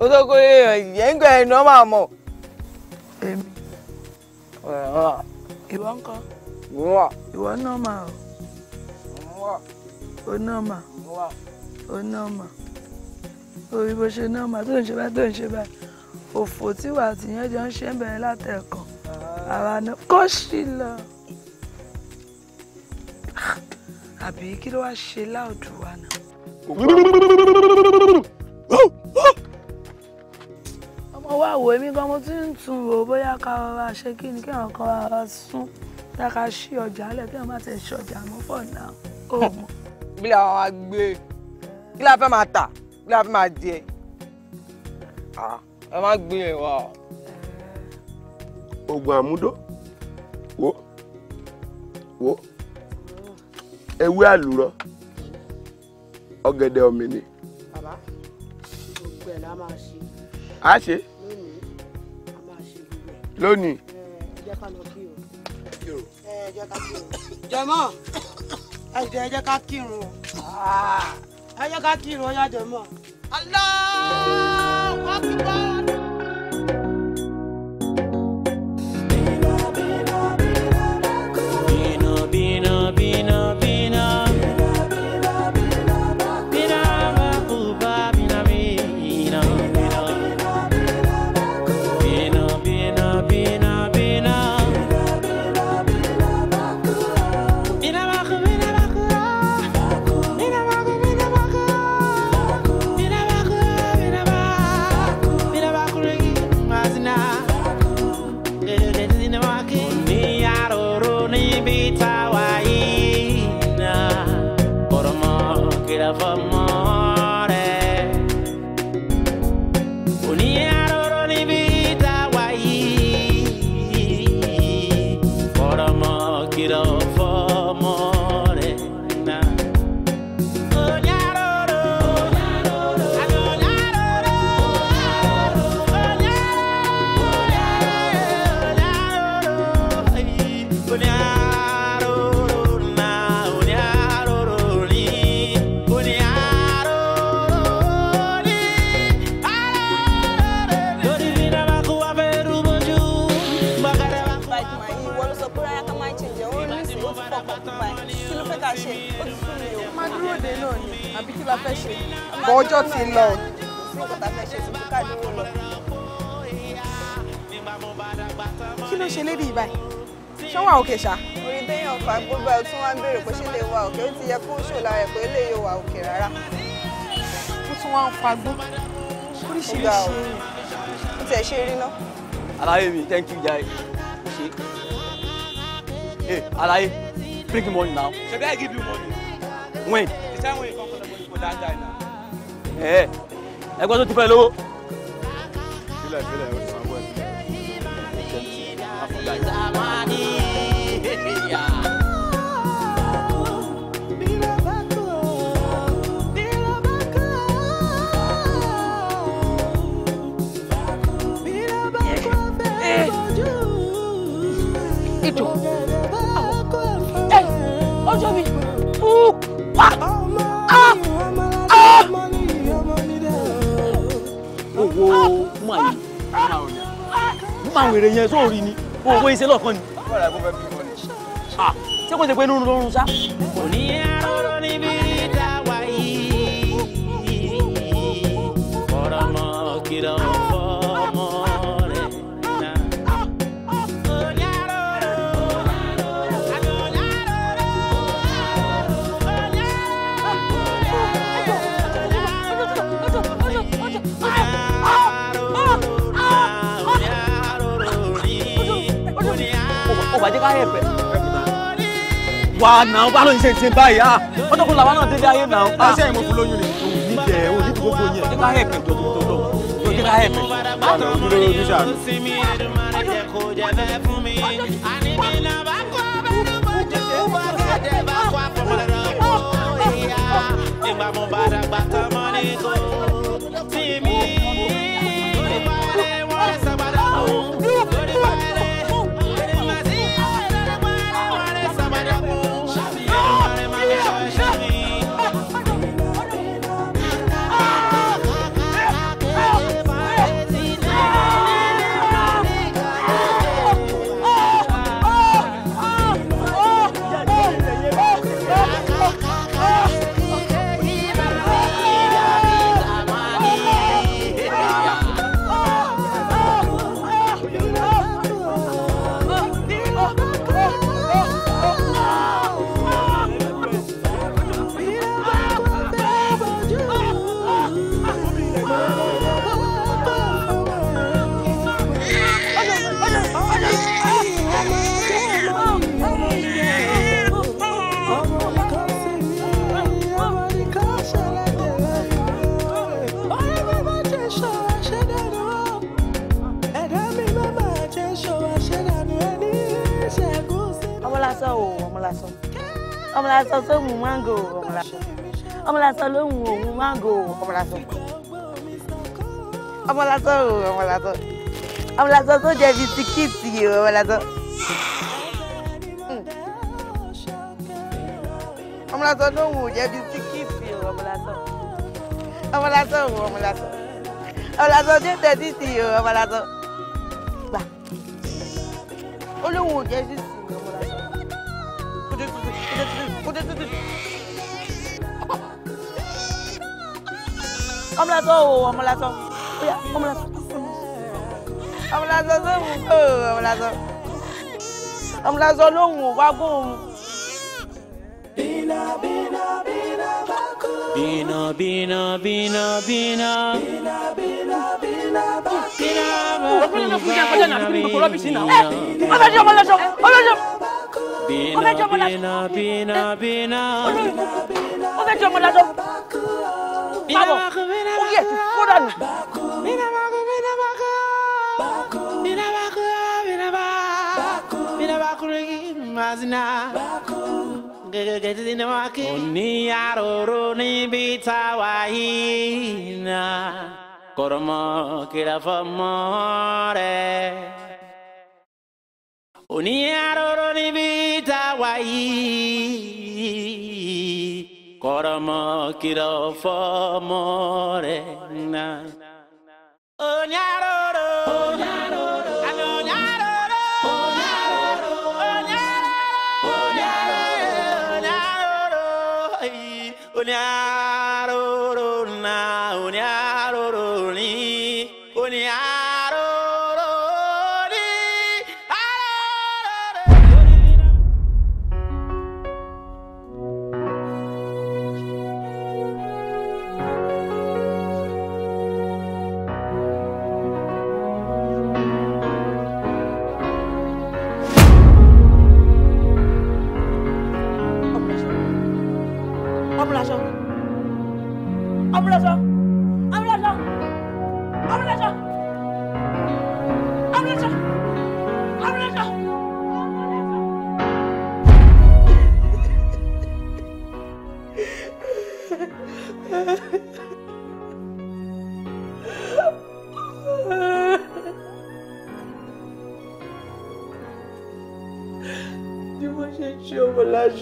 ó tó kó èèyàn yẹn ń gbọ́ ẹ̀ nọ́mà mọ́. èmi ìwọ ń kọ́ ìwọ náà mà ó ó náà mà ó náà mà orí bó ṣe náà mà tó ń ṣe báyìí tó ń ṣe báyìí òfò tí wàá tìyẹn jọ ń ṣe ń bẹ̀rẹ̀ látẹ̀kàn àwa náà kó sì lọ àbí kí ló wá wá wò èmi gan mo ti ń tún wò bóyá ká rọra ṣe kí ni kéèyàn kan rọra sún tá a ká ṣí ọjà lẹ̀ kéèyàn má ti ṣe ọjà mọ́ pọ̀ náà ó mọ̀. bí la wàá gbé kí la fẹ́ máa tà kí la fẹ́ máa jẹ ẹ má gbé ẹ e wá. oògùn àmúdó wo wo ewé àlùrọ ọ̀gẹ̀dẹ̀ ọ̀mìnì. bàbá gbogbo ẹ̀ la máa ṣe. a ṣe lónìí. ẹ jẹ́ ká lọ kí o ẹ jẹ́ ká kí o jẹmọ́ ẹ jẹ́ ẹ jẹ́ ká kírun o ẹ jẹ́ ká kírun o yá jẹmọ́. aláwọ̀ wá Bina, bina, bina, bina. fẹ́ ṣe bọ́ ọjọ́ ti lọ sí nǹkan tá a fẹ́ ṣe sí kúkà dúró lọ. kí ló ṣe lédi ìbáyìí ṣé wà òkè ṣá. orí déyàn fà gbogbo ẹ̀ tún wá ń béèrè pé ṣé lè wà òkè ó ti yẹ kó ṣò lára ẹ̀ pé lè yóò wà òkè rárá. ó tún wá ń fagbó oríṣiríṣi. ó tiẹ̀ ṣe rí ná. aláyé mi thank you jai ṣe. Hey, Alaye, bring the money now. Should I give you money? When? The time when you come ẹ eh, ẹgbẹ́ tó ti fẹ́ lówó. filẹ̀ filẹ̀ o ọjọ́ mi. pa àwọn èrè yẹn sóòrì ni owó iṣẹ́ lọ́kàn ni. Ah, ṣé kò ṣe pé nínú lọ́rùn sá. kò bá yẹ pẹ́. wà á nà ó bá lóyún ṣe báyìí á ọjọ́ kan làwọn náà dédé ayé nà ó. Ah. àṣẹ ìmọ̀ fún lóyún ni. òun ní bẹ̀ òun ní gbogbo yẹn. kí ká yẹ pẹ̀ tó tó lọ kí ká yẹ pẹ̀. báwo ni o ní sàn. Ìgbà mo bá dàgbà tán ọmọlásọ sóhun mango ọmọlásọ ọmọlásọ lóhun òhun mango ọmọlásọ ọmọlásọ ọmọlásọ ọmọlásọ tó jẹ bisikíìtì ọmọlásọ. ọmọlásọ lóhun ò jẹ bisikíìtì ọmọlásọ ọmọlásọ ọmọlásọ ọmọlásọ tó jẹ títì ọmọlásọ gbà olóhun ò jẹ bisikíìtì. Bina bina bina oya Bina bina bina bina. Bina bina bina o Bina bina bina bina. bínà bá kú. bínà bínà bínà bínà. bínà bínà bínà bá kú. bínà bá kú bá bínà bínà bínà. ọlọ́jọ́ ọlọ́jọ́ ọlọ́jọ́. bínà bínà bínà bínà. ọlọ́jọ́ ọlọ́jọ́ pàwọ̀ ó yẹ ti kó dànù. oníyàròrò níbi táwa yìí náà kọ̀rọ̀mọ́ kìlà fọmọ́ rẹ̀ oníyàrá níbi tá Coramo quiero fo morena. Oñaroro, oñaroro, oñaroro. Oñaroro, oñaroro, oñaroro.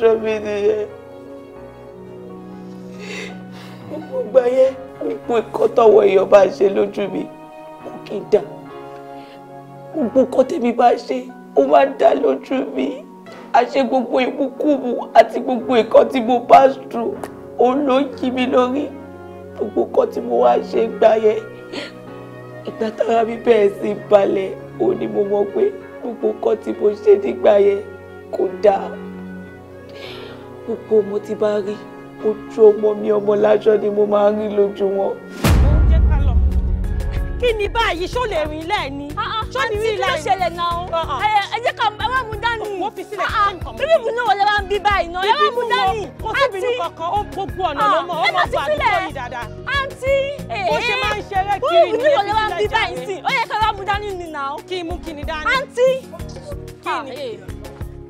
sọ mí nìyẹn gbogbo ìgbà yẹn gbogbo ìkọ́ tọ́wọ́ èèyàn bá ṣe lójú mi kò kí n dà gbogbo ìkọ́ tèmi bá ṣe ó máa ń dá lójú mi àṣẹ gbogbo ìmúkúmu àti gbogbo ìkọ́ tí mo pass through òun ló ń yí mi lórí gbogbo ìkọ́ tí mo wá ṣe gbà yẹn ìgbà tára mi bẹ̀rẹ̀ sí balẹ̀ òun ni mo mọ̀ pé gbogbo ìkọ́ tí mo ṣe nígbà yẹn kò dáa gbogbo ọmọ tí bá rí ojú ọmọ mi ọmọ láṣọ ni mo máa ń rí lójú wọn. jẹ́ ká lọ. kí ni báyìí ṣó lè rìn lẹ́ẹ̀ni. Ah, ah, ṣó ní rí lẹ́ẹ̀ni. àti kí ló ṣẹlẹ̀ náà ah, ẹ jẹ́ ká ẹ wá mú dání. mo fi sílẹ̀ kí n kàn mọ́. bíbí ìbùnú wo lè wá ń bí báyìí náà ẹ wá mú dání. kò sí ìbínú kankan ó gbogbo ọ̀nà lọ́mọ ọmọ ọgbà àdúgbò yìí dáadáa. àǹtí eh, bó ṣe máa ń ṣeré kiri ní ebi sílẹ̀ jáde. bíbí ìbùnú wo lè wá ń bí báyìí sí ó yẹ ká wá mú dání nìyà. kí mú kí ni dání. àǹtí. kí ni eh.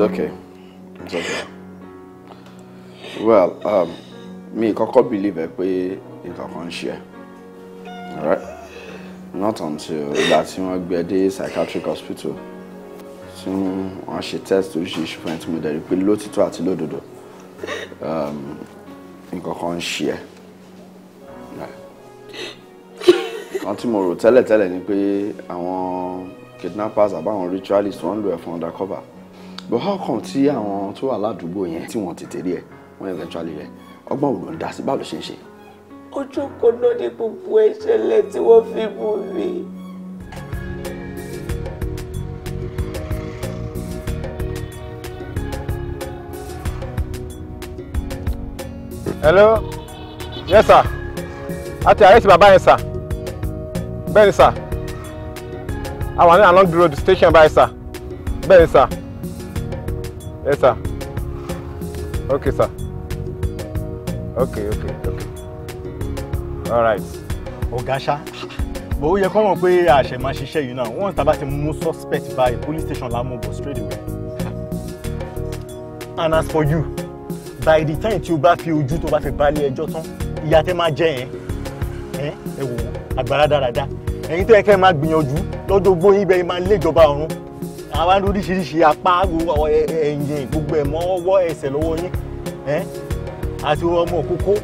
it's okay it's okay well um, mi kọ́kọ́ believe ẹ pé nǹkan kan ń All right? not until that you wọ́n gbé ẹ the psychiatric hospital tí wọ́n ṣe test oríṣiríṣi fún ẹ You mo dẹ̀ to pé lótìtọ́ àti lódodo the um, kan ń ṣe ẹ kan tell, mo rò tẹ́lẹ̀tẹ́lẹ̀ ni pé àwọn kidnappers àbáwọn ritualists wọ́n ń lò ẹ̀ fún undercover but how come tí àwọn tó wà ládùúgbò yẹn tí wọ́n tètè rí ẹ wọ́n eventually rẹ ọgbọ́n òun ló ń dá sí báwo ló ṣe ń ṣe. ojú kan náà ni gbogbo ìṣẹ̀lẹ̀ tí wọ́n fi mú mi. hello yes sir àti àrẹ́sì bàbá yẹn sir bẹ́ẹ̀ ni sir àwọn ní along the road station báyìí sir bẹ́ẹ̀ ni sir. Yes, sir. Okay, sir. Okay, okay, okay. All right. Ọ̀gá ṣá, bó yẹ kọ́ mọ̀ pé àṣẹ máa ṣiṣẹ́ yìí náà, once tá bá ti suspect by police station la mú straight away. And as for you, by the time you o bá fi ojú tó bá fi balẹ̀ ẹjọ́ tán, ìyá tẹ́ máa Eh? yẹn. Ẹ wò ó, àgbàrá dáradára. Ẹ̀yin tó yẹ kẹ́ ẹ máa gbìyànjú lọ́dọ̀ gbóyin be my leg lé ìjọba àwa ń oríṣiríṣi apá ẹ̀yìn gbogbo ẹ̀ ọwọ́ ẹsẹ̀ lọ́wọ́ yín àti ọmọ òkókó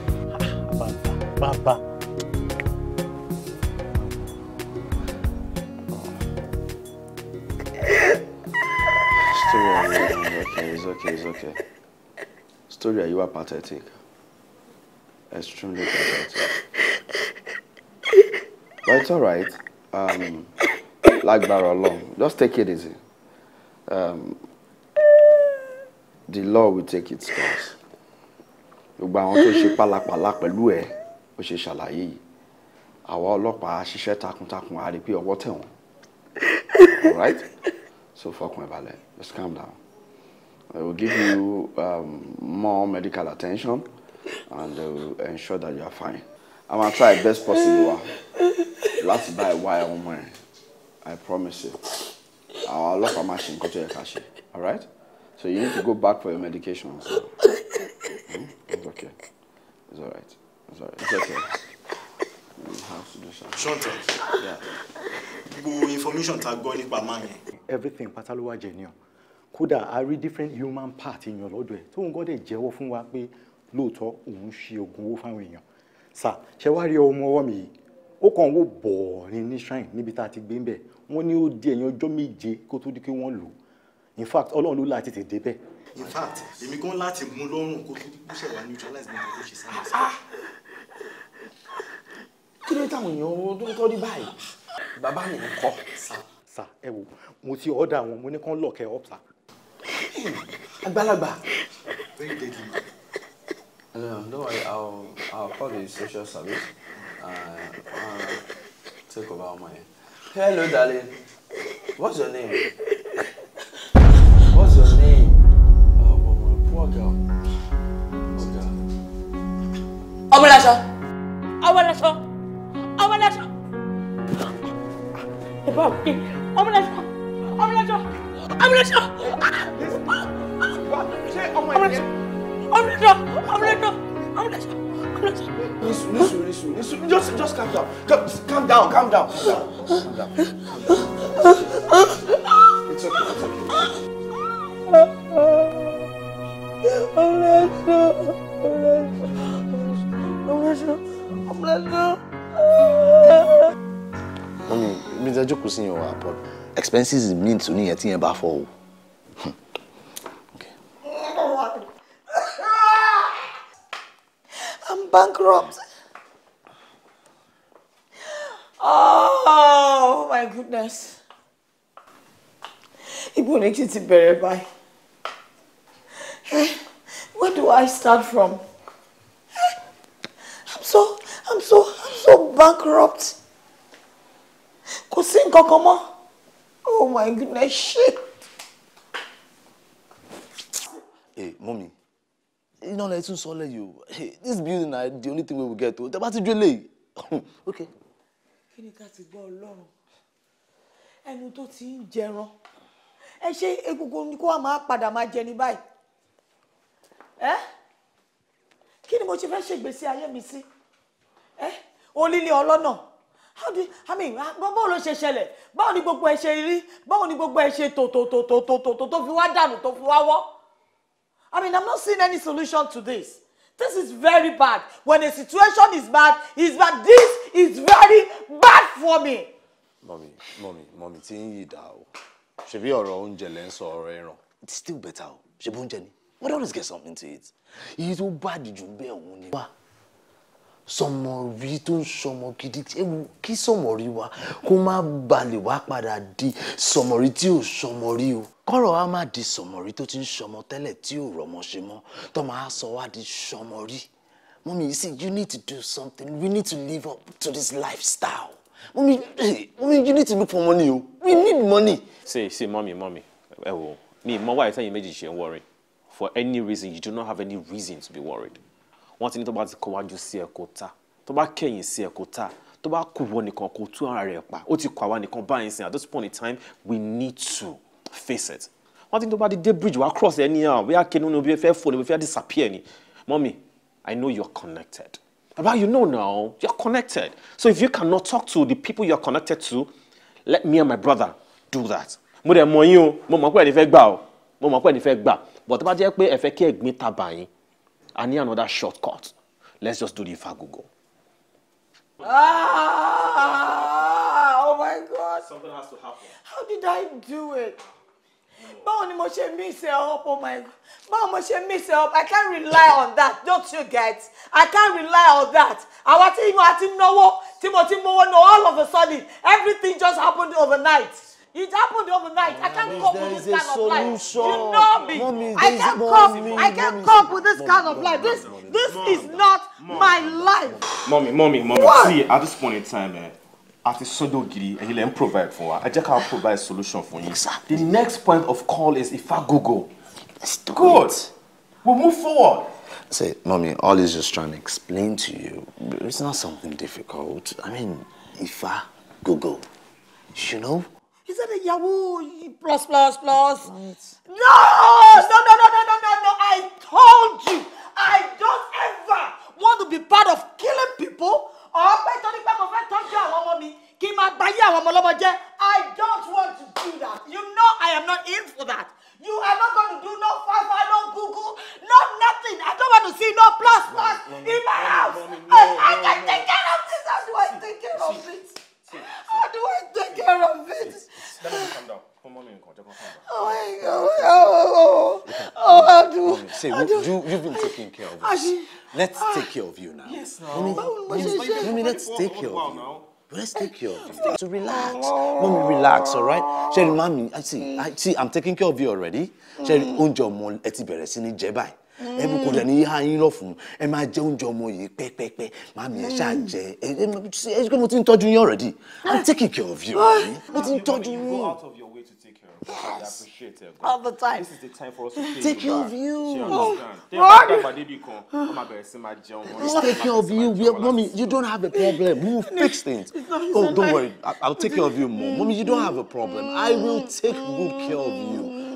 bàbà bàbà. It's okay, it's okay. Story, you are pathetic. Extremely pathetic. But it's alright. Um, like Barrow Long. Just take it easy um, the law will take its course gbogbo àwọn tó ṣe pálapàla pẹ̀lú ẹ̀ ó ṣe ṣàlàyé yìí àwa ọlọ́pàá ṣiṣẹ́ takuntakun a rí pé ọwọ́ tẹ̀ wọ́n right? so fọkàn ẹ̀ balẹ̀ just calm down I will give you um, more medical attention and they ensure that you are fine I ma try best possible wa láti bá ẹ wá ẹ ọmọ ẹ I promise you àwọn ọlọ́pàá máa ṣe nǹkan your yẹ all right so you need to go back for your medication so mm, it's okay it's all right it's all right it's okay you have to do something. ṣọ́ọ̀tẹ̀ gbogbo information tá a gbọ́ nípa everything pátá ló Kuda genuine kódà a rí different human part èèyàn lọ́dọ̀ ẹ̀ tóun gbọ́dọ̀ jẹ́wọ́ fún wa pé lóòótọ́ òun ṣe oògùn owó fáwọn èèyàn sà ṣe wá rí ọmọ ọwọ́ mi yìí ó kàn wò bọ̀ọ̀rin ní shrine níbi tá a ti gbé ń bẹ̀ wọ́n ní ó di ẹ̀yìn ọjọ́ méje kó tó di kí wọ́n lò in fact ọlọ́run ló là tètè débẹ̀. in fact èmi gan láti mú lọ́rùn kó tó kó ṣẹ̀wá neutralize mi kó ṣe sáyẹn sí. Ah! kí ló táwọn èèyàn tó ń tọ́ ní báyìí bàbá mi ń kọ́. sà ẹ wo mo ti ọ̀dà wọn mo ní kán lọ̀kẹ́ ọ̀psà. àgbàlagbà. very deadly. no no I, worry I'll I'll call the social service. Uh, uh, take over ọmọ yẹn. hello darling what's your name what's your name oh, poor girl poor girl. I'm I'm I'm ọmọlẹ́sọ ọmọlẹ́sọ ẹ bá òkè I'm ọmọlẹ́sọ ọmọlẹ́sọ I'm ọmọlẹ́sọ ọmọlẹ́sọ. I'm not sure. I'm not sure. Nisu, Nisu, Nisu, just, just calm down. Just calm down, calm down, calm down. Calm down. It's okay, it's okay. I'm not sure. I'm not sure. Mami, mi ta jókòó sí yẹn wà, but expenses mi tún níyẹn tí yẹn bá fọ́ o. bankrupt. Oh my goodness. Ibo ni kí eh, Where do I start from? Eh, I'm so, I'm so, I'm so bankrupt. Kò sí nǹkan Oh my goodness, shit. Hey, eh, mommy iná lẹ tún sọ lẹ yìí o this building na the only thing we will get o tẹ bá ti jólè ok. kí ni ká ti gbọ́ ọlọ́run ẹnu tó ti ń jẹran ẹ ṣe egungun ni kó wa máa padà máa jẹ ní báyìí ẹ kí ni mo ṣe fẹ́ ṣègbésí ayé mi sí ẹ onílé ọlọ́nà how do i mean ah, báwo ló ṣe ṣẹlẹ̀ báwo ni gbogbo ẹ ṣe rí báwo ni gbogbo ẹ ṣe tòtòtòtòtòtò tó fi wá dànù tó fi wá wọ́. I mean, I'm not seeing any solution to this. This is very bad. When a situation is bad, it's bad. This is very bad for me. Mommy, mommy, mommy, tí ń yí dá o. Ṣebí ọ̀rọ̀ oúnjẹ lẹ́ ń sọ ọ̀rọ̀ It's still better o. Ṣebí oúnjẹ ni. We don't always get something to eat. It's tó bad you bẹ́ẹ̀ òun ni sọmọrí tó ń sọmọ gidi ewu kí sọmọrí wa kó má balẹ̀ wá padà di sọmọrí tí ò sọmọrí o kọ́rọ̀ wa má di sọmọrí tó ti ń sọmọ tẹ́lẹ̀ tí ò rọmọ ṣe mọ́ tó máa sọ wá di sọmọrí mọ́mí you see you need to do something we need to live up to this lifestyle mọ́mí hey, mọ́mí you need to look for money o we need money. ṣe ṣe mọ́mí mọ́mí ẹ wo mi mọ wáyé sẹ́yìn méjì ṣe ń wọrin for any reason you do not have any reason to be worried wọ́n ti ní tó bá ti kọ́ wájú sí ẹ̀ kó ta tó bá kẹ̀yìn sí ẹ̀ kó ta tó bá kù wọ́n nìkan kó tú ara rẹ̀ pa ó ti kọ́ àwa nìkan báyìí sìn at this point in time we need to face it wọ́n ti ní tó bá ti dé bridge wá cross ẹni ah, hàn bí akéwìn ní bí fẹ́ fò ní bí fẹ́ disappear ni mọ́mí I know you're connected baba you know now you're connected so if you cannot talk to the people you're connected to let me and my brother do that mo dẹ̀ mọ̀ yín o mo mọ̀ pé ẹni fẹ́ gbà o mo mọ̀ pé ẹni fẹ́ gbà but tó bá jẹ́ pé ẹ fẹ́ kí ẹ̀gbin tàbà yín I need another shortcut. Let's just do the fagugo. Ah! Oh my God! Something has to happen. How did I do it? báwo ni mo ṣe mix up oh my god báwo mo ṣe mix up i can't rely on that don't you get i can't rely on that àwa tí mo àti náwó tí mo ti mówó náà all of a sudden everything just happened overnight. It happened overnight. I can't cope with this kind of life. You know me. Mommy, I can't cope. I can't cope with this kind of life. This this is not my life. Mommy, mommy, mommy. What? See, at this point in time, man. after the sodo giri, and you provide for her. I just can't provide a solution for you. Exactly. The next point of call is if I go go. Good. We'll move forward. Say, mommy, all is just trying to explain to you. It's not something difficult. I mean, Ifa Google. You know, is that a yahoo plus plus plus? No, no, no, no, no, no, no, no! I told you, I don't ever want to be part of killing people. Ọ̀pẹ́ torí pé mo fẹ́ tọ́jú àwọn ọmọ mi kí I don't want to do that. You know I am not in for that. You are not going to do no fafa, no google, no nothing. I don't want to see no plus plus in my house. I can take care of this. That's why I take care of this. How do I take care of it? Let me calm down. Come One Let me calm down. Oh my God! Oh, oh, oh how do? Say, how do, you've been taking care of us. Let's ah. take care of you now. Yes, now. Mummy, let's take care of you. Let's take care of you. So relax. Mommy, relax, all right? Sherry, mommy, I see, I see, I'm taking care of you already. Sherry, mm. oúnjẹ ọmọ ẹ ti bẹ̀rẹ̀ sí ní ẹbí kò dẹ̀ ní yíyá yín lọ fún ẹ máa jẹ oúnjẹ ọmọ yìí pẹ́pẹ́pẹ́ màmí ẹ ṣáà jẹ ẹ ẹ pé mo ti ń tọ́jú yín already i'm taking care of you ah. mo ti ń tọ́jú yín. Yes. I appreciate it. All the time. This is the time for us to take, care of you. She understand. Oh, take care of you. We mommy, you don't have a problem. We will fix things. Oh, don't worry. I, I'll take care of you, mom. Mommy, you don't have a problem. I will take good care of you.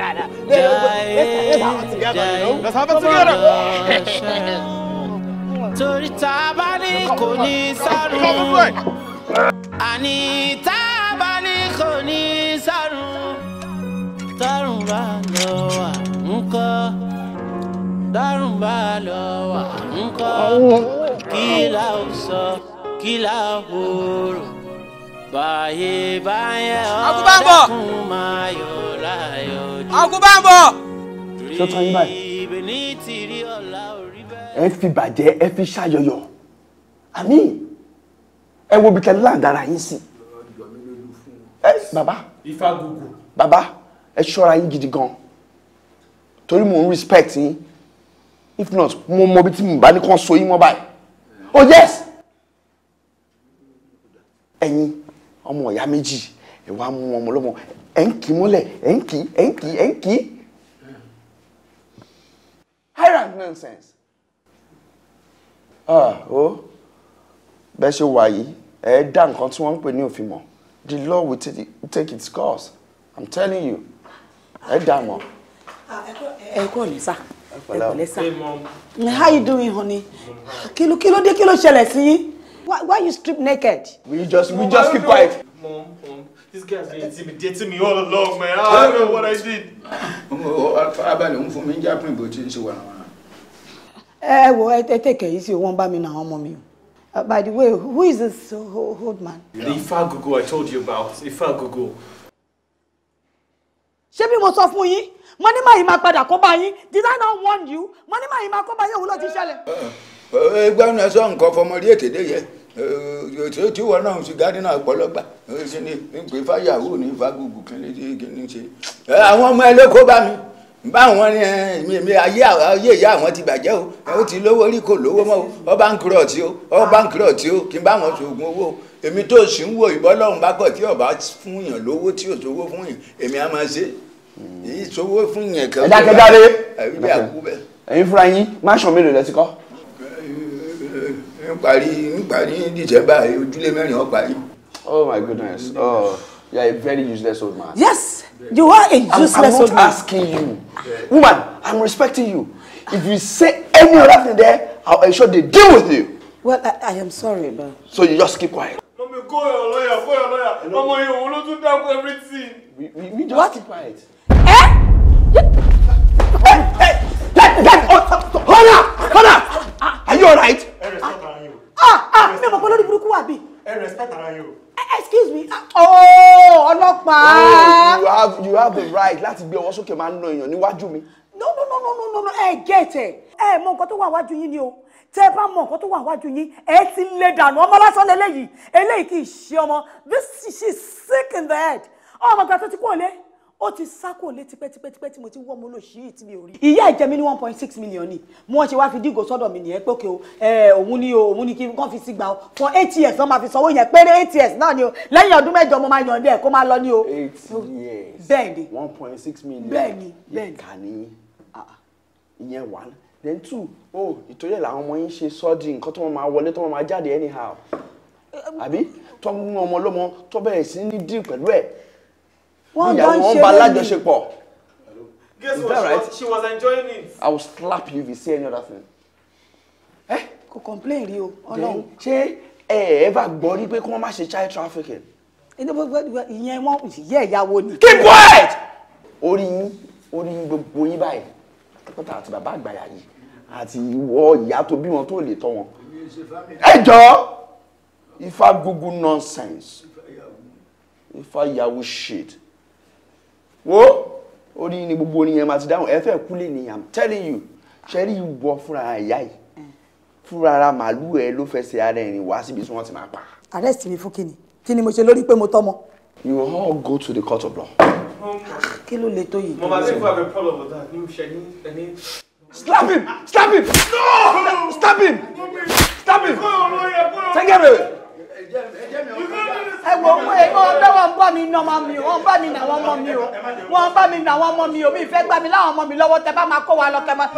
Let's, let's have it together, you know? Let's have it together. Torí tá a bá ní kò ní sáré. Àní tá a bá ní kò ní sáré. Tọ́run bá lọ wà ńkọ́. Tọ́run bá lọ àwọn kò bá ń bọ̀. sọ́tàn yín báyìí ẹ fi bàjẹ́ ẹ fi ṣàyọyọ̀ àmì ẹ wo bí kẹlẹ́ àdára yín sí. ẹ bàbá bàbá ẹ ṣọ́ra yín gidi gan torí mò ń respect yín if not mo mọ bí tí mo bá ní kàn so yín mọ́ báyìí oh yes ẹ̀yin ọmọ ìyá méjì ẹ wá mú ọmọ ọlọ́mọ ẹ̀ ń kì í mọ́lẹ̀ ẹ̀ nonsense. ah o oh. bẹ́ ṣe wà yìí ẹ̀ dá nǹkan tí wọ́n ń pè ní òfin mọ̀ the law will take, take its course i'm telling you ẹ̀ dá mọ̀. Ah, ẹ kọ́ ni sá ẹ kọ́ lẹ́ sá how you doing honey Kilo, kilo, kí ló dé sí yín why you strip naked. we just we just keep quiet. Mom, mom. These guys been intimidating me all along, man. I don't know what I did. Abalẹ̀ ń fún mi ń já pín bó ti ń ṣe wà náà. Ẹ wo ẹ tẹ̀kẹ̀ yìí sí wọ́n bá mi nà ọmọ By the way, who is this old man? Yeah. The Ifa Gugu I told you about. Ifa Gugu. Ṣé bí mo sọ fún yín? Mọ́ní màá yìí máa padà kó bá yín. Did I not warn you? Money màá yìí máa kó bá yín òun ló ti ṣẹlẹ̀. Ẹgbẹ́ ọ̀nà sọ nǹkan fọmọ rí èkéde yẹn. Eh, eh, tí wọn náà ti gádínà ọ̀pọ̀lọpà eh, ní pé fáyàwó ní fagugu kí ni ṣe àwọn ọmọ ẹlẹ́kọ̀ọ́ bá mi báwọn ní ẹ̀mí ayé ayé ìyá àwọn ti bàjẹ́ o ó ti lówó rí kò lówó mọ́ o ọba ń kúrò ọ̀tí o ọba ń kúrò ọ̀tí o kí n báwọn ṣoògùn owó èmi tó sì ń wo ìbọn lọ́run bá kọ̀ tí ọba fún yàn lówó tí ò sówó fún yàn èmi á máa ṣe èyí fún yàn kan. ẹ̀dá kẹdáre ẹ̀yin fúnra yín máṣọ mélòó lẹ ń parí ń parí dìjẹ́bà ojúlé mẹ́rin ó parí. oh my goodness oh you are a very useless old man. yes you are a useless old man. i'm not asking you woman i'm respecting you if you say any other thing there i'll ensure they deal with you. well i, I am sorry but. so you just keep quiet. mami go your lawyer go your lawyer ọmọ yìí òun ló tún dákú everything. we we just What? keep quiet. Eh? Hey, hey, hey, hey, up, hold up. are you alright? Hey, ah ah mi ò mọ̀ pé respect ara yín eh, eh, excuse me ah, oh ọlọ́pàá. oh you have you have the right láti gbé ọwọ́ sókè máa ń na èèyàn níwájú mi. no no no no no no ẹ get ẹ ẹ mọ nǹkan tó wà wájú yín ni o tẹ bá mọ nǹkan tó wà wájú yín ẹ ti lè dànù ọmọ lásán eléyìí eléyìí kì í ṣe this she is sick in the head Oh my God, tó ti kú òlé ó ti sákò lé tipẹ́tipẹ́tipẹ́ tí mo ti wọ́ mo lò sí ìtì mi ò rí. ìyá ẹ̀jẹ̀ mi ní one point six million ni mo ṣe wá fi dígò sọ́dọ̀ mi nìyẹn pé òkè o eh, òun ni o òun ni kí n kàn fi sí gbà o for eight years wọ́n máa fi sanwó yẹn péré eight years náà ni o lẹ́yìn ọdún mẹ́jọ mo máa yàn dẹ́ kó máa lọ ní o. eight years bẹ́ẹ̀ ni one point six million bẹ́ẹ̀ ni bẹ́ẹ̀ ni ìkànnì ah, ah. ìyẹn wà then two oh ìtòyẹ làwọn ọmọ yín ṣe sọ́ọ̀dì nǹkan tó máa wọlé tó máa jáde anyhow eh, eh, àbí tọ́ mú ọmọ ọlọ́mọ tó bẹ̀rẹ̀ sí ní díì pẹ̀lú ẹ̀ One jọ one ṣe lẹ́yìn wọ́n bá alájọṣepọ̀. guess what she was, she was enjoying it. i will slap you if you say any other thing. Eh? kò complain rí o Ọlọ́run. ṣé ẹ ẹ bá gbọ́ rí pé kí child trafficking? ṣe child trafficking. ìyẹn wọn ìyẹ́ ìyàwó ni. keep quiet. orí yín orí yín gbogbo yín báyìí pátá àti bàbá àgbàyà yìí àti ìwọ ìyá tó bí wọn tó lè tọ́ wọn. ẹ jọ ifá google nonsense ifá yahoo shit wo orí ni gbogbo orin yẹn máa ti dáhùn ẹ fẹ́ ní i'm telling you ṣe rí ìwọ fúnra ìyá yìí fúnra ara màálù ẹ ló fẹsẹ̀ ara ẹ̀rìn wá síbi tí wọ́n ti máa pa. arrest mi fún kíni kí ni mo ṣe lórí pé mo tọ́mọ. you all go to the court of law. kí ló lè tó yìí. mo máa tẹ́kọ̀ọ́ abẹ paul ọ̀bọ̀dá ní ìṣẹ́ ní ẹni. slap him slap him no! stop him stop him take him away ẹ wò ó ẹ wọ́n bẹ́ wọn bọ́ mi nà ọmọ mi o wọ́n bá mi nà àwọn ọmọ mi o wọ́n bá mi nà àwọn ọmọ mi o mi ìfẹ́ gbà mí láwọn ọmọ mi lọ́wọ́ tẹ bá máa kó wa lọ kẹ máa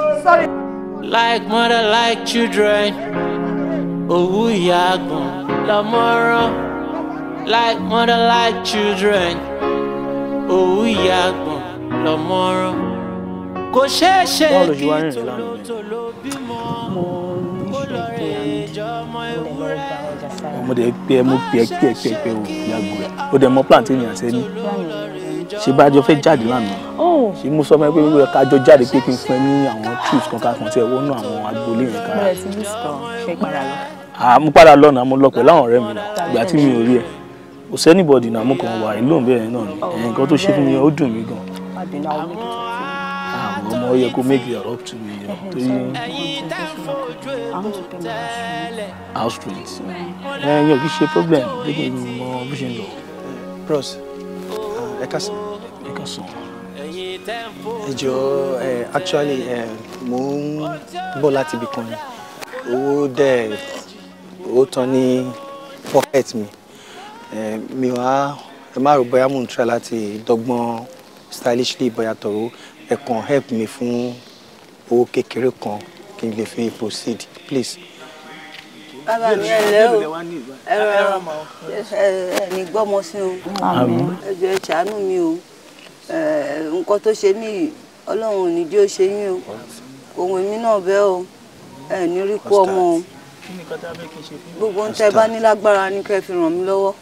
like mother like children òwú ìyá àgbọ̀n lọ́mọ́rán like mother like children òwú ìyá àgbọ̀n lọ́mọ́rán kò ṣeé ṣe kí tòlú. mo dẹ̀ pẹ́ mo pẹ́ pẹ́ pẹ́ pẹ́ o yàgò rẹ̀ o dẹ̀ mọ plan tí ènìyàn ṣe ní ṣe bá jọ fẹ́ jáde lánàá oh. ṣe mo sọ fún ẹ pé wíwẹ ká jọ jáde pé kí n fún ẹ ní kan kákan tí ẹ wọnú àwọn agboolé yẹn kára. bẹ̀rẹ̀ sí ní sọ ṣe padà lọ. àmú padà lọ náà mo lọ pẹ̀lú àwọn ọ̀rẹ́ mi náà ìgbà tí mi ò rí ẹ kò sẹ́nìbọ̀dì náà mo kàn wà ìlóhùn bẹ́ẹ̀ náà ni oh. nǹkan tó ṣe fún mi ó dùn mí gan ọmọ ó yẹ kó make your up to me tó yí. house rent ẹ yẹn kì ṣe problem dégbè mi mọ bó ṣe ń lọ. bros ẹ ká sàn. ẹ ká sàn. ẹ jọ ẹ actually ẹ mò ń bọ̀ láti ibì kan ni owó dẹ̀ ó tán ní pocket mi mi wá ẹ má rò bóyá mò ń try láti dọ́gbọ́n stylishly bóyá tọ̀rọ̀ ẹ kàn help me fún owó kékeré kan kí n lè fi proceed please. bàbá mi ẹ lẹ́ o ẹ rọra ẹ ní gbọ́mọ sí o ẹ ẹ ṣàánú mi o nǹkan tó ṣe mí ọlọ́run ò ó ṣe yín o òun èmi náà bẹ́ẹ̀ o ẹ ní kú ọmọ o gbogbo ń tẹ́ bá ní lágbára ní kẹ́ fi ràn mí lọ́wọ́.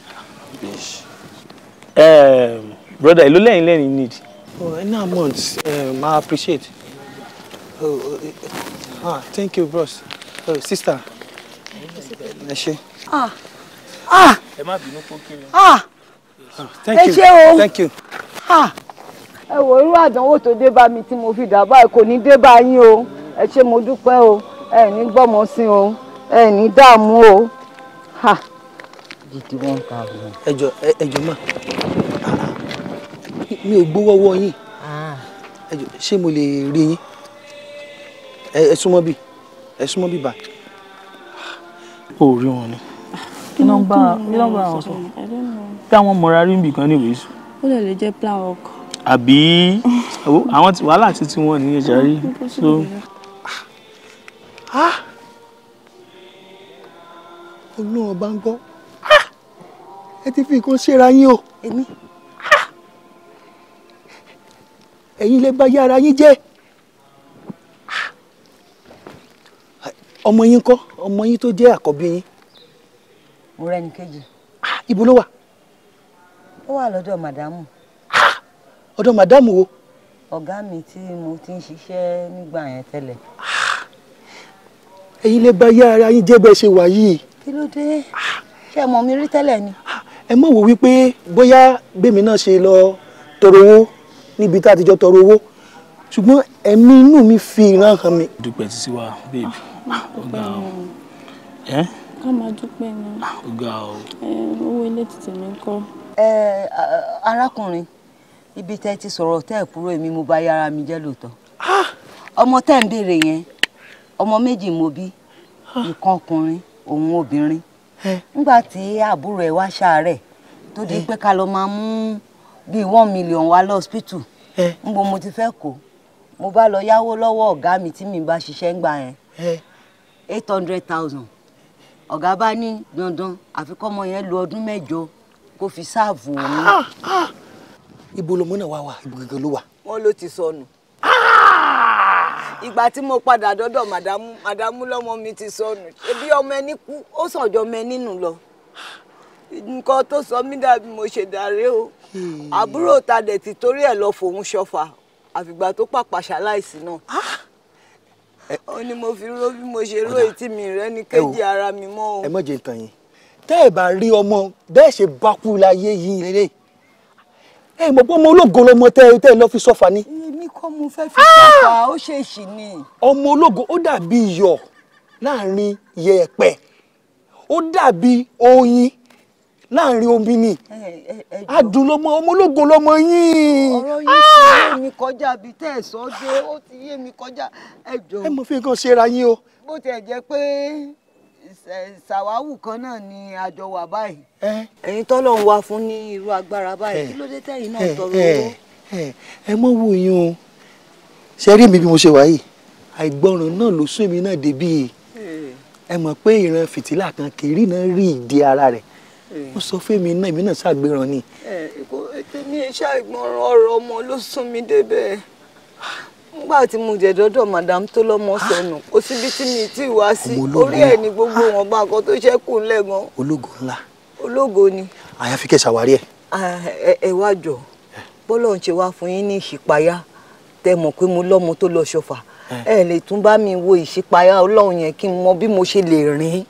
brother ìlú lẹ́yìn lẹ́yìn need. Oh, in a month, um, I appreciate. Oh, uh, ah, thank you, bros. Oh, sister. Ẹ Ah. Ah. Ah! ah. Thank you. Ẹ ṣé Thank you. Ah. Ẹ wo irú àdánwò tó dé bá mi tí mo fi dà báyìí kò ní dé bá yín o. Ẹ ṣé mo dúpẹ́ o. Ẹ ní gbọ́mọ sí o. Ẹ ní dààmú o. Ha. Jìdí wọn kà wọ́n. Ẹjọ ẹjọ máa mi ò gbowó ọwọ́ yín ah. ṣé mo lè rí yín ẹ súnmọ́ bí ẹ súnmọ́ bí bá o rí wọn ni. kí ló ń bá kí ló ń bá wọn sọ bí àwọn mọ̀ra rí nbìkan ní ìwé sùn. ó lè lè jẹ́ plow ọkọ̀. àbí àwọn wàhálà títí wọn ní ìjà so. olóhùn ah! ọba ń gbọ́ ah! ẹ ti fi nǹkan ṣera yín o. èmi. ẹ̀yin lè bá yàrá yín jẹ́ ọmọ yín kọ́ ọmọ yín tó jẹ́ àkọ́bí yín. mo rẹ ní kejì. ibo ló wà. ó wà lọ́dọ̀ màdámù. ọ̀dọ̀ màdámù wo. ọ̀gá mi tí mo ti ń ṣiṣẹ́ nígbà yẹn tẹ́lẹ̀. ẹ̀yin lè bá yàrá yín jẹ́ bẹ́ẹ̀ ṣe wà yìí. kí ló dé ṣé mọ̀ mi rí tẹ́lẹ̀ ni. ẹ mọ̀ wò wípé bóyá gbèmí náà ṣe lọ tọrọ owó níbi tá a ti jọ tọrọ owó ṣùgbọ́n ẹ̀mí inú mi fi ìran hàn mi. dúpẹ́ títí wa babe ah, ah, ah, ọ̀gá o ẹ́. ká máa dúpẹ́ ni. ọ̀gá o. owó ilé tètè mi kọ́. arákùnrin ibi tẹ́ ti sọ̀rọ̀ tẹ́ ẹ̀ kúrò èmi mo bá yára mi jẹ́ lóòótọ́ ọmọ tẹ́ ń béèrè yẹn ọmọ méjì mo bí ìkan ọkùnrin òun obìnrin nígbà tí àbúrò ẹ̀ wá ṣàárẹ̀ tó di pé ká lọ máa mú bíi one million wá lọ hospital ń bo mo ti fẹ́ kó mo bá lọ yáwó lọ́wọ́ ọ̀gá mi tí mi bá ṣiṣẹ́ ń gbà yẹn eight hundred thousand ọ̀gá bá ní dandan àfikọ́mọ yẹn lu ọdún mẹ́jọ kó fi sáàbù òun. Ah, ah, ah. ibo lọmọ náà wà wà ibo gẹ́gẹ́ ló wà. wọn ló ti sọnù. ìgbà tí mo padà dọ́dọ̀ màdámù màdámù lọ́mọ mi ti sọnù ebi ọmọ ẹni kú ó sọ̀jọ́ ọmọ ẹni lọ nǹkan tó sọ mí dàbí mo ṣe o àbúrò ta dẹ̀ ti torí ẹ̀ lọ fòun ṣọfà àfìgbà tó pàpà ṣaláìsí náà ah! ó ní mo fi ró bí mo ṣe ró etí mi rẹ ní kéjì ara mi mọ́ o. ẹ mọ̀ jẹ́ ìtàn yìí tẹ́ ẹ bá rí ọmọ bẹ́ẹ̀ ṣe bá kú láyé yìí lélẹ̀ ẹ mọ̀ pé ọmọ ológo lọmọ tẹ́ ẹ lọ fi ṣọfà ni. èmi kọ́ mo fẹ́ fi ah! ṣọfà ó ṣèṣì ni. ọmọ ológo ó dàbí iyọ̀ láàrin yẹ̀ẹ̀pẹ̀ ó dàbí oyin láàrin omi ni adùn lọmọ ọmọlógo lọmọ yín. ọ̀rọ̀ yìí ah! ti yé mi kọjá bíi tẹ́ ẹ̀ sọ dé ó ti yé mi kọjá ẹ jọ. ẹ mọ̀ fi nǹkan ṣera yín o. bó tiẹ̀ jẹ́ pé ṣàwáwù kan náà ni àjọ wà báyìí. ẹ̀yin tọ́lọ̀ ń wá fún ní irú agbára báyìí kí ló dé tẹ̀yìn náà tọrọ owó. ẹ mọ̀ wò yín o ṣe rí mi bí mo ṣe wà yìí àìgbọràn náà ló sún èmi náà débi ẹ mọ̀ pé ìran fìtílà kan kiri náà rí ìdí ara rẹ̀ wọ́n sọ fún èmi náà èmi náà ṣàgbéràn ni. èmi iṣẹ́ ìgbọràn ọ̀rọ̀ ọmọ ló sún mi débẹ̀ nígbà tí mo jẹ dọdọ madam tó lọmọ sọnù kò síbi tí mi ti wá sí orí ẹ̀ ní gbogbo ah. wọn bá nǹkan tó ṣẹ́kù ńlẹ̀ gan. ológo ńlá. ológo ni. àyàfi kẹ́ ṣàwárí ẹ. ẹ wá jọ bọ́lá ń ṣe wá fún yín ní ìṣípayá tẹ mọ̀ pé mo lọ́mọ tó lọ ṣọfà ẹ lè tún bá mi wo ìṣípayá ọlọ́run yẹn kí n mọ bí mo ṣe lè rìn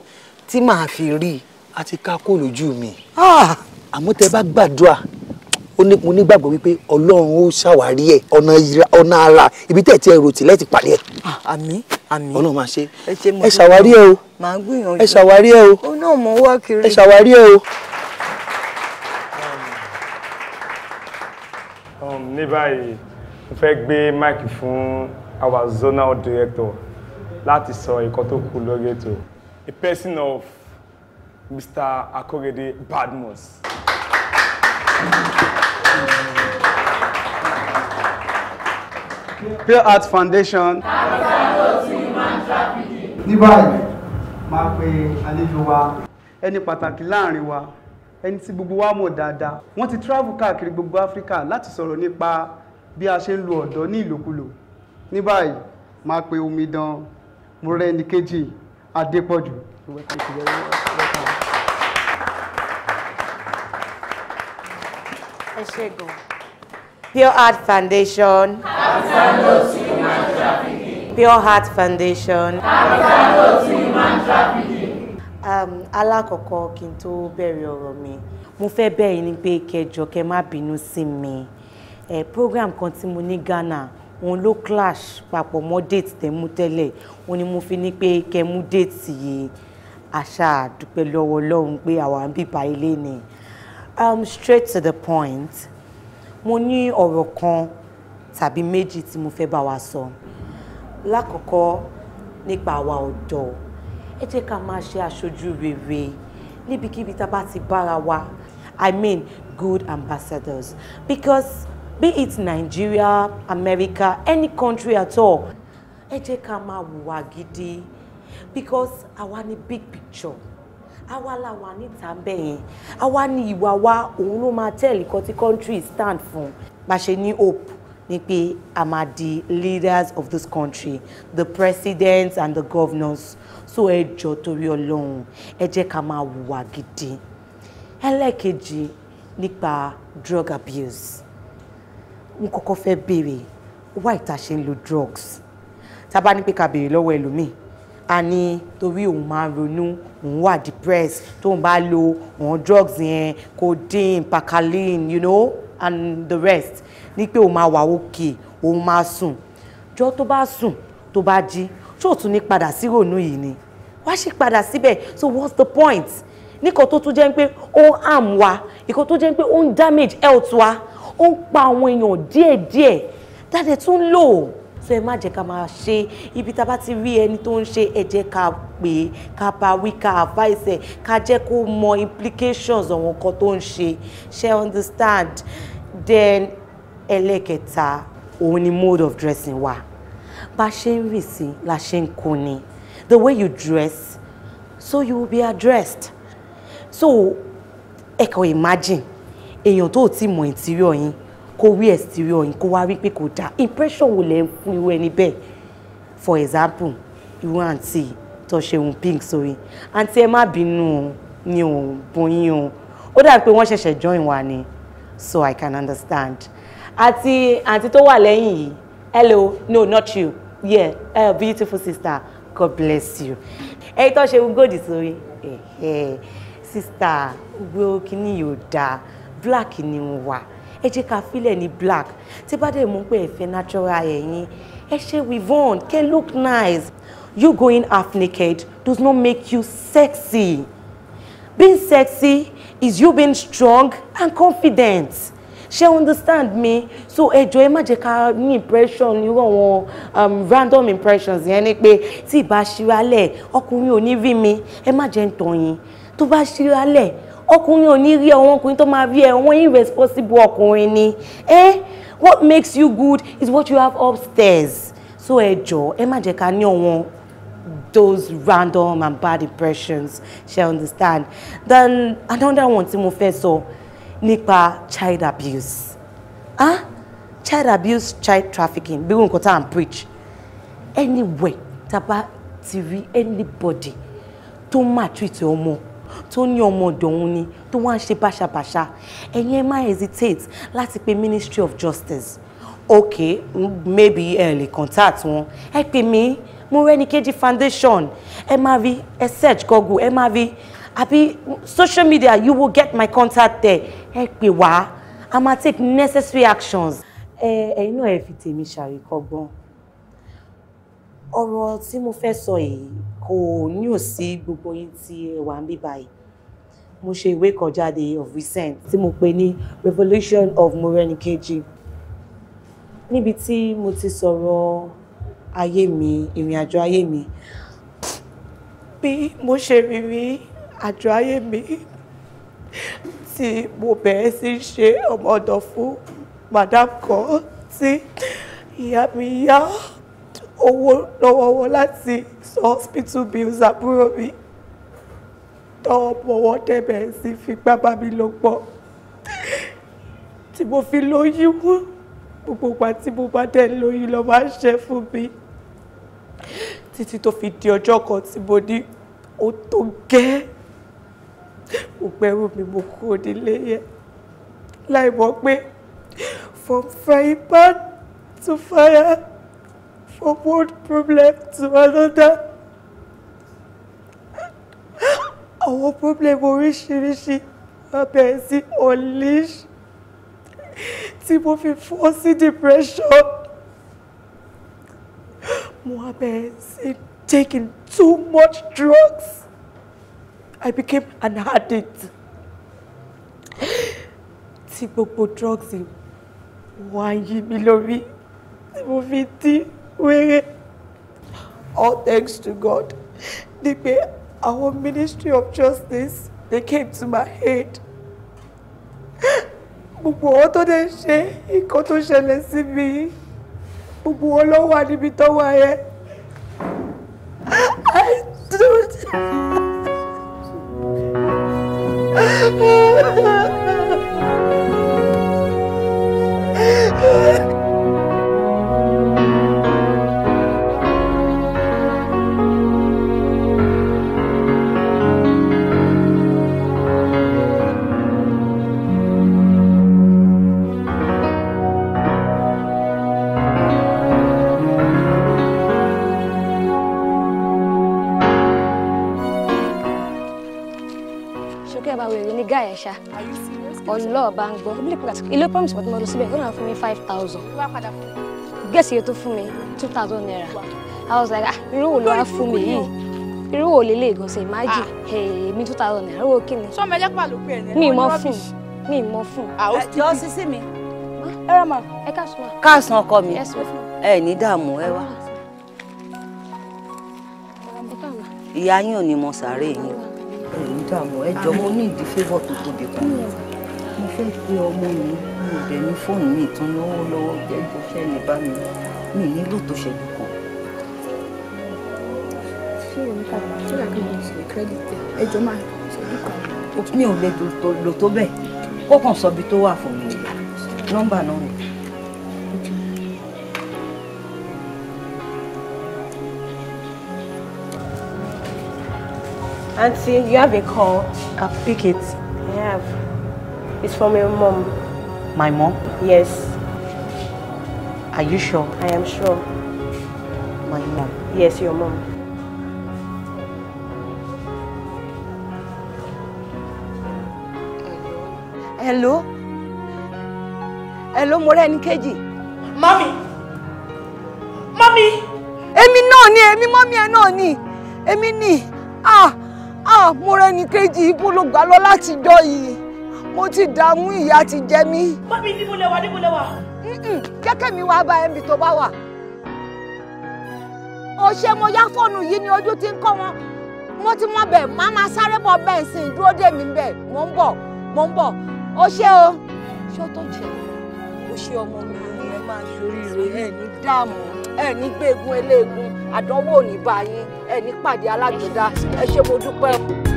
tí màá fi rí i a ti ká kó lójú mi ah! àmọ́ tẹ bá gbàdúrà mo nígbàgbọ́ wípé ọlọ́run ó ṣàwárí ẹ̀ ọ̀nà ara ibi tẹ̀ tí ẹ rò tìlẹ́ ti pàdé ẹ̀. Ah, àmín àmín ọlọ́run máa ṣe ẹ ṣàwárí ẹ o ẹ ṣàwárí ẹ o ẹ ṣàwárí ẹ o. Um, ní báyìí mo fẹ́ gbé máìkì fún our zonal director láti sọ ìkan tó kù lórí ètò a person of Mr. Akogede Badmus. Pure Arts Foundation. Ní báyìí, máa pe àlejò wa. Ẹni pàtàkì láàrin wa, ẹni tí gbogbo wa mọ̀ dáadáa. Wọ́n ti travel káàkiri gbogbo Áfíríkà láti sọ̀rọ̀ nípa bí a ṣe ń lo ọ̀dọ́ ní ìlòkulò. Ní báyìí, máa pe omidan Mọ́rẹ́nikejì Adépọ̀jù. Vancouver. Thank you very much Pure Heart Foundation. Pure Heart Foundation. Um, ala koko n tó bẹ̀rẹ̀ mi mo fẹ́ bẹ̀ yín ni pé kẹjọ kẹ má bínú mi eh, program kan tí mo ní Ghana òun ló clash papo mọ́ date tẹ̀ mú tẹ́lẹ̀ òun ni mo fi ní pé kẹ mú date yìí àṣà àdúpẹ́ lọ́wọ́ Ọlọ́run pé àwa ń bíbá ilé ni um, straight to the point mo ní ọ̀rọ̀ kan tàbí méjì tí mo fẹ́ bá wa sọ lákọ̀ọ́kọ́ nípa àwa ọ̀dọ́ ẹ jẹ́ ká máa ṣe aṣojú rere níbikíbi tá a bá ti bára wa I mean good ambassadors because be it Nigeria America any country at all ẹ jẹ́ ká máa hùwà gidi because àwa ni big picture àwa la wà níta bẹ́ẹ̀ yẹn àwa ni ìwà wa òun ló máa tẹ̀lé kan tí country stand fún bá ní hope ni pé a máa di leaders of this country the presidents and the governors so ẹ jọ torí ọlọ́run ẹ jẹ́ ká máa hùwà gidi ẹlẹ́ẹ̀kejì nípa drug abuse n kọ́kọ́ fẹ́ béèrè why ta ṣe ń lo drugs tá a bá ní pé ká béèrè lọ́wọ́ ẹlòmíì a ní torí òun máa ronú òun wà depressed tóun bá lo òun drugs yẹn codeine pacalin you know and the rest ní pé òun máa wà òkè òun máa sùn jọ tó bá sùn tó bá jí ṣó tún ní padà sí ìrònú yìí ni wá sì padà síbẹ̀ so what's the point nìkan tó tún jẹ́ pé ó ń harm wa ìkan tó jẹ́ pé ó ń damage health wa ó ń pa àwọn èèyàn díẹ̀díẹ̀ dáadẹ́ tún lò ó so ẹ má jẹ́ ká máa ṣe ibi tá a bá ti rí ẹni tó ń ṣe ẹ jẹ́ ká pè é ká bá wí ká advice ẹ̀ ká jẹ́ kó mọ implications àwọn nǹkan tó ń ṣe ṣe understand then ẹlẹ́kẹta òun ni mode of dressing wa bá ṣe ń rìn sí la ṣe ń kó ni the way you dress so you will be addressed so ẹ kàn imagine èèyàn tó ti mọ interior yín kó rí exterior yín kó wá rí pé kò dáa impression wo lẹ ń fún irú ẹni bẹ́ẹ̀ for example irú àǹtí tó ṣeun pink sórí àǹtí ẹ má bínú ni ò bóyín o ó dàbí pé wọ́n ṣẹ̀ṣẹ̀ join wa ni so I can understand àti àǹtí tó wà lẹ́yìn yìí hello no not you yeah uh, beautiful sister God bless you ẹ̀yin tó ṣeun gòdì sórí sister gbogbo kìíní yóò dáa black ni mo wà ẹ jẹ́ ká filẹ̀ ní black tí bá dẹ̀ mú pé ẹ fẹ́ natural ẹ̀yìn ẹ ṣe weavon kẹ́ look nice you going half naked does not make you sexy being sexy is you being strong and confident ṣe understand me so ẹjọ ẹ má jẹ ká ní impression irú àwọn um, random impressions yẹn ni pé tí ì bá ọkùnrin ò ní rí mi ẹ má jẹ́ ń tàn yín tó bá ṣíralẹ̀ ọkùnrin ò ní rí ọwọ́n ọkùnrin tó máa rí ẹ irresponsible ọkùnrin ni eh? what makes you good is what you have upstairs so ẹ jọ̀ọ́ ẹ má jẹ́ ká ní ọ̀wọ́n those random and bad impressions she understand then another one tí mo fẹ́ sọ nípa child abuse ah child abuse child trafficking bí wọn kò tá à ń preach anywhere tá a bá ti rí anybody tó máa treat ọmọ tó ní ọmọ ọ̀dọ̀ òun ni tó wá ń ṣe báṣabàṣa ẹ̀yin ẹ má hesitate láti pe ministry of justice ok maybe ẹ lè contact wọn ẹ pè mí Morenikeji foundation ẹ máa rí ẹ search google ẹ máa rí àbí social media you will get my contact there ẹ pè wá a máa take necessary actions. ẹ ẹ̀yin náà ẹ fi tèmi ṣàríkọ́gbọ́n ọ̀rọ̀ tí mo fẹ́ sọ yìí kò ní ò sí gbogbo yín tí ẹ wà ń bí báyìí mo ṣe ìwé kan of recent tí mo pè ní revolution of Morenikeji níbi tí mo ti sọ̀rọ̀ ayé mi ìrìn àjò ayé mi bí mo ṣe rìnrìn àjò ayé mi tí mo bẹ̀rẹ̀ sí ṣe ọmọ ọ̀dọ̀ fún madam kan tí ìyá mi yá owó lọ́wọ́ wọn láti san hospital bills àbúrò mi tọ́wọ́ bọ̀wọ́ dẹ̀bẹ̀ sí fipá bá mi lò pọ̀ tí mo fi lóyún wọn gbogbo ìgbà tí mo bá dẹ̀ lóyún lọ máa ń ṣe fún mi títí tó fi di ọjọ́ kan tí mo ní ó tó gẹ́ mo gbẹ́rù mi mo kúrò nílé yẹn láì mọ̀ pé from frying pan to fire from one problem to another. our problem oríṣiríṣi abẹ́ sí unleash tí mo fi fọ́ sí depression. Mo abẹ́ taking too much drugs. I became an addict. Tí gbogbo drugs wá yí mi lórí tí Where all thanks to God, the way our ministry of justice, they came to my head. Gbogbo ọ̀hún tó dẹ̀ ṣe nǹkan tó ṣẹlẹ̀ sí mi. Gbogbo wọn lọ wà tó wà yẹn. I don't... Ha ọlọ́ọ̀ bá ń gbọ́ bí lèpọ̀ àti ilé promise pàtó mo lọ síbẹ̀ gbọ́dọ̀ fún mi five thousand gẹ̀ẹ́sì yẹn tó fún mi two thousand naira i was like ah irú wo ló wá fún mi yìí irú wo lè lè gànṣe imagine ah. èmi two thousand naira wo kí ni. sọmọ ẹjẹ pàlọ pé ẹ ní ọmọ ìmọ fún mi ìmọ fún. àjọ ah, eh, sísí mi ẹ rọ ma ẹ káàsán. káàsán ọkọ mi ẹ ní dààmú ẹ wá. ìyá yín ò ní mọ sàárè yín ẹ ní dààmú ẹ jọ mo ní ìdí favour tó tóbi kan mo fẹ́ pe ọmọ mi mi dẹ̀ ní fóònù mi ìtàn lọ́wọ́ lọ́wọ́ gẹ́gẹ́ fẹ́ bá mi mi nílò tó ṣẹlẹ̀ kan. mi ò lè lò tó bẹ́ẹ̀ ó kàn sọ ibi tó wà fún mi nọ́mbà náà. Auntie, you have a call. I'll pick it. I have. It's from your mom. My mom? Yes. Are you sure? I am sure. My mom? Yes, your mom. Hello? Hello, mo rẹ́ ní kejì. Mami! Mami! no náà ni, èmi mọ́mí ẹ no ni, èmi ni, ah, ah, mo rẹ́ ní kejì, ibo ló gbà lọ látijọ́ mo ti dààmú ìyá ti jẹ mí. bábí níbo lẹ wà níbo lẹ wà. kẹ́kẹ́ mi wàá bá ẹ̀mí tó bá wà. ọ̀sẹ̀ mo yá fóònù yìí ni ojú ti ń kọ́ wọn mo ti mọ bẹ́ẹ̀ má máa sáré bọ̀ bẹ́ẹ̀ sìn dúró dè mí bẹ́ẹ̀ mò ń bọ̀ mò ń bọ̀ ọ̀sẹ̀ o. ṣé ó tó jẹ ó ṣe ọmọ mi ẹ máa ṣoríire ẹ ní dààmú ẹ ní gbégun eléegun àdánwò ò ní bá yín ẹ ní pàdé alágbèdá ẹ ṣé mo dúpẹ́ o.